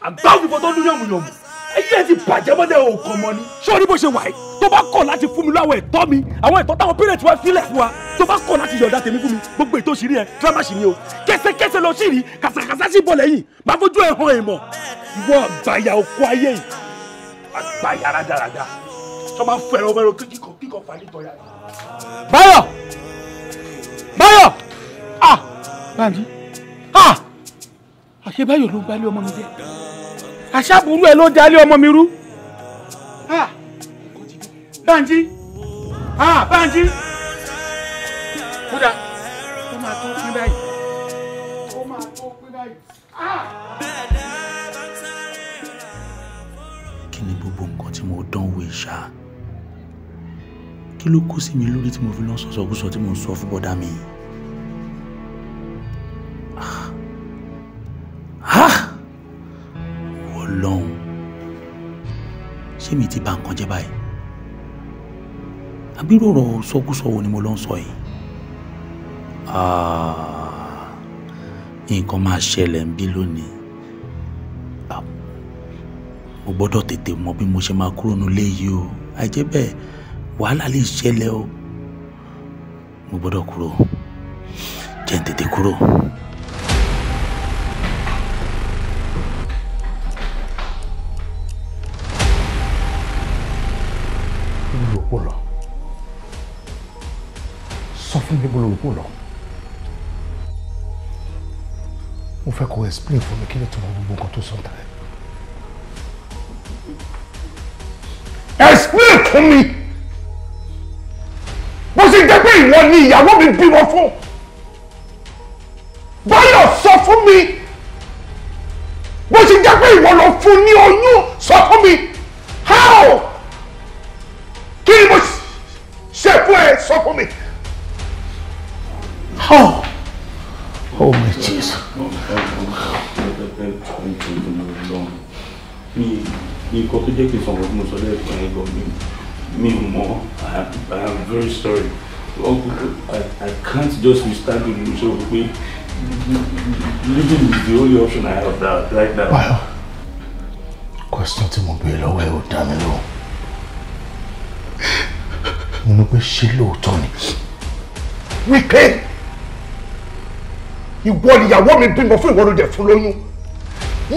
àgbáwùfọ tó lúyàn mùyàn mù ẹyí ẹ ti bàjẹ́ mọ́lẹ̀ òkò mọ́ ni. sọ́ọ́ni bó ṣe wà yìí tó bá kọ̀ láti fún mi láwọn ẹ̀tọ́ mi àwọn ẹ̀tọ́ táwọn pírẹ̀tì wa sílẹ̀ fún wa tó bá kọ̀ láti yọ̀ǹda tèmi fún mi gbogbo ètò òṣèré ẹ̀ tírámàṣì ni o kẹsẹkẹsẹ lọ sí rí kàṣàkàṣà sí bọ̀ lẹ́yìn má fojú ẹ̀ hàn èèmọ̀ ìwọ àgbàyà òkú ayé yìí àgbàyà rádaràda tó máa fẹ́ mẹ́rọ kíkọ kíkọ fà àṣebáyọ̀ ló ń balẹ̀ ọmọ mi jẹ́ àṣàbùrú ẹ ló ń dalẹ̀ ọmọ mi rú báńjí báńjí kódà ó máa tó pín báyìí kí ni gbogbo nǹkan tí mo dánwò ìṣá kí ló kó sí mi lórí tí mo fi lọ sọ̀sọ̀kúsọ tí mo sọ fún bọ́dá mi yìí. ọlọ́run ṣé mi ti bà nǹkan jẹ́ báyìí àbírò ọ̀rọ̀ sọkúsọ wo ni mo lọ ń sọ yìí ah, nǹkan máa ṣẹlẹ̀ ń bí lónìí ah, mo gbọ́dọ̀ tètè mọ bí mo ṣe máa kúrò nílé yìí o àìjẹ́ bẹ́ẹ̀ wàhálà lè ṣẹlẹ̀ o mo gbọ́dọ̀ kúrò jẹ́ n tètè kúrò. pò lọ sọ fún mi bó ló rò pò lọ mo fẹ́ kó explain fún mi kí ló tún mọ gbogbo nǹkan tó sọ tẹ́lẹ̀. explain fún mi bó ṣe jẹ́ pé ìwọ ni ìyàwó mi bímọ fún báyọ̀ sọ fún mi bó ṣe jẹ́ pé ìwọ lọ fún how kí ni mo ṣe fún ẹ sọ fún mi. Oh, oh my Jesus. Mi kò tó jẹ́ kí sọ̀rọ̀ bí mo sọ lẹ́ẹ̀kan ẹ̀ gan mi. Mi ò mọ̀, I am very sorry. Uncle. I, I can't just be standing here so pé living is the only option I have that, right now. Báyọ̀, question tí mo béèrè lọ́wọ́ ẹ̀ ò dá mi lóhùn ronú pé ṣé lóòótọ́ ni. wíkẹ́ ìwọ nìyàwó mi bímọ fún ìwọ ló dẹ̀ fún lóyún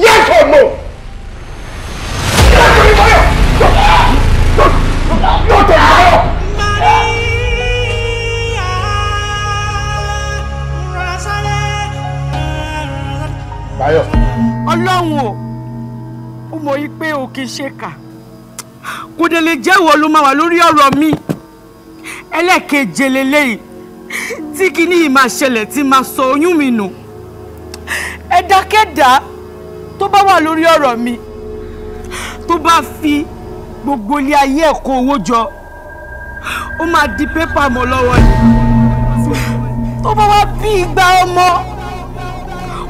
yes or no. Báyọ̀. Ọlọ́run o ó mọ̀ yí pé o kì í ṣe kà kò dé lè jẹ́wọ́ ló máa wà lórí ọ̀rọ̀ mi ẹlẹ́ẹ̀keje leléyìí tí kinní yìí máa ṣẹlẹ̀ tí máa sọ oyún mi nù ẹ̀dákẹ́dá tó bá wà lórí ọ̀rọ̀ mi tó bá fi gbogbo ilé ayé ẹ̀ kó owó jọ ó máa di pépà mọ́ lọ́wọ́ ni tó bá wá bí igba ọmọ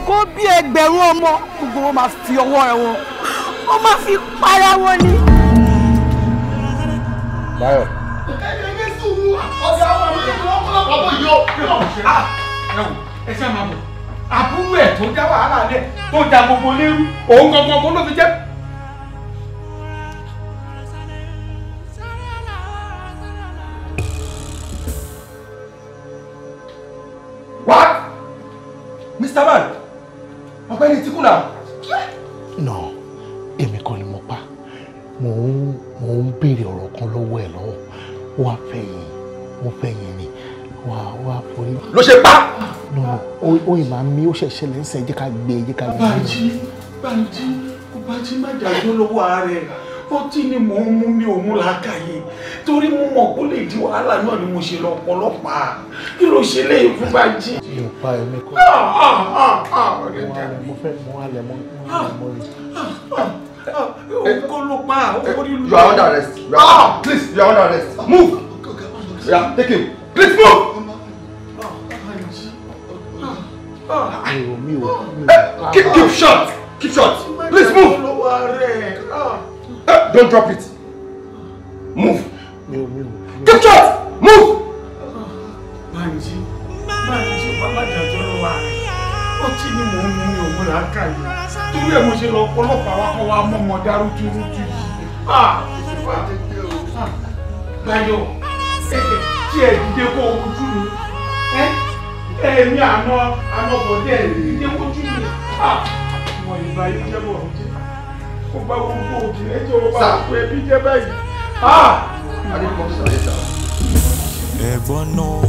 kó bí ẹgbẹ̀rún ọmọ gbogbo wọn máa fi ọwọ́ ẹ̀ wọn ó máa fi para wọn ni. báyọ̀ ọ̀dẹ̀ àwọn àmì ìpínlẹ̀ ọ̀pọ̀lọpọ̀ ọ̀pọ̀ yìí ó yóò ṣe. Ah, ẹ ẹ ṣe máa bọ̀ àbúrò ẹ̀ tó dá wàhálà lẹ̀ tó da gbogbo lérú òun gangan kó ló fi jẹ́. What? Mr. Man ọ̀gbẹ́ni Tíkùlà. No èmi kọ́ ni mo pa mò ń mò ń béèrè ọ̀rọ̀ kan lọ́wọ́ ẹ̀ lọ́wọ́ wọ́n fẹ́ yìí mo bẹ̀ yín ni wà wà forí. ló ṣe pa. no no ó máa mi ó ṣe ṣẹlẹ̀ ń sẹ́ jẹ́ ká gbé jẹ́ ká gbé. bàjí bàjí bàjí má jàdó lọ́wọ́ ààrẹ ọtí ni mò ń mú mi ò mú làákàyè torí mo mọ̀ kó lè di wàhálà náà ni mo ṣe lọ ọ̀pọ̀lọpàá kí ló ṣe lè fún bàjí. mi ò pa ẹ̀mí kọ́. Ah, ah, ah, mo fẹ́ mú alẹ́ mọ́ mọ́ rẹ̀. Uh, uh, uh, you are under arrest. You are, ah, please, you are under arrest. Move. Yeah, take him. Please move. Ayo mi o. Keep keep shot. Keep shot. Please move. Uh, don't drop it. Move. Mi o mi Keep shot. Move. Manji, Manji, Banji bàbá jàjọ́ ló wà. Ó tí ni mò ń mú mi òun là á kà yìí. Torí ẹ̀ mo ṣe lọ ọ̀pọ̀lọpọ̀ àwọn kan wá mọ́ ọmọ dárútúrútú yìí. Báyọ̀ kí ẹ dìde kó ojú mi ẹ ẹmí àná ànọbọdẹ dìde kójú mi àwọn ìgbà yìí jẹ bọ jẹ kó bá gbogbo òkè ẹjọ bá gbogbo ẹbí jẹ báyìí. ẹ̀gbọ́n náà.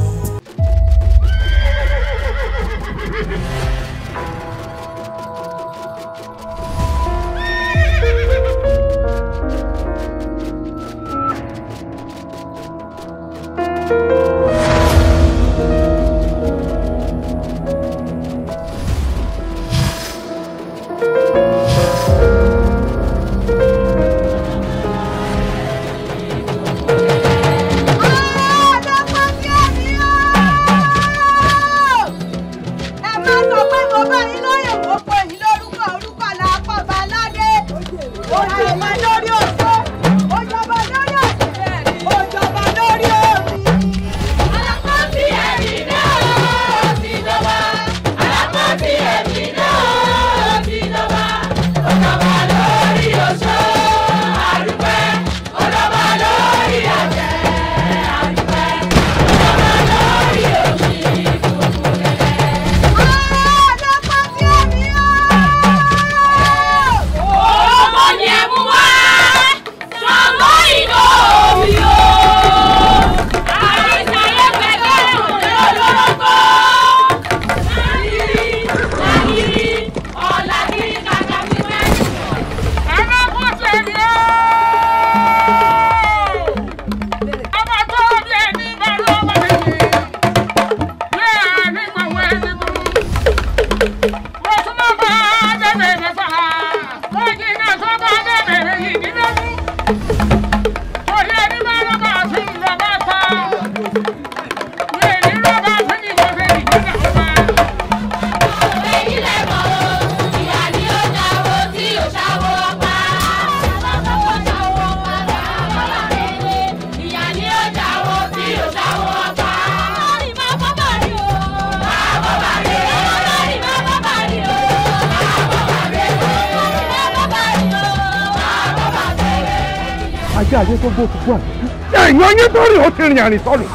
arìn sọnù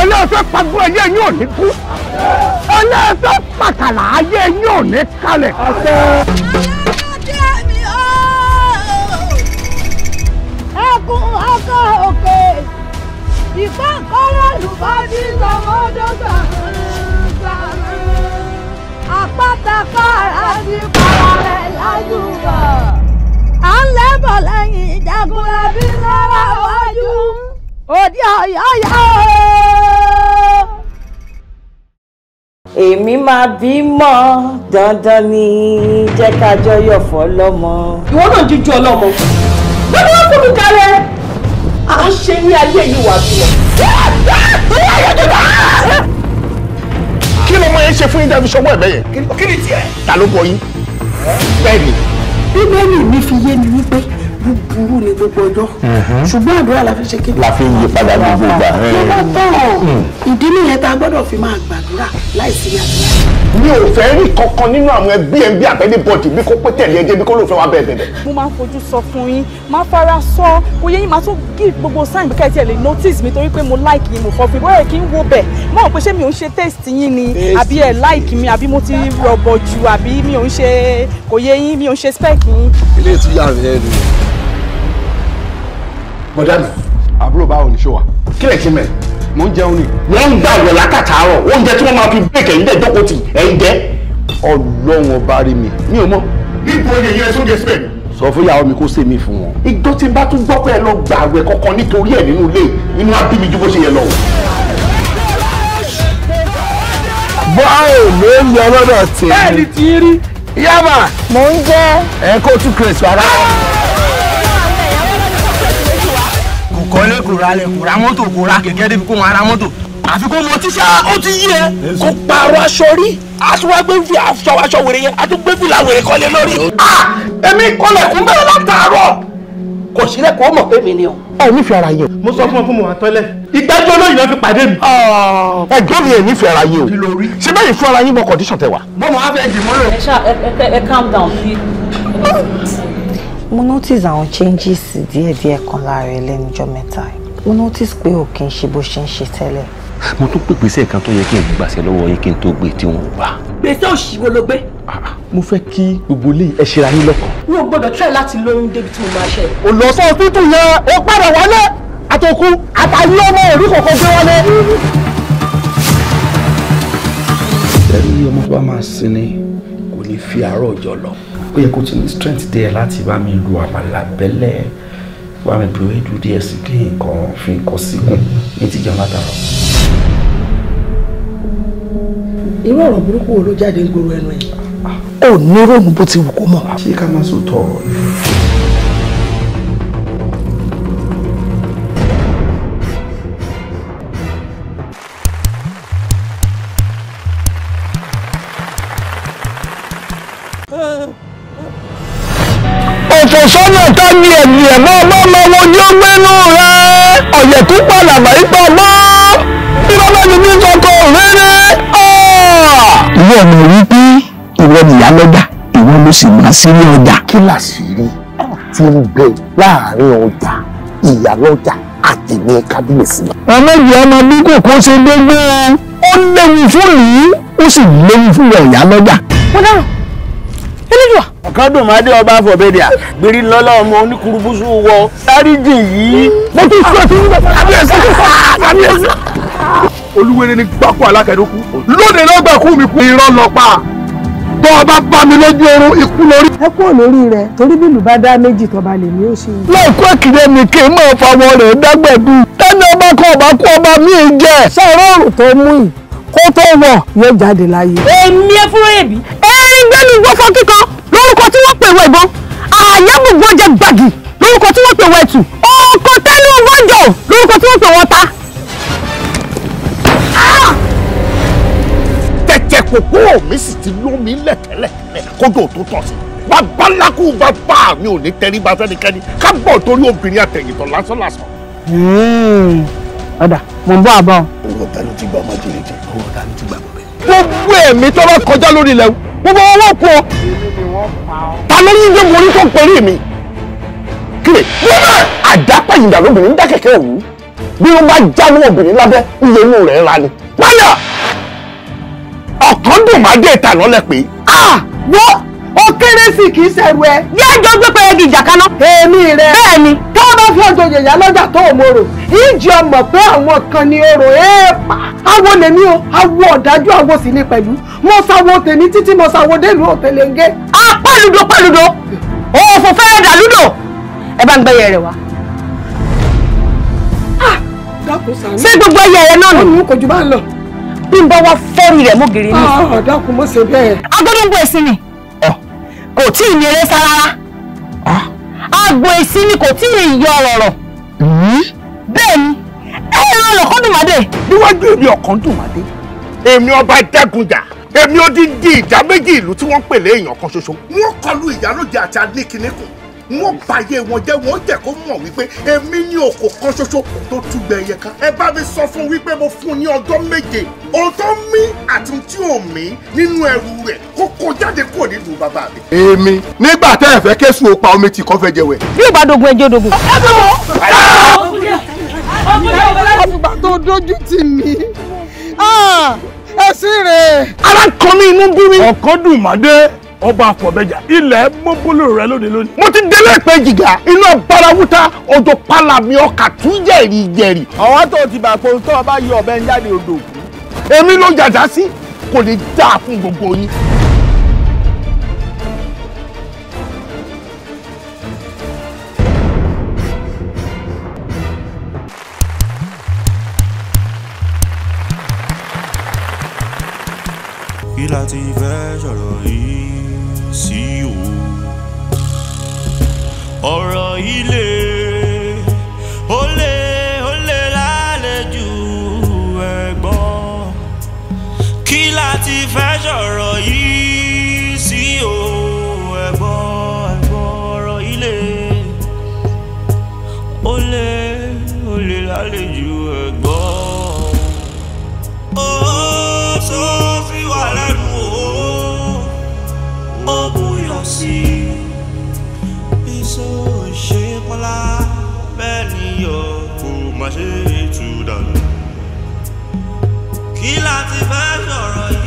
ẹlẹ́ẹ̀fẹ́ pàgbọ́ ẹyẹ yín ò ní kú ẹlẹ́ẹ̀fẹ́ pàkàlà ayé yín ò ní kalẹ̀. ẹkùn ọkọ òkè ìfọkọrọ lùbọdì lọmọdọgba àpáta fara ti para rẹ lájú bọ à ń lẹ́bọ̀ lẹ́yìn ìjagunlẹ̀ bí sára o àdí àyàyà. èmi máa bímọ dandan ni jẹ́ ká jọ yọ̀fọ́ lọ́mọ. ìwọ náà jíjú ọlọ́mọ lọ́dún wọn fún mi kárẹ́ à ń ṣe ní ayé yìí wà bímọ. kí lọmọ yẹn ṣe fún yín dábí ṣọwọ́ ẹ̀bẹ̀ yẹn. kí ni tiẹ̀. ta ló bọ yín. bẹ́ẹ̀ ni. bíbélì mi fi yé mi wípé búburú ní gbogbo ọjọ́ mhm. ṣùgbọ́n àdúrà la fi ṣe kí. la fi yí padà gbogbo ìgbà. lọ́wọ́ tán eh. hmm. ìdí nìyẹn tá a gbọ́dọ̀ fi máa gbàdúrà láìsí àdúrà. mi ò fẹ́ rí kankan nínú àwọn ẹbí ẹbí àpẹ́ẹ́dì bọ́ọ̀dì bí kò pé tẹ̀lé ẹjẹ́ bí kò ló fẹ́ wá bẹ́ẹ̀ bẹ́ẹ̀. mo máa ń fojú sọ fún yín máa fara sọ kò yẹ yín máa tún gí gbogbo sáìn kẹ́ tiẹ̀ lè notice mi torí pé mo like yín mo fọ́ fi bóyá kí n wo bẹ̀ mọ́ pé ṣé mi ò ń ṣe taste yín ni àbí ẹ̀ like mi àbí mo ti rọ̀bọ̀ jù àbí mi ò ń ṣe kò yẹ yín mi ò ń ṣe spec yín. ilé ìtúyà mi nìyẹn bọ́dá mi. àbúrò báwo ni ṣó wa. kí lè ti mẹ. mò ń jẹun ni. wọ́n ń gbà wẹ̀ lákàtàárọ̀ oúnjẹ tí wọ́n máa fi bẹ́ẹ̀kẹ̀ ń dẹ̀ jókòó tì ẹ̀ ń jẹ́. ọlọ́run ọba rí mi mi ò mọ̀. níbo ni ìyẹn sóúnjẹ síbẹ̀ ni sọ fún ìyàwó mi kó ṣe mí fún wọn. ìjọ tí n bá tún gbọ́ pé ẹ lọ kankan nítorí ẹ̀ nínú ilé inú á ju bó ṣe yẹ lọ. báwo ló ń yọ lọ́dọ̀ tèmi. bẹ́ẹ̀ ti rí. yaba. mo ń jẹ́. ẹ kó tún kírèsì ara. kọ́lé kò ra lẹ̀ kò ra mọ́tò kò ra kẹ̀kẹ́ débi kó wọn ara mọ́tò àfi kó mọ tíṣà ó ti yí ẹ kó pààrọ̀ aṣọ rí aṣọ wa gbé fi aṣọ aṣọ wèrè yẹn àti gbé fìlà wèrè kọ́lé lórí. èmi kọlẹ̀ kún bẹ́ẹ̀ látàárọ̀ kò sí lẹ́kọ̀ọ́ ọmọ pé mi ni o. ẹ nífẹ̀ẹ́ ara yẹn o. mo sọ fún ọ fún mi wà tọ́lẹ̀. ìgbẹ́jọ́ olóyìn náà fi pàdé mi. Ah, ẹgbẹ́ mi ẹ̀ nífẹ̀ẹ́ ara yẹn o. ṣé bẹ́ẹ̀ fún ara yín mọ condition tẹ bọ́mọ̀ á fẹ́ jì mọ́lẹ̀. ẹ ṣá ẹ calm down mo notice àwọn changes díẹ̀díẹ̀ kan lára ẹ lẹ́nujọ́ mẹ́ta mo notice pé ò kí n ṣe bó ṣe ń ṣe tẹ́lẹ̀. mo tún pè gbèsè kan tó yẹ kí n gbàṣẹ lọ́wọ́ yín kí n tó gbé e tí wọ́n gbà. gbèsè òṣì wo ló gbé. Ah, ah. mo fẹ́ kí gbogbo ilé ẹ ṣe ra yín lọ́kàn. mi ò gbọdọ̀ try láti lóyún débi tí mo máa ṣe. ò lọ sọ òtútù yẹn ó padà wálé àtòkù àtàyé ọmọ òrí kọ̀ọ̀kan gbé wọlé. ẹ̀rí ọmọ bá máa sinmi kò ní fi àárọ̀ ọjọ́ lọ ó yẹ kó ti ní strength díẹ̀ láti bá mi lu àmàlà bẹ́lẹ̀ bá mi bu eédú díẹ̀ sí kí nǹkan fi nǹkan síkùn ní ti jẹun látara. irú ọ̀rọ̀ burúkú wo ló jáde ń gbòòrò ẹnu ẹ̀. Ah. ó ní ròmù bó ti wù kó mọ̀. ṣé ká má sòótọ́ ọ̀rọ̀ yìí. ta ni ẹ̀mí ẹ̀ mọ́ ọmọ ọmọ wọn ni ó mẹ́nu rẹ ọ̀yẹ̀ tó pàlàmà ipa mọ́ ìrọ̀lẹ́ mi ní sọkọ rere. ìwọ ọmọ wípé ìwọ nìyá lọ́jà ìwọ ló sì máa sí ní ọjà. kí làṣírí ti ń bẹ láàrin ọjà ìyá lọ́jà àti ní kábíyèsí. ọlọ́yẹ̀ ọmọ bí kò kó ṣe dégbé ó léwu fún mi ó sì léwu fún ìyá lọ́jà. mo dáhùn elédùà. ọ̀kan dùn máa dé ọba àfọ̀bẹ́dẹ́à gbèrè lọ́lá ọmọ oníkurubusu wọ sáríjì yìí. mo tún sọ ti wúwo kábíyèsí kábíyèsí. olúwere ni gbáko alákẹ́dókú lóde lọ́gbàkú mi kú irọ́ lọ pa tó ọba bá mi lójú oorun ikú lórí. ẹ kúrò lórí rẹ torí bí ìlú bá dá méjì tọba lè ní òṣè. láìkú èkìlẹ̀ mi kì í máa fa wọn rẹ̀ dágbẹ̀dù. ọba kan ọba kú ọba mi jẹ́. sọ̀rọ̀ ọ̀rùn tó mú yìí kó tó wọ̀ yóò jáde láyé. èmi ẹ fúnra ẹ̀bí ń gbẹ́nu gbọ́fọ́ kíkan lórúkọ tí wọ́n pè wọ ìbọn àyẹ́bùgbọ́n jẹ gbàgì lórúkọ tí wọ́n pè wọ ẹ̀tù ọkọ̀ tẹ́nu wọ́jọ̀ lórúkọ tí wọ́n pè wọ́n ta. tẹ̀tẹ̀ kòkó mi sì ti lómi lẹ̀kẹ́lẹ̀kẹ́lẹ̀ kójú òtún tọ̀ sí babaláku bàbá mi ò ní tẹrí bá sẹ́nikẹ́ni ká bọ̀ torí obìnrin àtẹ̀yìntọ̀ lásán lásán. Hmm. ọ̀dà mò ń bọ́ àbọ̀. owó ọ̀tá ló ti gba ọmọ jìnnìjì owó ọ̀tá ló ti gba ọmọ gbogbo ẹ̀mí tó bá kọjá lórí ilẹ̀ gbogbo owó kú ọ. ta ló ní jẹ́ mo ní kó pẹ̀lú mi. kíni wọ́n àdápà ìdá lóbìnrin dá kẹ̀kẹ́ òwú bí wọ́n bá já ní obìnrin lábẹ́ iye inú rẹ̀ ńlá ni. wáyà ọ̀kan dùn má dé ìtànà lẹ pé. wọ́n ó kéré sí kì í ṣẹ̀rù ẹ. yá jọ gbé pẹ́ẹ́gì ìjà kaná. èmi rẹ. bẹ́ẹ̀ ni bá fi ọjọ́ yẹ̀yà lọ́jà tó o mòrò ìjì ọmọ pé àwọn kan ni orò èèpà awo lèmi o awo ọ̀dájú awo sì ni pẹ̀lú mo sawo tèmi títí mo sawo délùú òtẹlẹngẹ. a pàlùdò pàlùdò òfò fẹ́ẹ́ dàlúdò ẹ bá ń gbẹ́yẹ rẹ wá. Ah, ṣé gbogbo ẹyẹ rẹ náà nù. ọ̀nù kò jù bá ń lọ. bí n bá wá fẹ́ẹ̀rì rẹ̀ mú gèrè ní. ọ̀dọ́kùn ah, mo ṣe bẹ́ẹ̀. agbọ́dọ̀ ń bọ̀ ẹ̀sìn ni kò tí ì ní eré sá aago èsì ni kò tí ì yọ ọ̀rọ̀ hmm? bẹ́ẹ̀ ni ẹ ẹ ràn lọ́kàn dùnmọ́dé. níwájú èmi ọ̀kan dùnmọ́dé èmi ọba dẹ́gunjà èmi ó dín dín ìjà méjì ìlú tí wọ́n pèlè èèyàn kan ṣoṣo. wọ́n kọlu ìyálójà àti adékiníkùn wọ́n bàyẹ̀ wọn jẹ́ wọ́n jẹ́ kó mọ̀ wípé èmi ní òkò kan ṣoṣo tó túgbẹ̀ ẹyẹ ká. ẹ bá mi sọ fún wípé mo fún un ní ọjọ́ méje ohun tó mí àti tí ò mí nínú ẹrù rẹ̀ kó kó jáde kúrò nínú bàbá mi. èmi nígbà tẹ́ ẹ fẹ́ kéṣù òpa omi tì kọ́ fẹ́ jẹ wẹ̀. bí ìbádọ́gun ẹjọ́ dogun. ọgbà dùn má dé ọba àfọ̀bẹ́jà ilẹ̀ mọ́bólò rẹ lónìí lónìí. mo ti délé pé jìgà iná barawúta ọjọ́ pálàmì ọkà tún jẹ̀rì jẹ̀rì. àwọn tó ti bà pé tó o bá yọ ọ̀bẹ ń jáde odò òkú. èmi ló jàjà sí kò lè dáa fún gbogbo yín. kí la ti fẹ́ sọ̀rọ̀ yìí sí o. ọ̀rọ̀ ilé ó lé ó ju lálejò ẹ̀gbọ́n kí láti fẹ́ sọ̀rọ̀ yìí. ṣe é tú dànù kí láti fẹ́ sọ̀rọ̀ yìí.